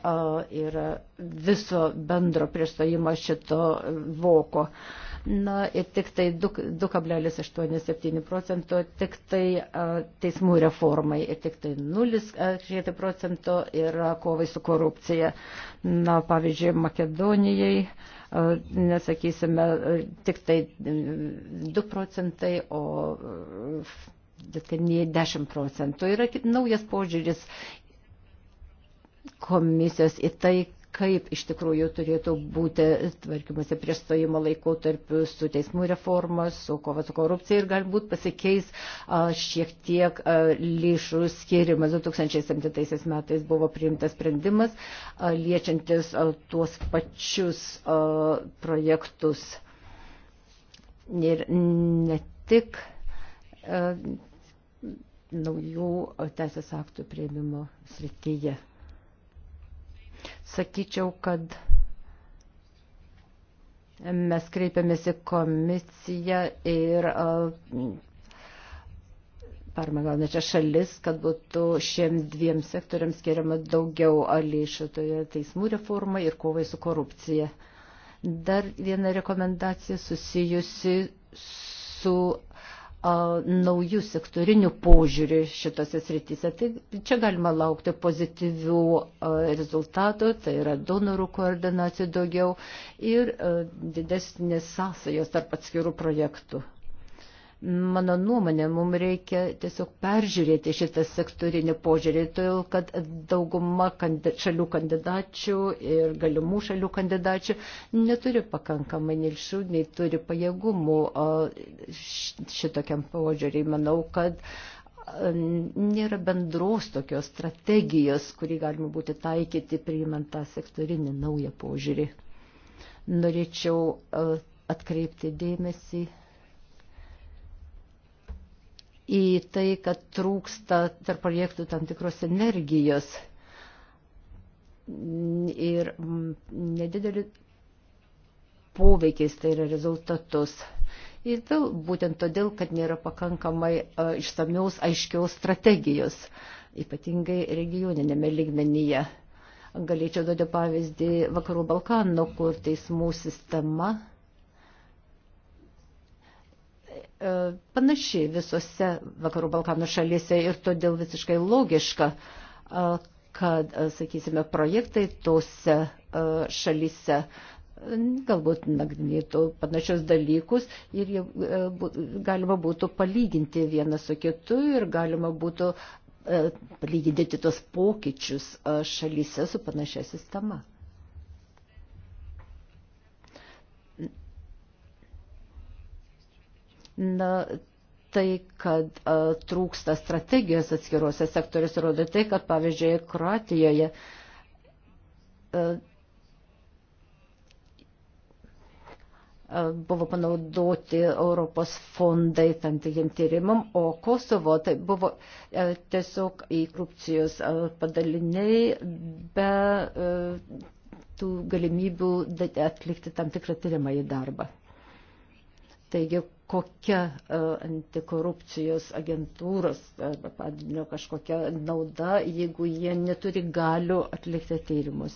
C: yra viso bendro priešstojimo šito voko. Na ir tik tai 2,87 procento, tik tai a, teismų reformai ir tik tai 0,6 procento yra kovai su korupcija. Na, pavyzdžiui, Makedonijai, a, nesakysime, tik tai 2 procentai, o kad ne 10 procentų. Yra naujas požiūris komisijos į tai, kaip iš tikrųjų turėtų būti tvarkymuose prieš stojimo laikotarpiu su teismų reforma, su kova su korupcija ir galbūt pasikeis šiek tiek lėšų skirimas. 2007 metais buvo priimtas sprendimas liečiantis tuos pačius projektus. Ir ne tik naujų teisės aktų prieimimo srityje. Sakyčiau, kad mes kreipiamės į komisiją ir parma gaunačia šalis, kad būtų šiems dviem sektoriams skiriama daugiau lėšų toje tai teismų reformai ir kovai su korupcija. Dar viena rekomendacija susijusi su naujų sektorinių požiūrių šitose srityse. Tai čia galima laukti pozityvių rezultatų, tai yra donorų koordinacijų daugiau ir didesnės sąsajos tarp atskirų projektų. Mano nuomonė, mums reikia tiesiog peržiūrėti šitą sektorinį požiūrį, todėl kad dauguma šalių kandidačių ir galimų šalių kandidačių neturi pakankamai nilšių, nei turi pajėgumų šitokiam požiūrį. Manau, kad nėra bendros tokios strategijos, kurį galima būti taikyti, priimant tą sektorinį naują požiūrį. Norėčiau atkreipti dėmesį į tai, kad trūksta tarp projektų tam tikros energijos. Ir mm, nedidelį poveikiais, tai yra rezultatus. Ir dėl, būtent todėl, kad nėra pakankamai a, išsamiaus, aiškiaus strategijos, ypatingai regioninėme lygmenyje. Galėčiau duoti pavyzdį Vakarų Balkano, kur teismų sistema E, panaši visose Vakarų Balkanų šalyse ir todėl visiškai logiška, e, kad, e, sakysime, projektai tose šalyse galbūt nagrinėtų panašios dalykus ir jie, galima būtų palyginti vieną su kitu ir galima būtų palyginti tos pokyčius šalyse su panašia sistema. Na, tai, kad a, trūksta strategijos atskiruose sektoriuose, rodo tai, kad pavyzdžiui, Kroatijoje a, buvo panaudoti Europos fondai tam tikriem tyrimam, o Kosovo tai buvo tiesiog į korupcijos padaliniai be tų galimybių atlikti tam tikrą tyrimą į darbą. Taigi kokia e, antikorupcijos agentūros arba e, padinio kažkokia nauda, jeigu jie neturi galių atlikti tyrimus.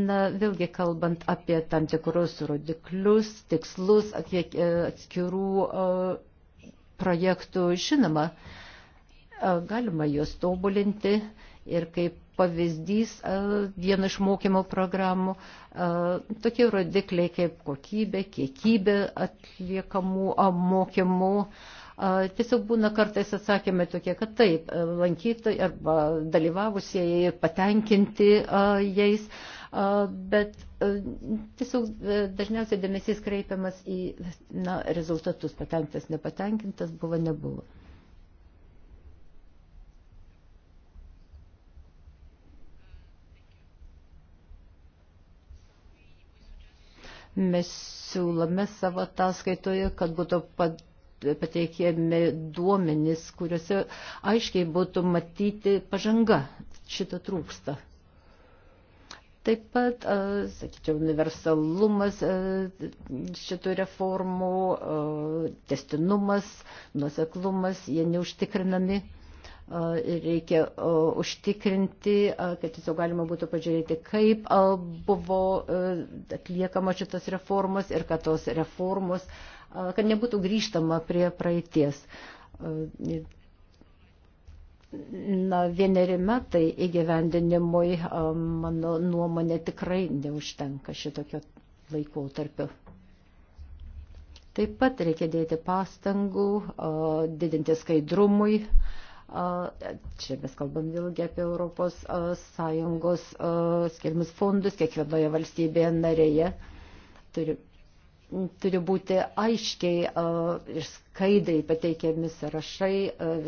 C: Na, vėlgi kalbant apie tam tikrus rodiklius, tikslus, apie e, atskirų projektų, žinoma, galima juos tobulinti ir kaip pavyzdys viena iš mokymo programų. Tokie rodikliai kaip kokybė, kiekybė atliekamų mokymų. Tiesiog būna kartais atsakymai tokie, kad taip, lankytojai arba dalyvavusieji patenkinti jais, bet tiesiog dažniausiai dėmesys kreipiamas į na, rezultatus, patenkintas, nepatenkintas, buvo, nebuvo. Mes siūlome savo ataskaitoje, kad būtų pateikiami duomenys, kuriuose aiškiai būtų matyti pažanga. Šito trūksta. Taip pat, sakyčiau, universalumas šitų reformų, testinumas, nuoseklumas, jie neužtikrinami reikia užtikrinti, kad tiesiog galima būtų pažiūrėti, kaip buvo atliekama šitas reformas ir kad tos reformos, kad nebūtų grįžtama prie praeities. Na, vieneri metai įgyvendinimui, mano nuomonė, tikrai neužtenka šitokio laikotarpio. Taip pat reikia dėti pastangų, didinti skaidrumui, Čia mes kalbam vėlgi apie Europos Sąjungos skirimus fondus kiekvienoje valstybėje narėje. Turi, turi būti aiškiai ir skaidriai pateikiami sąrašai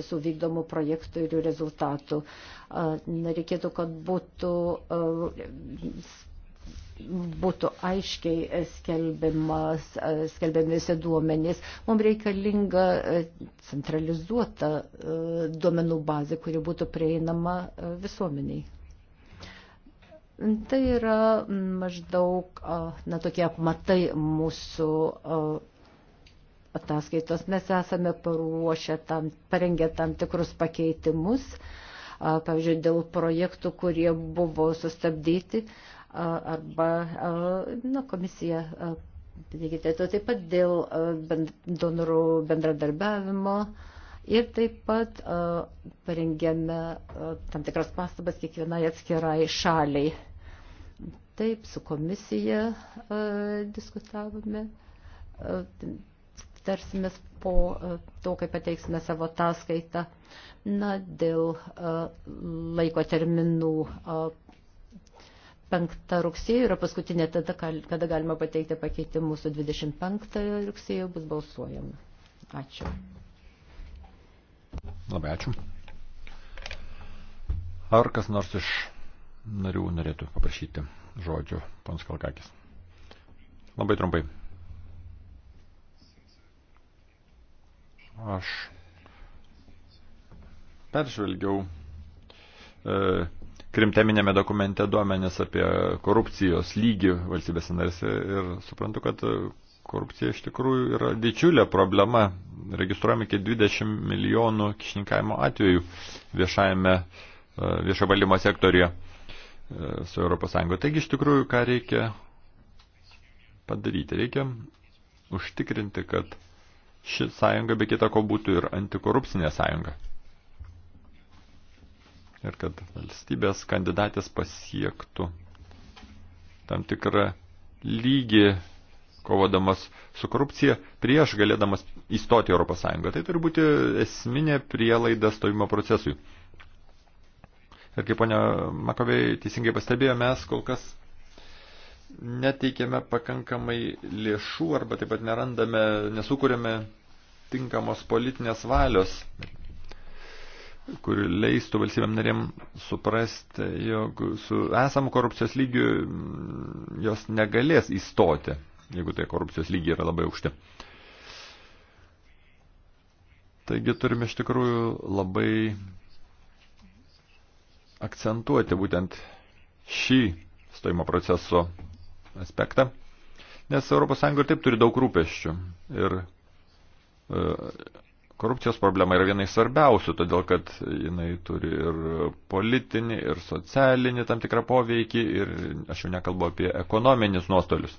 C: visų vykdomų projektų ir jų rezultatų. Nereikėtų, kad būtų būtų aiškiai skelbiami visi duomenys. Mums reikalinga e, centralizuota e, duomenų bazė, kuri būtų prieinama e, visuomeniai. Tai yra maždaug, na, tokie apmatai mūsų ataskaitos. Mes esame paruošę tam, parengę tam tikrus pakeitimus, pavyzdžiui, dėl projektų, kurie buvo sustabdyti arba na, komisija prioriteto tai, tai taip pat dėl donorų bendradarbiavimo ir taip pat parengėme tam tikras pastabas kiekvienai atskirai šaliai. Taip, su komisija diskutavome, tarsimės po to, kai pateiksime savo ataskaitą, na, dėl laiko terminų 5 rugsėjo yra paskutinė tada, kada galima pateikti pakeitimus, o 25 rugsėjo bus balsuojama. Ačiū.
D: Labai ačiū. Ar kas nors iš narių norėtų paprašyti žodžių, pons Kalkakis? Labai trumpai. Aš peržvelgiau e, krimteminėme dokumente duomenis apie korupcijos lygį valstybės narėse ir suprantu, kad korupcija iš tikrųjų yra didžiulė problema. Registruojame iki 20 milijonų kišininkavimo atvejų viešajame, e, viešo valdymo sektorija e, su ES. Taigi iš tikrųjų, ką reikia padaryti? Reikia užtikrinti, kad ši sąjunga be kita ko būtų ir antikorupcinė sąjunga ir kad valstybės kandidatės pasiektų tam tikrą lygį kovodamas su korupcija prieš galėdamas įstoti Europos Sąjungą. Tai turi būti esminė prielaida stojimo procesui. Ir kaip ponia Makovei teisingai pastebėjo, mes kol kas neteikėme pakankamai lėšų arba taip pat nerandame, nesukūrėme tinkamos politinės valios kuri leistų valstybėm narėm suprasti, jog su esamu korupcijos lygiu mm, jos negalės įstoti, jeigu tai korupcijos lygiai yra labai aukšti. Taigi turime iš tikrųjų labai akcentuoti būtent šį stojimo proceso aspektą, nes ES ir taip turi daug rūpeščių ir e, Korupcijos problema yra viena iš svarbiausių, todėl kad jinai turi ir politinį, ir socialinį tam tikrą poveikį, ir aš jau nekalbu apie ekonominis nuostolius.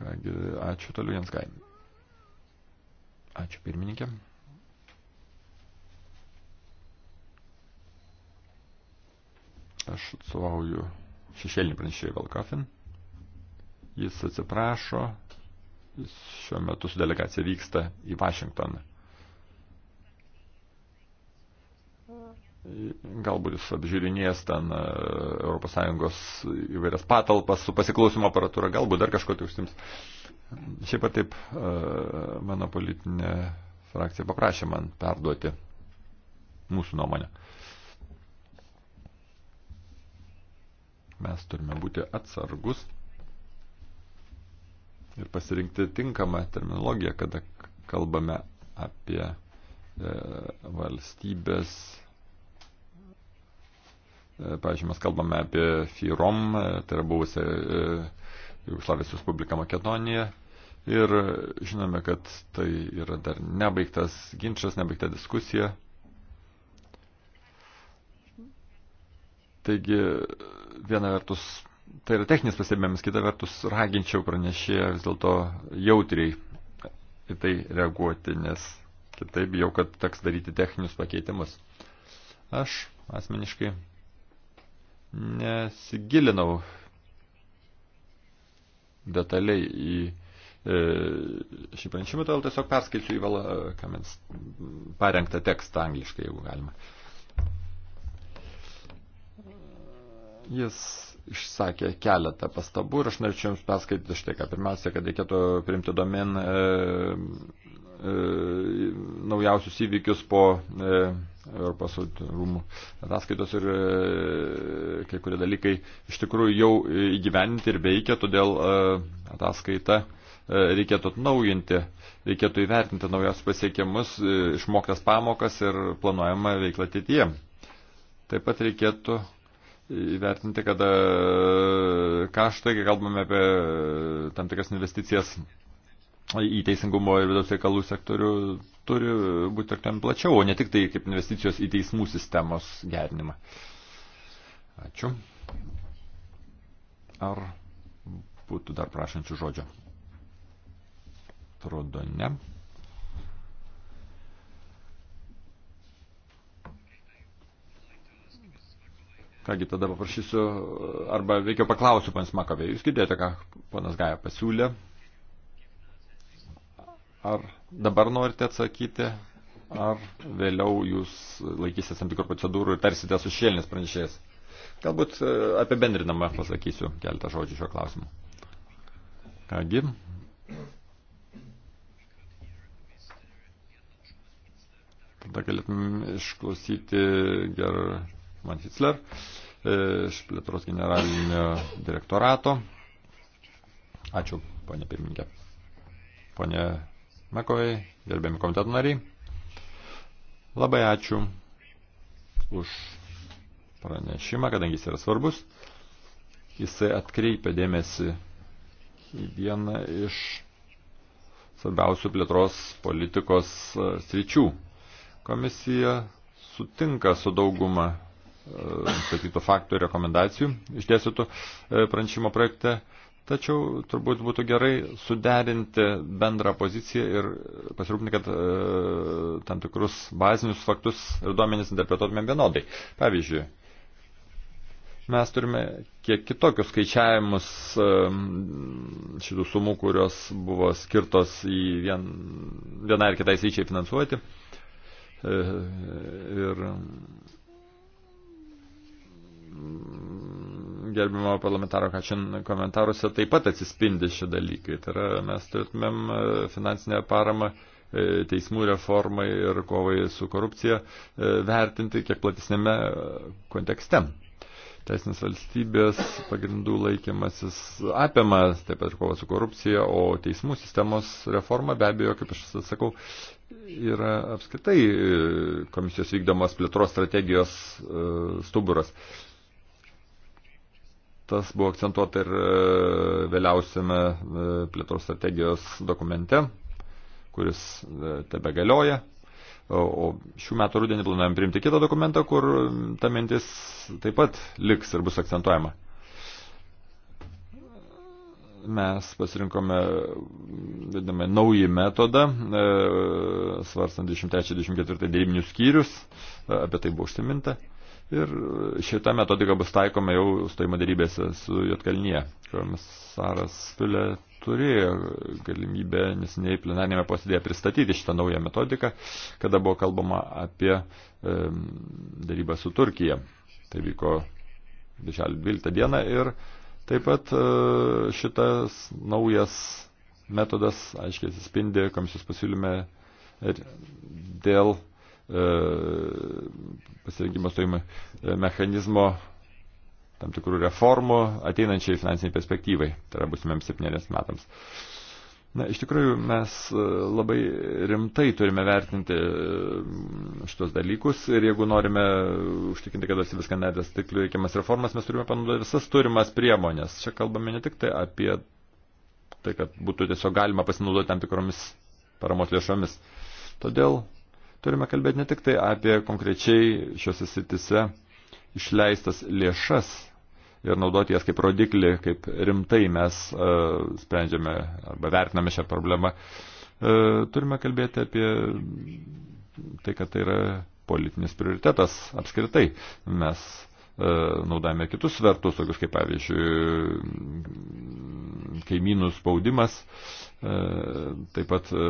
D: Kągi, ačiū toliau Janskai. Ačiū pirmininkė. Aš atsuvauju šešėlinį pranešėjį Valkafin. Jis atsiprašo, šiuo metu su delegacija vyksta į Vašingtoną. Galbūt jis apžiūrinės ten ES įvairias patalpas su pasiklausimo aparatūra, galbūt dar kažko tai užsims. Šiaip ar taip e, mano politinė frakcija paprašė man perduoti mūsų nuomonę. Mes turime būti atsargus ir pasirinkti tinkamą terminologiją, kada kalbame apie e, valstybės. E, pavyzdžiui, mes kalbame apie FIROM, e, tai yra buvusią e, Jugoslavijos Respubliką Makedoniją. Ir žinome, kad tai yra dar nebaigtas ginčas, nebaigta diskusija. Taigi, viena vertus tai yra techninis pastebėjimas, kita vertus raginčiau pranešėją vis dėlto jautriai į tai reaguoti, nes kitaip jau, kad teks daryti techninius pakeitimus. Aš asmeniškai nesigilinau detaliai į e, šį pranešimą, todėl tiesiog perskaičiu įvalą, ką mes parengtą tekstą angliškai, jeigu galima. Jis išsakė keletą pastabų ir aš norėčiau Jums perskaityti štai ką. Pirmiausia, kad reikėtų priimti domen e, e, naujausius įvykius po e, Europos rūmų ataskaitos ir e, kai kurie dalykai iš tikrųjų jau įgyveninti ir veikia, todėl e, ataskaita e, reikėtų atnaujinti, reikėtų įvertinti naujas pasiekimus, e, išmoktas pamokas ir planuojamą veiklą ateityje. Taip pat reikėtų įvertinti, kad kaštai, kai kalbame apie e, tam tikras investicijas į teisingumo ir vidaus reikalų sektorių, turi būti traktuojami plačiau, o ne tik tai kaip investicijos į teismų sistemos gerinimą. Ačiū. Ar būtų dar prašančių žodžio? Atrodo, ne. Kągi tada paprašysiu, arba veikiau paklausiu panas Makavė. Jūs girdėjote, ką panas Gaja pasiūlė. Ar dabar norite atsakyti, ar vėliau jūs laikysite tam tikrų procedūrų ir tarsite su šėlinis pranešėjas? Galbūt e, apibendrinamą pasakysiu keletą žodžių šio klausimu. Kągi. Tada galėtum išklausyti gerą Man Hitler iš plėtros generalinio direktorato. Ačiū, ponė pirmininkė. Ponė Makovai, gerbėmi komiteto nariai. Labai ačiū už pranešimą, kadangi jis yra svarbus. Jisai atkreipia dėmesį į vieną iš svarbiausių plėtros politikos sričių. Komisija sutinka su dauguma nustatytų faktų ir rekomendacijų išdėstytų e, pranešimo projekte. Tačiau turbūt būtų gerai suderinti bendrą poziciją ir pasirūpinti, kad e, tam tikrus bazinius faktus ir duomenys interpretuotumėm vienodai. Pavyzdžiui, mes turime kiek kitokius skaičiavimus e, šitų sumų, kurios buvo skirtos į vien, vieną ar kitai sryčiai finansuoti. E, ir gerbimo parlamentaro Kačin komentaruose taip pat atsispindi šie dalykai. Tai yra, mes turėtumėm e, finansinę paramą e, teismų reformai ir kovai su korupcija e, vertinti kiek platesnėme kontekste. Teisinės valstybės pagrindų laikymasis apima taip pat kova su korupcija, o teismų sistemos reforma be abejo, kaip aš sakau, yra apskritai komisijos vykdomos plėtros strategijos stuburas. Uh, Tas buvo akcentuota ir e, vėliausiame e, plėtros strategijos dokumente, kuris e, tebe galioja. O šių metų rudenį planuojam priimti kitą dokumentą, kur ta mintis taip pat liks ir bus akcentuojama mes pasirinkome vadinamą naują metodą, svarstant 23-24 dėrybinius skyrius, apie tai buvo užsiminta. Ir šita metodika bus taikoma jau stojimo darybėse su Jotkalnyje. Komisaras Filė turėjo galimybę nesiniai plenarinėme posėdėje pristatyti šitą naują metodiką, kada buvo kalbama apie e, darybą su Turkija. Tai vyko birželio 12 dieną ir taip pat e, šitas naujas metodas aiškiai atsispindi komisijos pasiūlyme dėl E, pasirinkimo stojimo e, mechanizmo tam tikrų reformų ateinančiai finansiniai perspektyvai, tai yra būsimiems septyneriems metams. Na, iš tikrųjų, mes e, labai rimtai turime vertinti šitos dalykus ir jeigu norime užtikinti, kad esi viską nedės tik reikiamas reformas, mes turime panaudoti visas turimas priemonės. Čia kalbame ne tik tai apie tai, kad būtų tiesiog galima pasinaudoti tam tikromis paramos lėšomis. Todėl turime kalbėti ne tik tai apie konkrečiai šiuose sitise išleistas lėšas ir naudoti jas kaip rodiklį, kaip rimtai mes uh, sprendžiame arba vertiname šią problemą. Uh, turime kalbėti apie tai, kad tai yra politinis prioritetas apskritai. Mes E, naudojame kitus svertus, tokius kaip pavyzdžiui kaimynų spaudimas, e, taip pat e,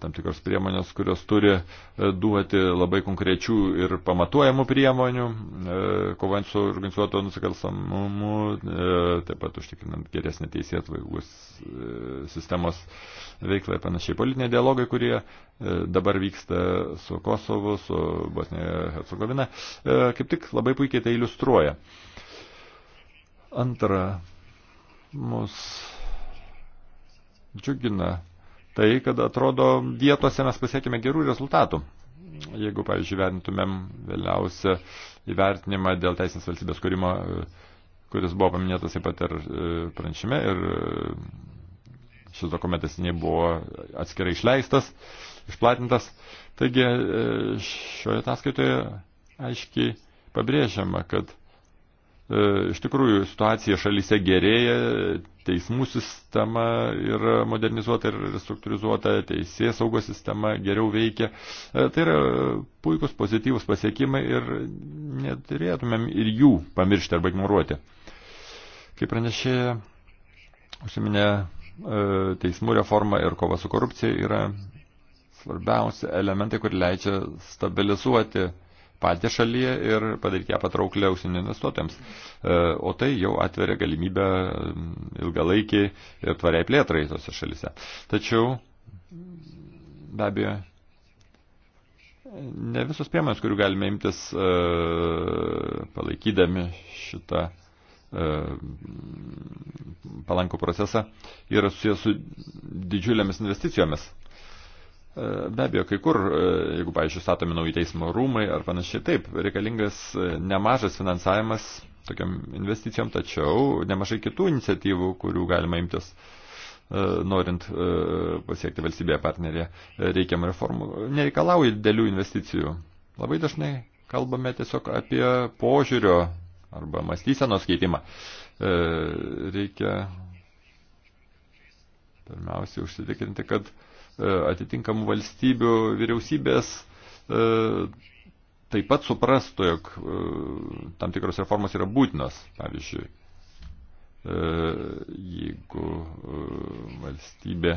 D: tam tikros priemonės, kurios turi duoti labai konkrečių ir pamatuojamų priemonių, kovant su organizuoto nusikalstamumu, taip pat užtikrinant geresnį teisėt vaikus sistemos veiklą ir panašiai. Politiniai dialogai, kurie dabar vyksta su Kosovu, su Bosnija Hercegovina, kaip tik labai puikiai tai iliustruoja. Antra, mus džiugina tai, kad atrodo vietose mes pasiekime gerų rezultatų. Jeigu, pavyzdžiui, vertintumėm vėliausią įvertinimą dėl teisinės valstybės kūrimo, kuris buvo paminėtas taip pat ir e, pranešime, ir e, šis dokumentas nebuvo atskirai išleistas, išplatintas. Taigi e, šioje ataskaitoje aiškiai pabrėžiama, kad e, iš tikrųjų situacija šalyse gerėja, teismų sistema yra modernizuota ir restruktūrizuota, teisės saugos sistema geriau veikia. E, tai yra puikus pozityvus pasiekimai ir neturėtumėm ir jų pamiršti arba ignoruoti. Kaip pranešė, užsiminė e, teismų reforma ir kova su korupcija yra svarbiausi elementai, kurie leidžia stabilizuoti patį šalyje ir padaryti ją patrauklę užsienio investuotojams. E, o tai jau atveria galimybę mm, ilgalaikį ir tvariai plėtrai tose šalyse. Tačiau, be abejo, ne visos priemonės, kurių galime imtis e, palaikydami šitą e, mm, palankų procesą, yra susijęs su didžiulėmis investicijomis. Be abejo, kai kur, e, jeigu, pavyzdžiui, statomi nauji teismo rūmai ar panašiai, taip, reikalingas e, nemažas finansavimas tokiam investicijom, tačiau nemažai kitų iniciatyvų, kurių galima imtis e, norint pasiekti valstybėje partnerėje reikiamą reformų, nereikalauja didelių investicijų. Labai dažnai kalbame tiesiog apie požiūrio arba mąstysenos keitimą. Reikia pirmiausiai užsitikrinti, kad e, atitinkamų valstybių vyriausybės e, taip pat suprastų, jog e, tam tikros reformos yra būtinos. Pavyzdžiui, jeigu valstybė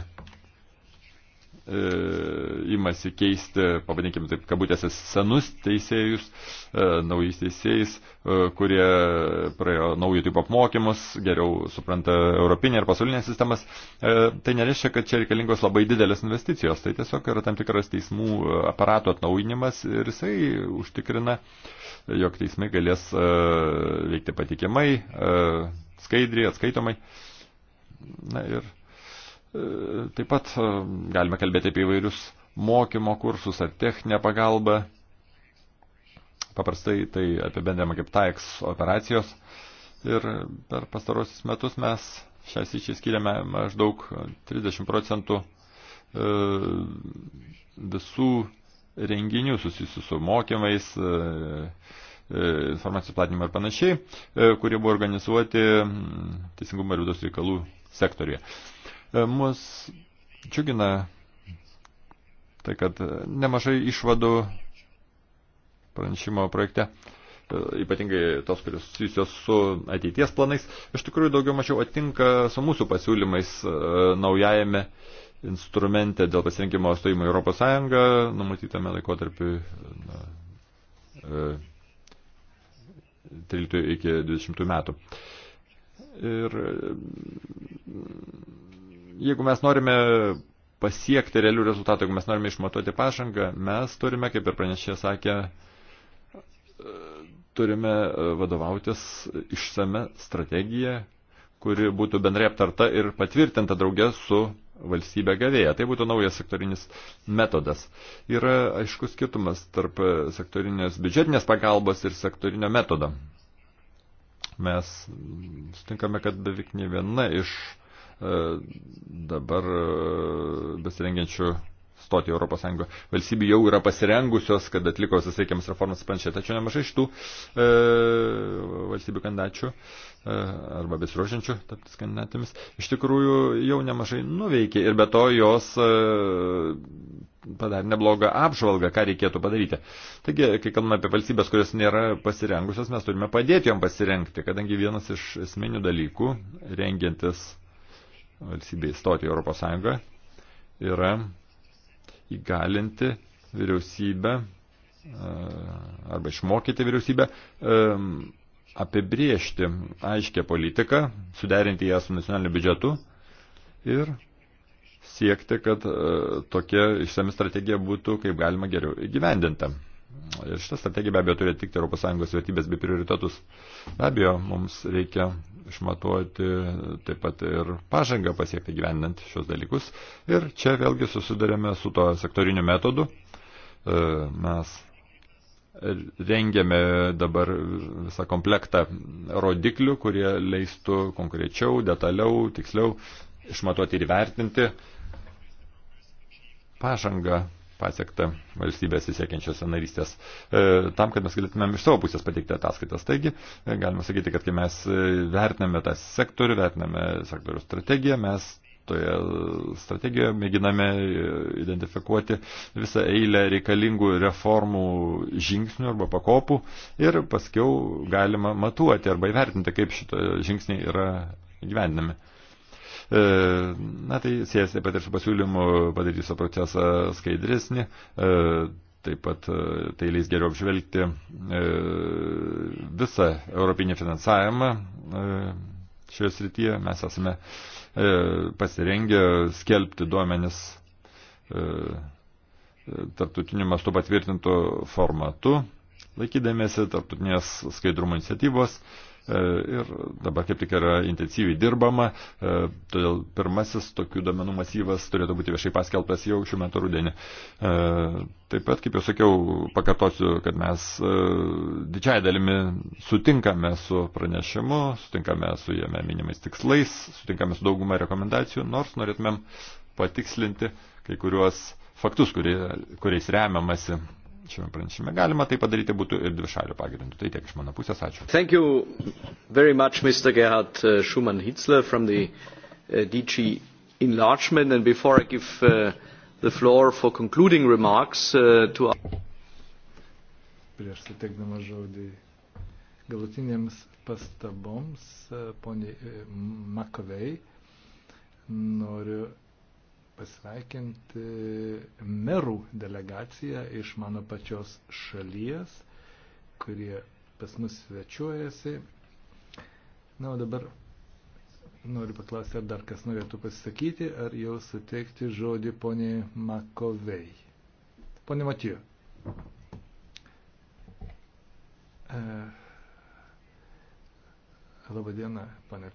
D: e, imasi keisti, pavadinkime taip, kabutėse senus teisėjus, e, naujais teisėjais, e, kurie praėjo naujų tipų apmokymus, geriau supranta europinę ir pasaulinę sistemas. E, tai nereiškia, kad čia reikalingos labai didelės investicijos, tai tiesiog yra tam tikras teismų aparato atnaujinimas ir jisai užtikrina, jog teismai galės e, veikti patikimai, e, skaidriai, atskaitomai. Na ir E, taip pat e, galime kalbėti apie įvairius mokymo kursus ar techninę pagalbą. Paprastai tai apibendriama kaip TAIX operacijos. Ir per pastarosius metus mes šią sričią skiriame maždaug 30 procentų e, visų renginių susijusių su mokymais, informacijos platinimu ir panašiai, kurie buvo organizuoti Teisingumo ir vidaus reikalų sektoriuje. E, mus džiugina tai, kad nemažai išvadų pranešimo projekte e, ypatingai tos, kurios susijusios su ateities planais, iš tikrųjų daugiau mačiau atinka su mūsų pasiūlymais e, naujajame instrumente dėl pasirinkimo stojimo į Europos Sąjungą, numatytame laikotarpį 13 iki 20 metų. Ir jeigu mes norime pasiekti realių rezultatų, jeigu mes norime išmatuoti pažangą, mes turime, kaip ir pranešė sakė, turime e, vadovautis išsame strategija, kuri būtų bendrai aptarta ir patvirtinta draugė su valstybė gavėja. Tai būtų naujas sektorinis metodas. Yra aiškus skirtumas tarp sektorinės biudžetinės pagalbos ir sektorinio metodo. Mes sutinkame, kad beveik ne viena iš E, dabar e, besirengiančių stoti Europos Sąjungą. Valstybių jau yra pasirengusios, kad atliko visas reikiamas reformas panašiai. Tačiau nemažai iš tų e, valstybių kandidačių e, arba besiruošiančių taptis kandidatėmis iš tikrųjų jau nemažai nuveikė ir be to jos e, padarė neblogą apžvalgą, ką reikėtų padaryti. Taigi, kai kalbame apie valstybės, kurios nėra pasirengusios, mes turime padėti jom pasirengti, kadangi vienas iš esminių dalykų rengiantis valstybė įstoti į Europos Sąjungą, yra įgalinti vyriausybę e, arba išmokyti vyriausybę e, apibriežti aiškę politiką, suderinti ją su nacionaliniu biudžetu ir siekti, kad e, tokia išsami strategija būtų kaip galima geriau įgyvendinta. Ir šitą strategiją be abejo turi atitikti ES vertybės bei prioritetus. Be abejo, mums reikia išmatuoti taip pat ir pažangą pasiekti gyvendant šios dalykus. Ir čia vėlgi susidarėme su to sektoriniu metodu. E, mes rengiame dabar visą komplektą rodiklių, kurie leistų konkrečiau, detaliau, tiksliau išmatuoti ir vertinti pažangą pasiekta valstybės įsiekiančios narystės, e, tam, kad mes galėtumėm iš savo pusės pateikti ataskaitas. Taigi, e, galima sakyti, kad kai mes e, vertiname tą sektorių, vertiname sektorių strategiją, mes toje strategijoje mėginame identifikuoti visą eilę reikalingų reformų žingsnių arba pakopų ir paskiau galima matuoti arba įvertinti, kaip šito žingsniai yra gyvendami. E, na tai siejasi taip pat ir su pasiūlymu padaryti visą procesą skaidresnį, e, taip pat e, tai leis geriau apžvelgti visą europinį finansavimą šioje srityje. Mes esame pasirengę skelbti duomenis tarptautiniu mastu patvirtintų formatu, laikydamėsi tarptautinės skaidrumo iniciatyvos. E, ir dabar kaip tik yra intensyviai dirbama, e, todėl pirmasis tokių domenų masyvas turėtų būti viešai paskelbtas jau šių metų rudenį. E, taip pat, kaip jau sakiau, pakartosiu, kad mes didžiai dalimi sutinkame su pranešimu, sutinkame su jame minimais tikslais, sutinkame su dauguma rekomendacijų, nors norėtumėm patikslinti kai kuriuos faktus, kurie, kuriais remiamasi šiame pranešime. Galima tai padaryti būtų ir dvišalių pagrindų. Tai tiek iš mano pusės. Ačiū.
A: Thank you very much, Mr. Gerhard uh, Schumann-Hitzler from the uh, DG Enlargement. And before I give uh, the floor for concluding remarks uh, to our...
B: Prieš suteikdama žodį galutinėms pastaboms, uh, poniai Makovei, noriu pasveikinti merų delegaciją iš mano pačios šalies, kurie pas mus svečiuojasi. Na, o dabar noriu paklausti, ar dar kas norėtų pasisakyti, ar jau suteikti žodį poniai Makovei. Pone Matijo. E, Labadiena, pane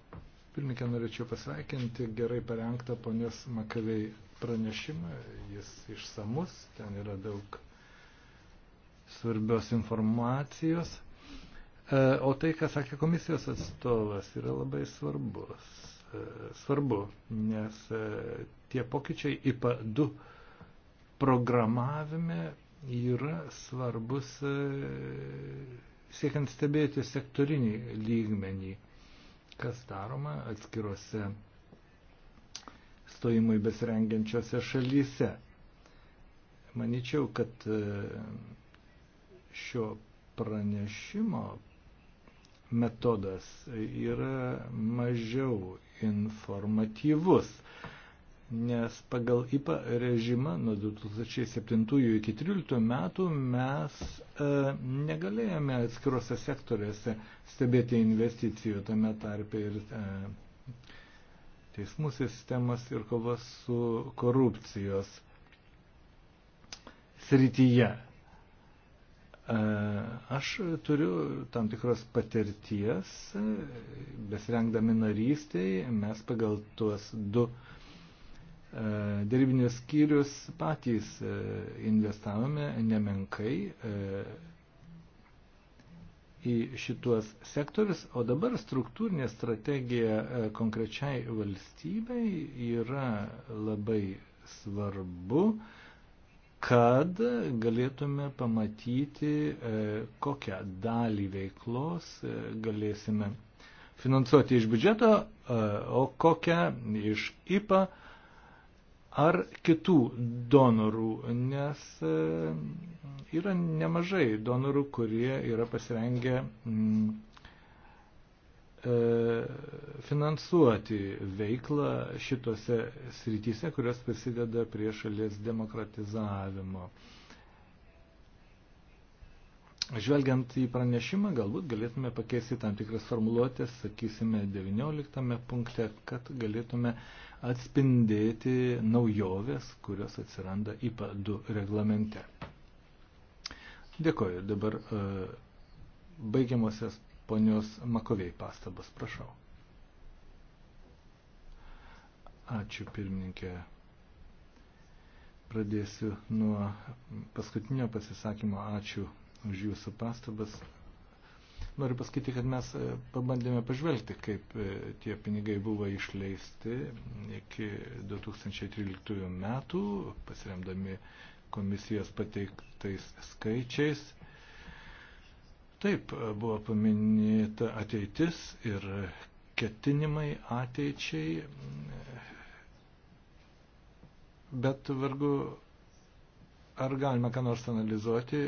B: Pirmininkė, norėčiau pasveikinti gerai parengtą ponios Makavei pranešimą. Jis išsamus, ten yra daug svarbios informacijos. E, o tai, ką sakė komisijos atstovas, yra labai svarbus. E, svarbu, nes e, tie pokyčiai IPA 2 programavime yra svarbus siekiant stebėti sektorinį lygmenį kas daroma atskiruose stojimui besirengiančiose šalyse. Maničiau, kad e, šio pranešimo metodas yra mažiau informatyvus nes pagal IPA režimą nuo 2007 iki 2013 metų mes e, negalėjome atskiruose sektoriuose stebėti investicijų tame tarpe ir e, teismų sistemas ir kovas su korupcijos srityje. E, aš turiu tam tikros patirties, e, besirengdami narystėje, mes pagal tuos du E, Dėrybinės skyrius patys e, investavome nemenkai e, į šituos sektorius, o dabar struktūrinė strategija konkrečiai valstybei yra labai svarbu, kad galėtume pamatyti, kokią dalį veiklos galėsime finansuoti iš biudžeto, o kokią iš IPA ar kitų donorų, nes e, yra nemažai donorų, kurie yra pasirengę mm, e, finansuoti veiklą šitose srityse, kurios prisideda prie šalies demokratizavimo. Žvelgiant į pranešimą, galbūt galėtume pakeisti tam tikras formuluotės, sakysime, 19 punkte, kad galėtume atspindėti naujovės, kurios atsiranda IPA 2 reglamente. Dėkoju. Dabar e, baigiamosios ponios Makoviai pastabas, prašau. Ačiū pirmininkė. Pradėsiu nuo paskutinio pasisakymo. Ačiū už jūsų pastabas. Noriu pasakyti, kad mes e, pabandėme pažvelgti, kaip e, tie pinigai buvo išleisti iki 2013 metų, pasiremdami komisijos pateiktais skaičiais. Taip, e, buvo paminėta ateitis ir ketinimai ateičiai, bet vargu ar galima ką nors analizuoti,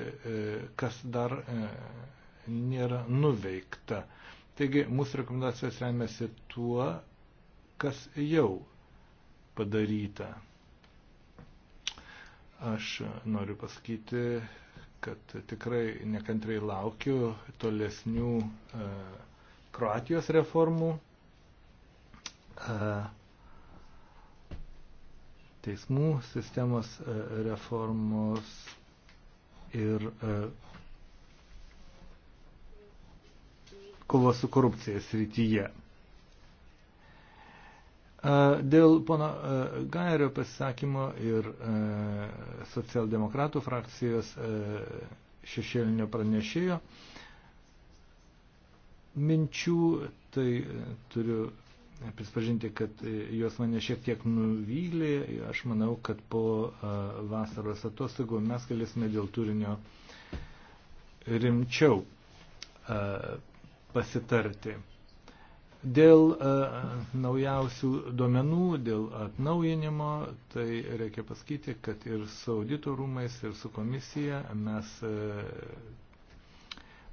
B: kas dar nėra nuveikta. Taigi mūsų rekomendacijos remiasi tuo, kas jau padaryta. Aš noriu pasakyti, kad tikrai nekantrai laukiu tolesnių e, Kroatijos reformų, e, teismų sistemos e, reformos ir e, kovos su korupcija srityje. Dėl pono Gairio pasisakymo ir socialdemokratų frakcijos šešėlinio pranešėjo minčių, tai turiu prispažinti, kad jos mane šiek tiek nuvylė. Aš manau, kad po vasaros atostogų mes galėsime dėl turinio rimčiau pasitarti. Dėl e, naujausių duomenų, dėl atnaujinimo, tai reikia pasakyti, kad ir su audito rūmais, ir su komisija mes e,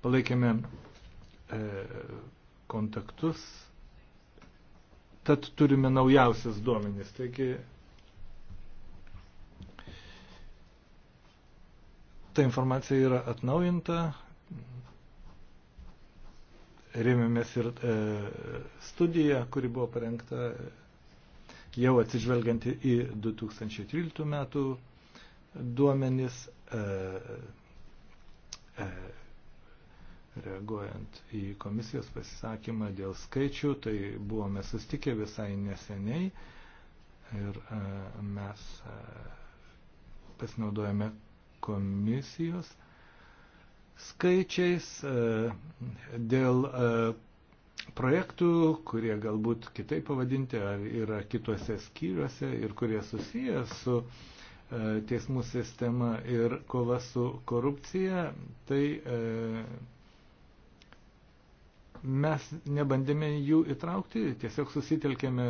B: palaikėme e, kontaktus, tad turime naujausias duomenys. Taigi ta informacija yra atnaujinta, rėmėmės ir e, studiją, kuri buvo parengta jau atsižvelgiant į 2013 metų duomenis, e, e, reaguojant į komisijos pasisakymą dėl skaičių, tai buvome sustikę visai neseniai ir e, mes e, pasinaudojame komisijos skaičiais, e, dėl e, projektų, kurie galbūt kitaip pavadinti yra kitose skyriuose ir kurie susiję su e, teismų sistema ir kova su korupcija, tai mes nebandėme jų įtraukti, tiesiog susitelkėme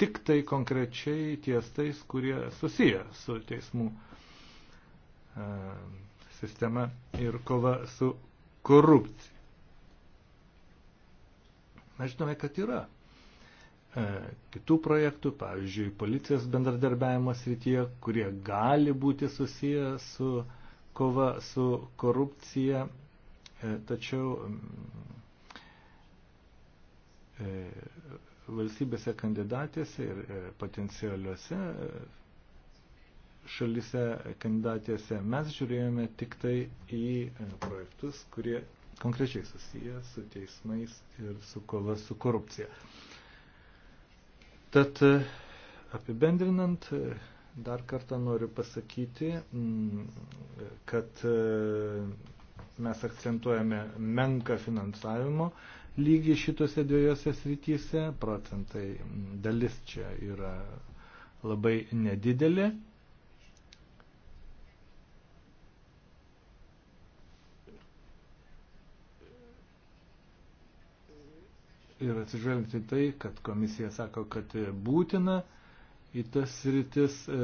B: tik tai konkrečiai ties tais, kurie susiję su teismų sistema ir kova su korupcija. Mes žinome, kad yra e, kitų projektų, pavyzdžiui, policijos bendradarbiavimo srityje, kurie gali būti susiję su kova su korupcija, e, tačiau e, valstybėse kandidatėse ir e, potencialiuose šalise kandidatėse. Mes žiūrėjome tik tai į e, projektus, kurie konkrečiai susiję su teismais ir su kova su korupcija. Tad e, apibendrinant, e, dar kartą noriu pasakyti, mm, kad mes akcentuojame menką finansavimo lygį šitose dviejose srityse, procentai dalis čia yra labai nedidelė. ir atsižvelgti tai, kad komisija sako, kad būtina į tas rytis e,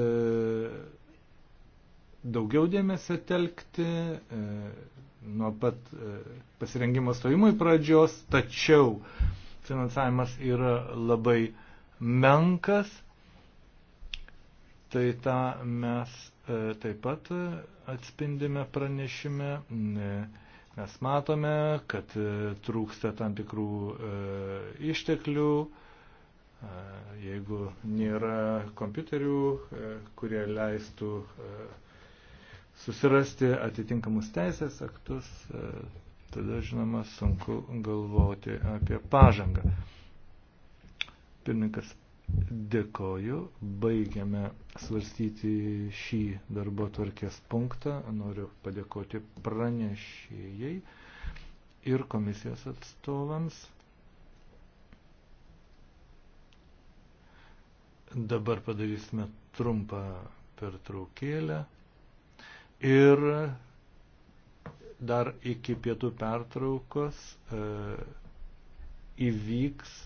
B: daugiau dėmesio telkti e, nuo pat e, pasirengimo stojimui pradžios, tačiau finansavimas yra labai menkas, tai tą mes taip pat atspindime pranešime. Ne, Mes matome, kad e, trūksta tam tikrų e, išteklių, e, jeigu nėra kompiuterių, kurie leistų susirasti atitinkamus teisės aktus, tada žinoma sunku galvoti apie pažangą. Pirmininkas Dėkoju. Baigiame svarstyti šį darbo tvarkės punktą. Noriu padėkoti pranešėjai ir komisijos atstovams. Dabar padarysime trumpą pertraukėlę ir dar iki pietų pertraukos e, įvyks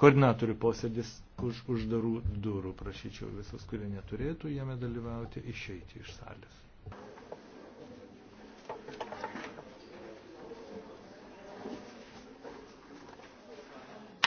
B: koordinatorių posėdis už uždarų durų. Prašyčiau visus, kurie neturėtų jame dalyvauti, išeiti iš salės.